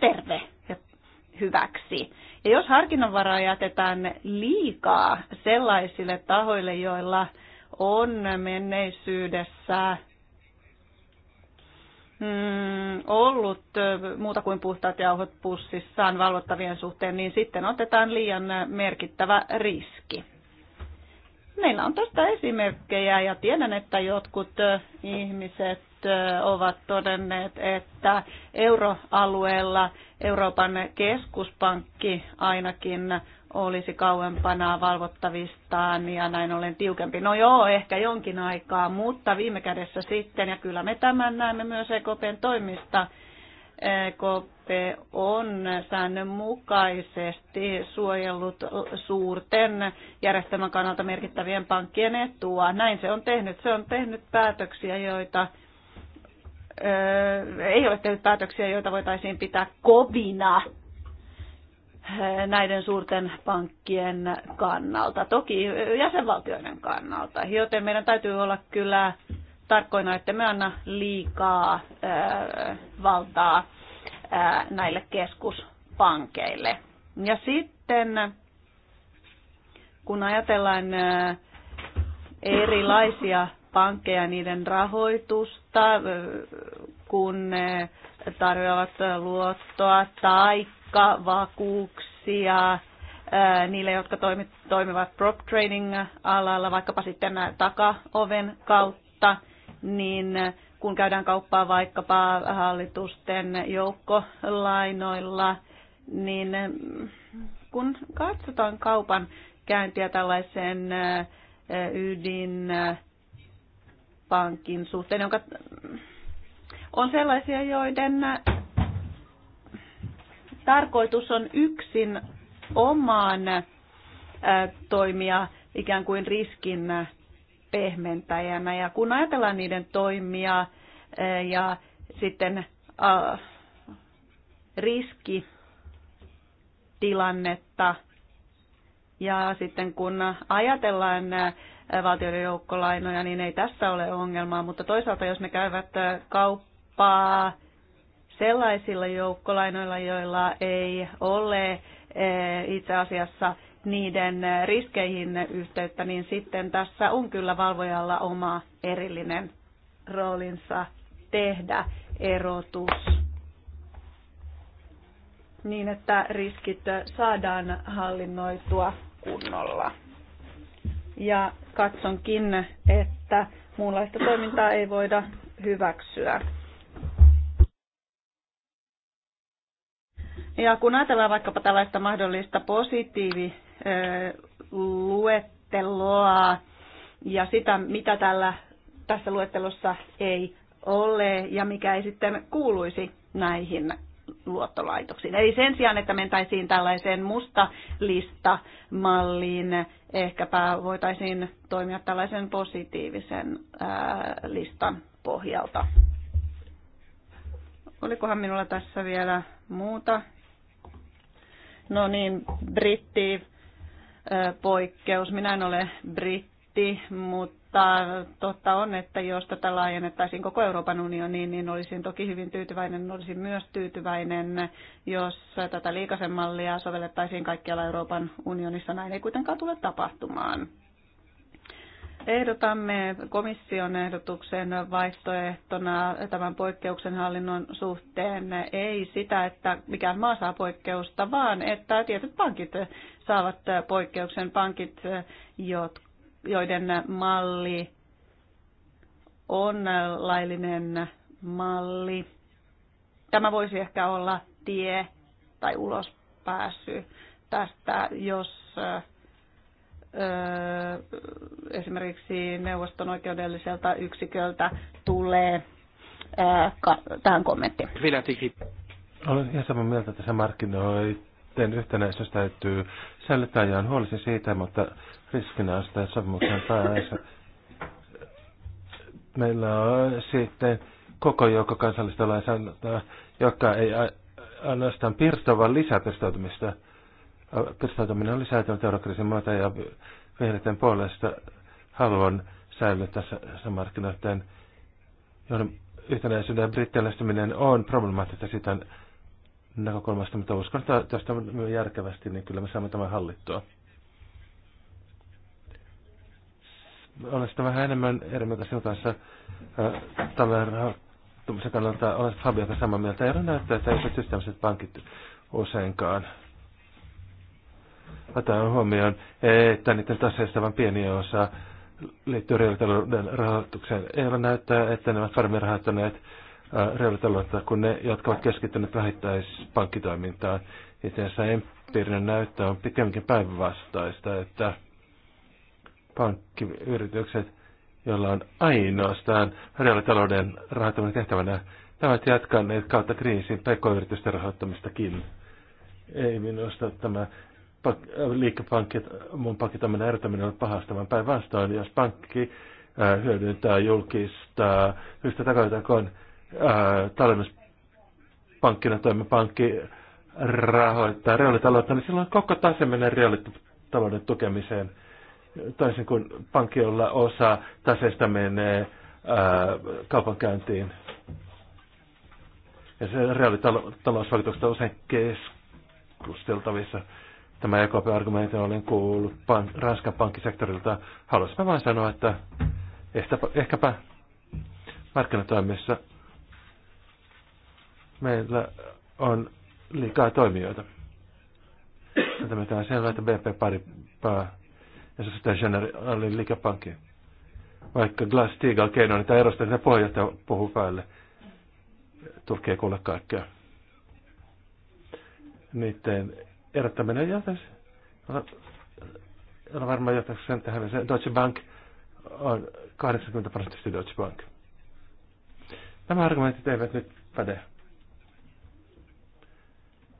terve ja hyväksi. Ja jos harkinnanvaraa jätetään liikaa sellaisille tahoille, joilla on menneisyydessä mm, ollut muuta kuin puhtaat jauhot pussissaan valvottavien suhteen, niin sitten otetaan liian merkittävä riski. Meillä on tästä esimerkkejä ja tiedän, että jotkut ihmiset ovat todenneet, että euroalueella Euroopan keskuspankki ainakin olisi kauempana valvottavistaan ja näin ollen tiukempi. No joo, ehkä jonkin aikaa, mutta viime kädessä sitten, ja kyllä me tämän näemme myös EKPn toimista, EKP on säännönmukaisesti suojellut suurten järjestelmän kannalta merkittävien pankkien etua. Näin se on tehnyt. Se on tehnyt päätöksiä, joita ei ole tehnyt päätöksiä, joita voitaisiin pitää kovina näiden suurten pankkien kannalta, toki jäsenvaltioiden kannalta, joten meidän täytyy olla kyllä tarkkoina, että me anna liikaa äh, valtaa äh, näille keskuspankeille. Ja sitten kun ajatellaan äh, erilaisia pankkeja, niiden rahoitusta, kun ne tarjoavat luottoa tai palkkavakuuksia niille, jotka toimivat prop training alalla vaikkapa sitten takaoven kautta, niin kun käydään kauppaa vaikkapa hallitusten joukkolainoilla, niin mm, kun katsotaan kaupan käyntiä tällaisen ydinpankin suhteen, jonka mm, on sellaisia, joiden tarkoitus on yksin omaan toimia ikään kuin riskin pehmentäjänä. Ja kun ajatellaan niiden toimia ja sitten riskitilannetta ja sitten kun ajatellaan valtioiden joukkolainoja, niin ei tässä ole ongelmaa, mutta toisaalta jos ne käyvät kauppaa sellaisilla joukkolainoilla, joilla ei ole eh, itse asiassa niiden eh, riskeihin yhteyttä, niin sitten tässä on kyllä valvojalla oma erillinen roolinsa tehdä erotus niin, että riskit saadaan hallinnoitua kunnolla. Ja katsonkin, että muunlaista toimintaa ei voida hyväksyä. Ja kun ajatellaan vaikkapa tällaista mahdollista positiiviluetteloa ja sitä, mitä tällä, tässä luettelossa ei ole ja mikä ei sitten kuuluisi näihin luottolaitoksiin. Eli sen sijaan, että mentäisiin tällaiseen musta listamalliin, ehkäpä voitaisiin toimia tällaisen positiivisen ää, listan pohjalta. Olikohan minulla tässä vielä muuta No niin, britti poikkeus. Minä en ole britti, mutta totta on, että jos tätä laajennettaisiin koko Euroopan unioniin, niin olisin toki hyvin tyytyväinen. Olisin myös tyytyväinen, jos tätä liikasen mallia sovellettaisiin kaikkialla Euroopan unionissa. Näin ei kuitenkaan tule tapahtumaan. Ehdotamme komission ehdotuksen vaihtoehtona tämän poikkeuksen hallinnon suhteen ei sitä, että mikään maa saa poikkeusta, vaan että tietyt pankit saavat poikkeuksen. Pankit, joiden malli on laillinen malli. Tämä voisi ehkä olla tie tai ulospääsy tästä, jos esimerkiksi neuvoston oikeudelliselta yksiköltä tulee tähän kommentti. Olen ihan samaa mieltä, että se markkinoiden yhtenäisyys täytyy säilyttää ja on huolisin siitä, mutta riskinä on sitä sopimuksen päässä. Meillä on sitten koko joukko kansallista lainsäädäntöä, joka ei ainoastaan pirstoa, vaan lisää pirstoutumista pirstautuminen on lisääntynyt eurokriisin maata ja vihreiden puolesta haluan säilyttää markkinoiden joiden yhtenäisyyden ja brittiläistyminen on problemaattista sitä näkökulmasta, mutta uskon, että tästä on järkevästi, niin kyllä me saamme tämän hallittua. Olen sitä vähän enemmän eri mieltä sinun kanssa äh, tämän kannalta. Olen Fabiota samaa mieltä. Ei ole näyttää, että ei ole systeemiset pankit useinkaan ottaen huomioon, että niiden taseista vain pieni osa liittyy reaalitalouden rahoitukseen. Ei näyttää, että ne ovat paremmin rahoittaneet äh, reaalitaloutta kuin ne, jotka ovat keskittyneet vähittäispankkitoimintaan. Itse asiassa empiirinen näyttö on pikemminkin päinvastaista, että pankkiyritykset, joilla on ainoastaan reaalitalouden rahoittaminen tehtävänä, ovat jatkaneet kautta kriisin pk-yritysten rahoittamistakin. Ei minusta tämä pak- äh, mun pankkitaminen erittäminen on pahasta, vaan päinvastoin, jos pankki ää, äh, hyödyntää julkista syystä takoitakoon äh, tallennuspankkina toimi pankki rahoittaa reaalitaloutta, niin silloin koko tase menee reaalitalouden tukemiseen. Toisin kuin pankki, jolla osa taseesta menee ää, kaupankäyntiin. Ja se reaalitalousvaikutukset on usein keskusteltavissa Tämä ekp argumentti olen kuullut pan, Ranskan pankkisektorilta. Haluaisin vain sanoa, että ehkäpä, ehkäpä markkinatoimissa meillä on liikaa toimijoita. Tämä on selvää, että BP pari pää ja sitten Generali liikepankki. Vaikka Glass Steagall keino, niin tämä erosta, että puheenjohtaja puhuu päälle. Tulkee kuulla kaikkea. Niiden erottaminen johtaisi, olen varmaan johtaisi sen tähän, se Deutsche Bank on 80 prosenttisesti Deutsche Bank. Nämä argumentit eivät nyt päde.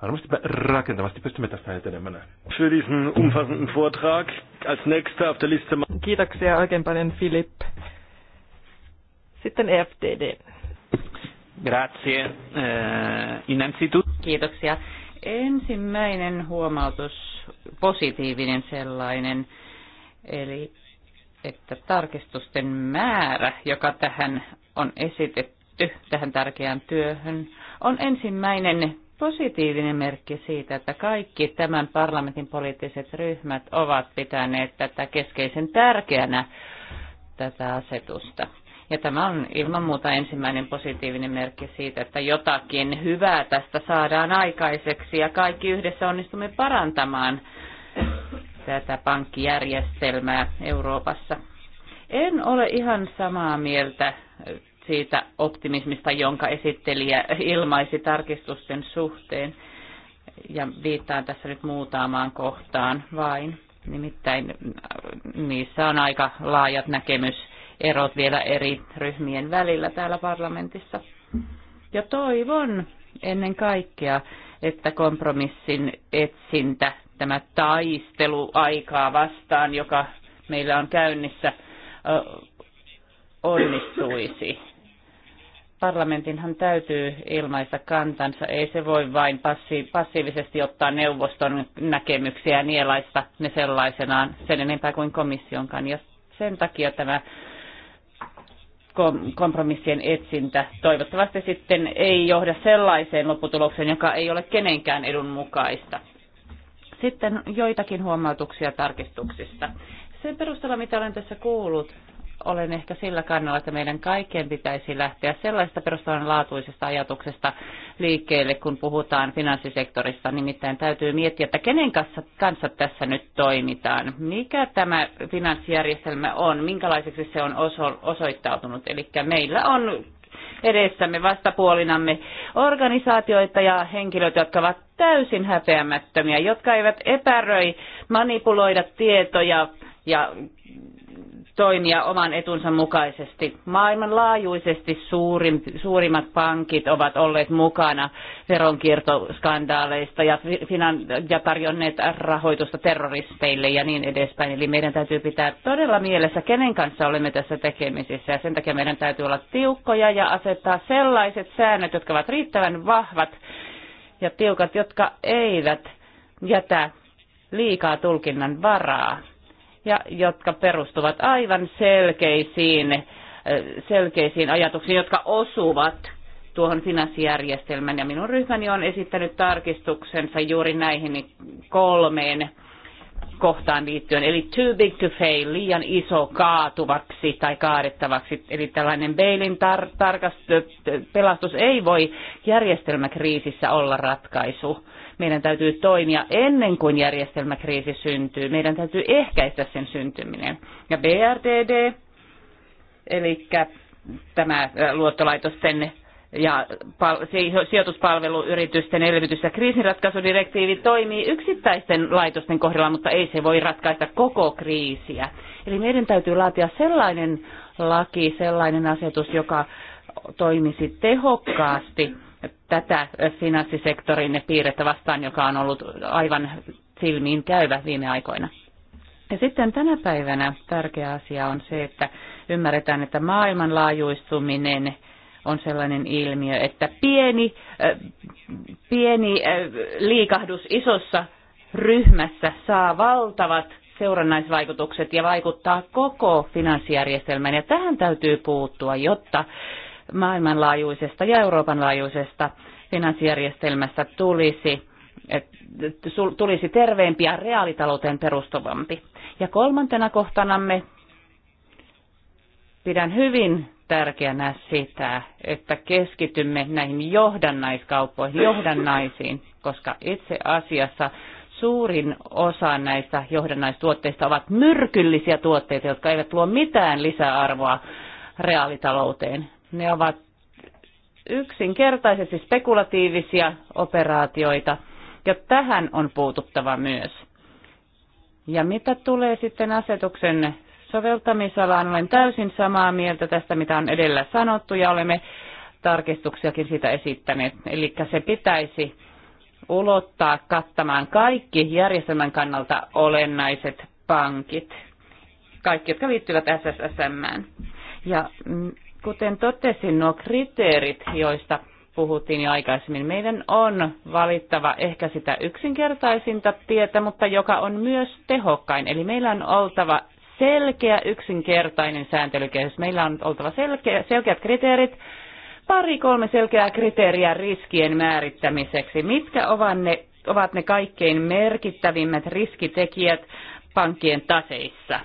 Varmasti rakentavasti pystymme tästä etenemään. Für diesen umfassenden Vortrag. Als nächster auf der Liste... Kiitoksia oikein paljon, Filip. Sitten EFTD. Grazie. Eh, innanzitutto... Kiitoksia. Ensimmäinen huomautus, positiivinen sellainen, eli että tarkistusten määrä, joka tähän on esitetty, tähän tärkeään työhön, on ensimmäinen positiivinen merkki siitä, että kaikki tämän parlamentin poliittiset ryhmät ovat pitäneet tätä keskeisen tärkeänä tätä asetusta. Ja tämä on ilman muuta ensimmäinen positiivinen merkki siitä, että jotakin hyvää tästä saadaan aikaiseksi ja kaikki yhdessä onnistumme parantamaan tätä pankkijärjestelmää Euroopassa. En ole ihan samaa mieltä siitä optimismista, jonka esittelijä ilmaisi tarkistusten suhteen. Ja viittaan tässä nyt muutamaan kohtaan vain. Nimittäin niissä on aika laajat näkemys erot vielä eri ryhmien välillä täällä parlamentissa. Ja toivon ennen kaikkea, että kompromissin etsintä, tämä taistelu aikaa vastaan, joka meillä on käynnissä, onnistuisi. Parlamentinhan täytyy ilmaista kantansa. Ei se voi vain passi- passiivisesti ottaa neuvoston näkemyksiä ja nielaista ne sellaisenaan sen enempää kuin komissionkaan. Ja sen takia tämä kompromissien etsintä toivottavasti sitten ei johda sellaiseen lopputulokseen, joka ei ole kenenkään edun mukaista. Sitten joitakin huomautuksia tarkistuksista. Sen perusteella, mitä olen tässä kuullut, olen ehkä sillä kannalla, että meidän kaikkien pitäisi lähteä sellaista perustavanlaatuisesta ajatuksesta liikkeelle, kun puhutaan finanssisektorista. Nimittäin täytyy miettiä, että kenen kanssa, kanssa tässä nyt toimitaan. Mikä tämä finanssijärjestelmä on, minkälaiseksi se on oso, osoittautunut. Eli meillä on edessämme vastapuolinamme organisaatioita ja henkilöitä, jotka ovat täysin häpeämättömiä, jotka eivät epäröi manipuloida tietoja ja toimia oman etunsa mukaisesti. Maailmanlaajuisesti suurin, suurimmat pankit ovat olleet mukana veronkiertoskandaaleista ja, finan, ja tarjonneet rahoitusta terroristeille ja niin edespäin. Eli meidän täytyy pitää todella mielessä, kenen kanssa olemme tässä tekemisissä. Ja sen takia meidän täytyy olla tiukkoja ja asettaa sellaiset säännöt, jotka ovat riittävän vahvat ja tiukat, jotka eivät jätä liikaa tulkinnan varaa ja jotka perustuvat aivan selkeisiin, äh, selkeisiin ajatuksiin, jotka osuvat tuohon finanssijärjestelmän. Ja minun ryhmäni on esittänyt tarkistuksensa juuri näihin kolmeen kohtaan liittyen, eli too big to fail, liian iso kaatuvaksi tai kaadettavaksi. Eli tällainen Bailin tar- tarkastus, pelastus ei voi järjestelmäkriisissä olla ratkaisu. Meidän täytyy toimia ennen kuin järjestelmäkriisi syntyy. Meidän täytyy ehkäistä sen syntyminen. Ja BRDD, eli tämä luottolaitosten ja sijoituspalveluyritysten elvytys- ja kriisinratkaisudirektiivi toimii yksittäisten laitosten kohdalla, mutta ei se voi ratkaista koko kriisiä. Eli meidän täytyy laatia sellainen laki, sellainen asetus, joka toimisi tehokkaasti tätä finanssisektorin piirrettä vastaan, joka on ollut aivan silmiin käyvä viime aikoina. Ja sitten tänä päivänä tärkeä asia on se, että ymmärretään, että maailmanlaajuistuminen on sellainen ilmiö, että pieni, äh, pieni äh, liikahdus isossa ryhmässä saa valtavat seurannaisvaikutukset ja vaikuttaa koko finanssijärjestelmään. Ja tähän täytyy puuttua, jotta maailmanlaajuisesta ja Euroopan laajuisesta finanssijärjestelmästä tulisi, tulisi terveempi ja reaalitalouteen perustuvampi. Ja kolmantena kohtanamme pidän hyvin tärkeänä sitä, että keskitymme näihin johdannaiskauppoihin, johdannaisiin, koska itse asiassa suurin osa näistä johdannaistuotteista ovat myrkyllisiä tuotteita, jotka eivät luo mitään lisäarvoa reaalitalouteen. Ne ovat yksinkertaisesti spekulatiivisia operaatioita, ja tähän on puututtava myös. Ja mitä tulee sitten asetuksen soveltamisalaan, olen täysin samaa mieltä tästä, mitä on edellä sanottu, ja olemme tarkistuksiakin siitä esittäneet. Eli se pitäisi ulottaa kattamaan kaikki järjestelmän kannalta olennaiset pankit, kaikki, jotka liittyvät SSSM. Ja mm, Kuten totesin, nuo kriteerit, joista puhuttiin jo aikaisemmin, meidän on valittava ehkä sitä yksinkertaisinta tietä, mutta joka on myös tehokkain. Eli meillä on oltava selkeä, yksinkertainen sääntelykehys. Meillä on oltava selkeä, selkeät kriteerit, pari kolme selkeää kriteeriä riskien määrittämiseksi. Mitkä ovat ne, ovat ne kaikkein merkittävimmät riskitekijät pankkien taseissa?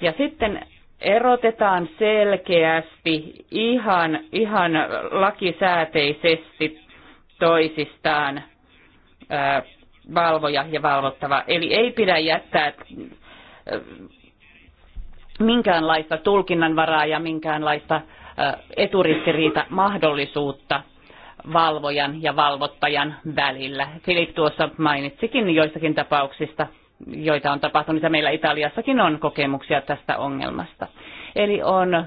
Ja sitten erotetaan selkeästi ihan, ihan lakisääteisesti toisistaan ää, valvoja ja valvottava. Eli ei pidä jättää minkäänlaista tulkinnanvaraa ja minkäänlaista eturistiriita mahdollisuutta valvojan ja valvottajan välillä. Filip tuossa mainitsikin joistakin tapauksista, joita on tapahtunut, ja meillä Italiassakin on kokemuksia tästä ongelmasta. Eli on,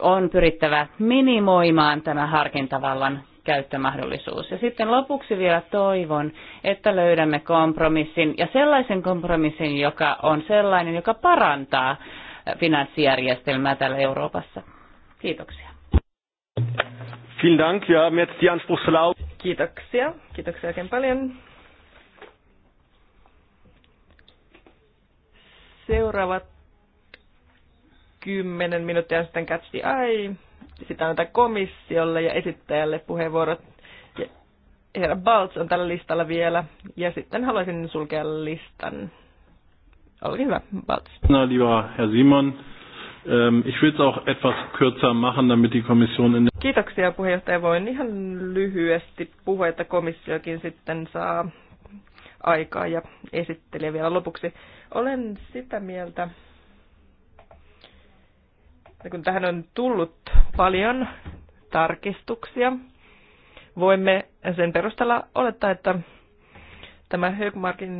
on pyrittävä minimoimaan tämä harkintavallan käyttömahdollisuus. Ja sitten lopuksi vielä toivon, että löydämme kompromissin, ja sellaisen kompromissin, joka on sellainen, joka parantaa finanssijärjestelmää täällä Euroopassa. Kiitoksia. Kiitoksia. Kiitoksia oikein paljon. Seuraavat kymmenen minuuttia sitten katsi, ai. Sitä on komissiolle ja esittäjälle puheenvuorot. Ja herra Baltz on tällä listalla vielä. Ja sitten haluaisin sulkea listan. Oli hyvä, Baltz. Na, lieber Herr Simon, ähm, ich will es auch etwas kürzer machen, damit die Kommission in Kiitoksia puheenjohtaja. Voin ihan lyhyesti puhua, että komissiokin sitten saa aikaa ja esittelee vielä lopuksi. Olen sitä mieltä, että kun tähän on tullut paljon tarkistuksia, voimme sen perusteella olettaa, että tämä Högmarkin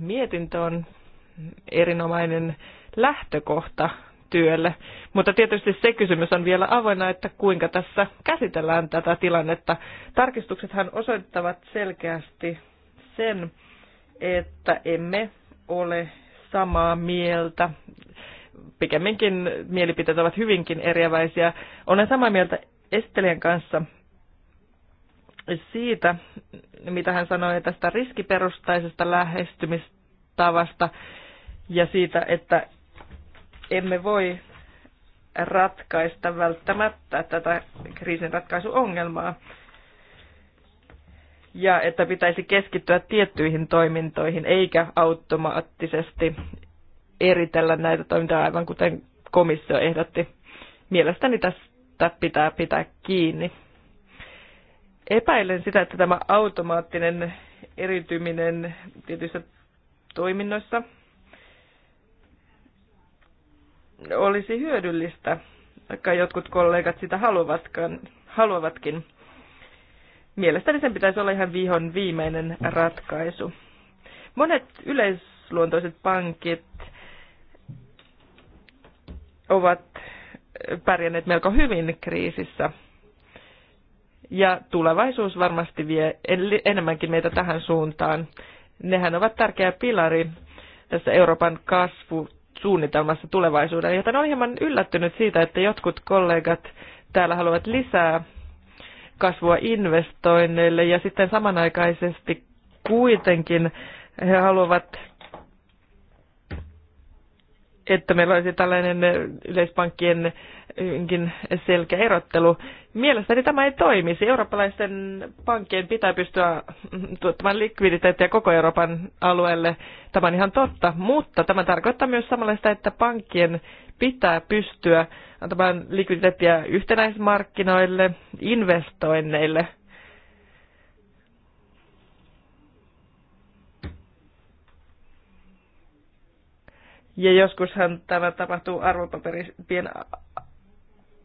mietintö on erinomainen lähtökohta työlle. Mutta tietysti se kysymys on vielä avoinna, että kuinka tässä käsitellään tätä tilannetta. Tarkistuksethan osoittavat selkeästi sen, että emme ole samaa mieltä. Pikemminkin mielipiteet ovat hyvinkin eriäväisiä. Olen samaa mieltä estelien kanssa siitä, mitä hän sanoi tästä riskiperustaisesta lähestymistavasta ja siitä, että emme voi ratkaista välttämättä tätä kriisin ratkaisuongelmaa ja että pitäisi keskittyä tiettyihin toimintoihin eikä automaattisesti eritellä näitä toimintoja aivan kuten komissio ehdotti. Mielestäni tästä pitää pitää kiinni. Epäilen sitä, että tämä automaattinen erityminen tietyissä toiminnoissa olisi hyödyllistä, vaikka jotkut kollegat sitä haluavatkaan, haluavatkin. Mielestäni sen pitäisi olla ihan vihon viimeinen ratkaisu. Monet yleisluontoiset pankit ovat pärjänneet melko hyvin kriisissä. Ja tulevaisuus varmasti vie enemmänkin meitä tähän suuntaan. Nehän ovat tärkeä pilari tässä Euroopan kasvusuunnitelmassa tulevaisuuden, joten olen hieman yllättynyt siitä, että jotkut kollegat täällä haluavat lisää kasvua investoinneille ja sitten samanaikaisesti kuitenkin he haluavat että meillä olisi tällainen eh, yleispankkien selkeä erottelu. Mielestäni tämä ei toimisi. Eurooppalaisten pankkien pitää pystyä mm, tuottamaan likviditeettiä koko Euroopan alueelle. Tämä on ihan totta, mutta tämä tarkoittaa myös samalla sitä, että pankkien pitää pystyä antamaan likviditeettiä yhtenäismarkkinoille, investoinneille – Ja joskushan tämä tapahtuu arvopaperien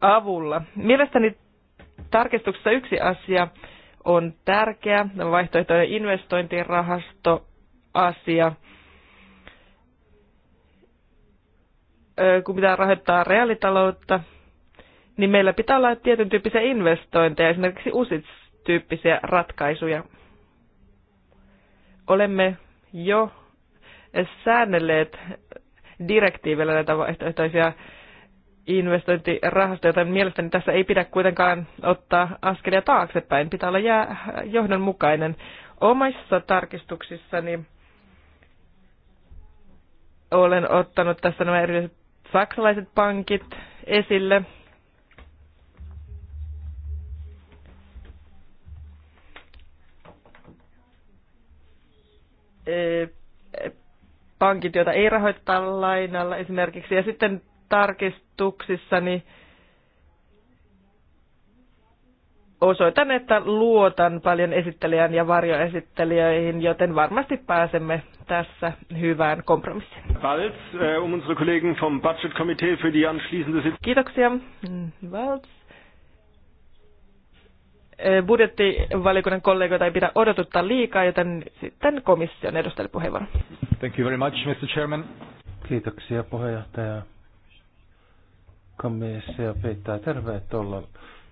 avulla. Mielestäni tarkistuksessa yksi asia on tärkeä, vaihtoehtoinen investointirahasto asia. Kun pitää rahoittaa reaalitaloutta, niin meillä pitää olla tietyn tyyppisiä investointeja, esimerkiksi USITS-tyyppisiä ratkaisuja. Olemme jo säännelleet direktiivillä näitä vaihtoehtoisia investointirahastoja, joten mielestäni tässä ei pidä kuitenkaan ottaa askelia taaksepäin. Pitää olla jää johdonmukainen. Omaissa tarkistuksissani olen ottanut tässä nämä erilaiset saksalaiset pankit esille. E, pankit, joita ei rahoiteta lainalla esimerkiksi. Ja sitten tarkistuksissa niin osoitan, että luotan paljon esittelijän ja varjoesittelijöihin, joten varmasti pääsemme tässä hyvään kompromissiin. Eh, um unsere Kollegen vom Budget für die anschließende Kiitoksia. Mm, Valz budjettivaliokunnan kollegoita ei pidä odotuttaa liikaa, joten sitten komission edustajalle puheenvuoro. Thank you very much, Mr. Chairman. Kiitoksia puheenjohtaja. ja peittää olla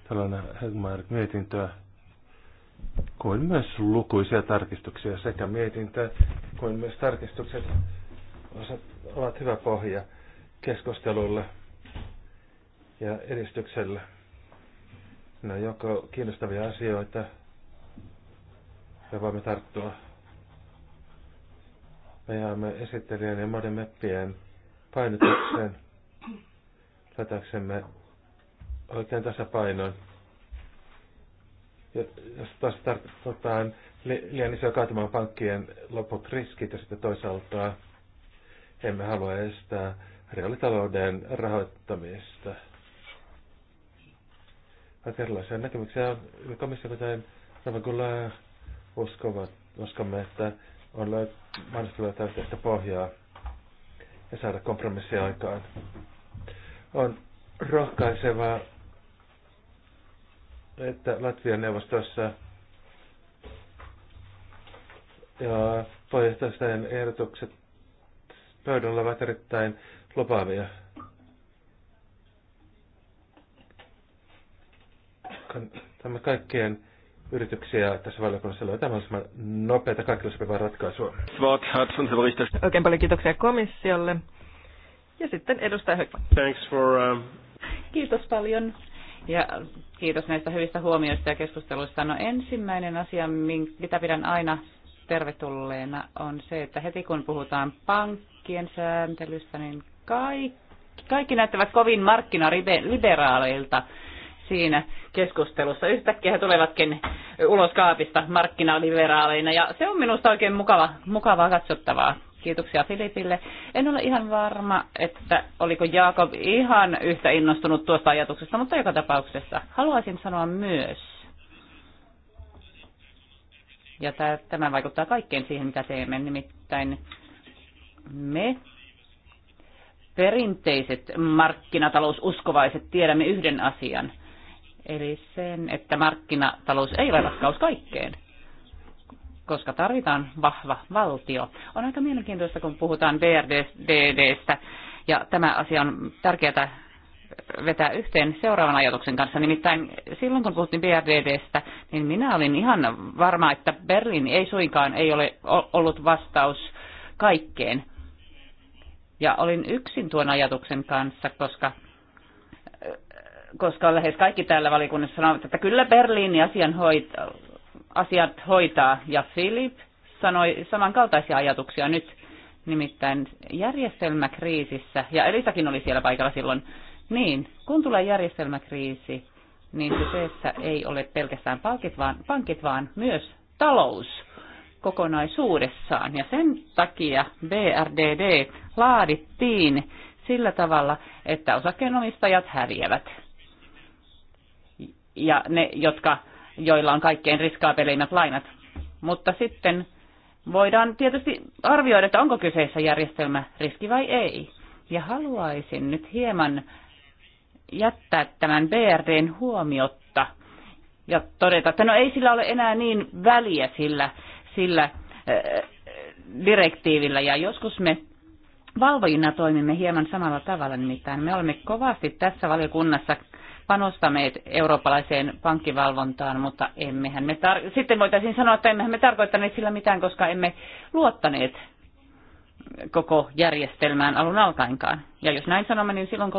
tällainen Hegmark-mietintöä kuin myös lukuisia tarkistuksia sekä mietintö kuin myös tarkistukset ovat hyvä pohja keskustelulle ja edistykselle. Ne no, on kiinnostavia asioita, me voimme tarttua. Me jäämme esittelijän ja monen meppien painotukseen lätäksemme oikein tasapainon. Ja, jos taas tartutaan liian isoja kaatumaan pankkien loput riskit ja sitten toisaalta emme halua estää reaalitalouden rahoittamista. Aika erilaisia näkemyksiä komissio, kuten Ravagulla kuin uskomme, että on mahdollista löytää yhteistä pohjaa ja saada kompromissia aikaan. On rohkaisevaa, että Latvian neuvostossa ja puheenjohtajan ehdotukset pöydällä ovat erittäin lupaavia. kannatamme kaikkien yrityksiä tässä valiokunnassa löytää mahdollisimman nopeita kaikille sopivaa ratkaisua. Oikein paljon kiitoksia komissiolle. Ja sitten edustaja Hökman. Thanks for, um... Kiitos paljon. Ja kiitos näistä hyvistä huomioista ja keskusteluista. No ensimmäinen asia, mitä pidän aina tervetulleena, on se, että heti kun puhutaan pankkien sääntelystä, niin kaikki, kaikki näyttävät kovin markkinaliberaaleilta siinä keskustelussa. Yhtäkkiä he tulevatkin ulos kaapista markkinaliberaaleina ja se on minusta oikein mukava, mukavaa katsottavaa. Kiitoksia Filipille. En ole ihan varma, että oliko Jaakob ihan yhtä innostunut tuosta ajatuksesta, mutta joka tapauksessa haluaisin sanoa myös, ja tämä vaikuttaa kaikkeen siihen, mitä teemme, nimittäin me perinteiset markknataloususkovaiset tiedämme yhden asian – Eli sen, että markkinatalous ei ole rakkaus kaikkeen, koska tarvitaan vahva valtio. On aika mielenkiintoista, kun puhutaan BRDDstä, ja tämä asia on tärkeää vetää yhteen seuraavan ajatuksen kanssa. Nimittäin silloin, kun puhuttiin BRDDstä, niin minä olin ihan varma, että Berliin ei suinkaan ei ole ollut vastaus kaikkeen. Ja olin yksin tuon ajatuksen kanssa, koska koska lähes kaikki täällä valikunnassa sanovat, että kyllä Berliini asian hoit, asiat hoitaa. Ja Philip sanoi samankaltaisia ajatuksia nyt nimittäin järjestelmäkriisissä, ja Elisakin oli siellä paikalla silloin, niin kun tulee järjestelmäkriisi, niin kyseessä ei ole pelkästään pankit vaan, pankit, vaan myös talous kokonaisuudessaan. Ja sen takia BRDD laadittiin sillä tavalla, että osakkeenomistajat häviävät ja ne, jotka, joilla on kaikkein riskaapelimmät lainat. Mutta sitten voidaan tietysti arvioida, että onko kyseessä järjestelmä riski vai ei. Ja haluaisin nyt hieman jättää tämän BRDn huomiotta ja todeta, että no ei sillä ole enää niin väliä sillä, sillä äh, direktiivillä ja joskus me valvojina toimimme hieman samalla tavalla, nimittäin me olemme kovasti tässä valiokunnassa panostamme eurooppalaiseen pankkivalvontaan, mutta emmehän me tar- sitten voitaisiin sanoa, että emmehän me tarkoittaneet sillä mitään, koska emme luottaneet koko järjestelmään alun alkainkaan. Ja jos näin sanomme, niin silloin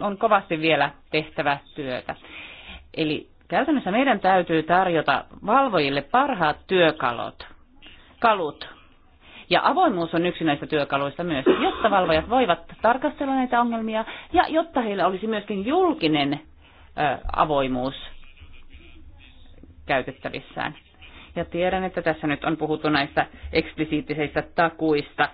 on kovasti vielä tehtävä työtä. Eli käytännössä meidän täytyy tarjota valvojille parhaat työkalut, kalut, ja avoimuus on yksi näistä työkaluista myös, jotta valvojat voivat tarkastella näitä ongelmia ja jotta heillä olisi myöskin julkinen ö, avoimuus käytettävissään. Ja tiedän, että tässä nyt on puhuttu näistä eksplisiittisistä takuista.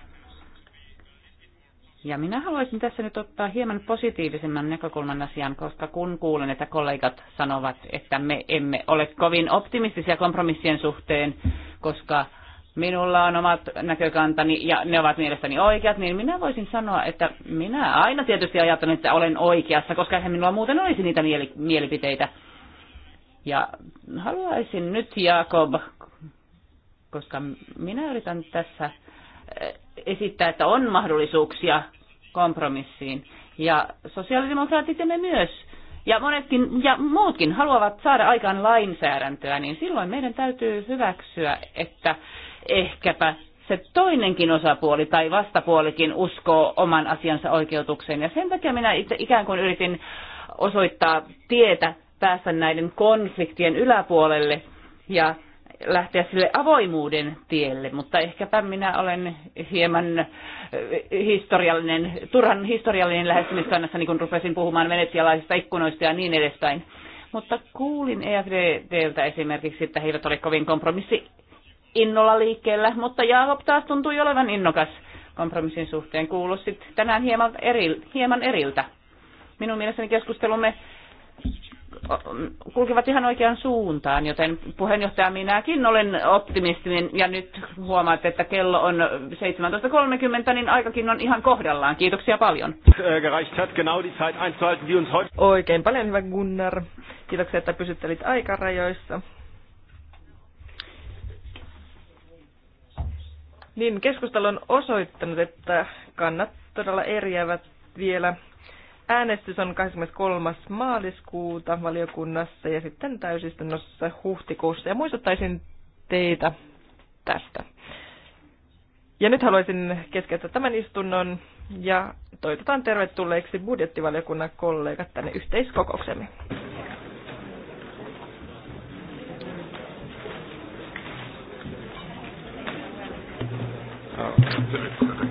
Ja minä haluaisin tässä nyt ottaa hieman positiivisemman näkökulman asian, koska kun kuulen, että kollegat sanovat, että me emme ole kovin optimistisia kompromissien suhteen, koska minulla on omat näkökantani ja ne ovat mielestäni oikeat, niin minä voisin sanoa, että minä aina tietysti ajattelen, että olen oikeassa, koska eihän minulla muuten olisi niitä mielipiteitä. Ja haluaisin nyt Jakob, koska minä yritän tässä eh, esittää, että on mahdollisuuksia kompromissiin. Ja sosiaalidemokraatit ja me myös, ja monetkin ja muutkin haluavat saada aikaan lainsäädäntöä, niin silloin meidän täytyy hyväksyä, että ehkäpä se toinenkin osapuoli tai vastapuolikin uskoo oman asiansa oikeutukseen. Ja sen takia minä itse ikään kuin yritin osoittaa tietä päästä näiden konfliktien yläpuolelle ja lähteä sille avoimuuden tielle, mutta ehkäpä minä olen hieman historiallinen, turhan historiallinen lähestymiskannassa, niin kun rupesin puhumaan venetsialaisista ikkunoista ja niin edespäin. Mutta kuulin EFDltä esimerkiksi, että he eivät ole kovin kompromissi innolla liikkeellä, mutta Jaakob taas tuntui olevan innokas kompromissin suhteen. Kuulostit tänään hieman, eri, hieman eriltä. Minun mielestäni keskustelumme kulkevat ihan oikeaan suuntaan, joten puheenjohtaja minäkin olen optimistinen ja nyt huomaat, että kello on 17.30, niin aikakin on ihan kohdallaan. Kiitoksia paljon. Äh, Oikein paljon hyvä Gunnar. Kiitoksia, että pysyttelit aikarajoissa. Niin, keskustelu on osoittanut, että kannat todella eriävät vielä. Äänestys on 23. maaliskuuta valiokunnassa ja sitten täysistunnossa huhtikuussa. Ja muistuttaisin teitä tästä. Ja nyt haluaisin keskeyttää tämän istunnon ja toivotan tervetulleeksi budjettivaliokunnan kollegat tänne yhteiskokouksemme. Thank you.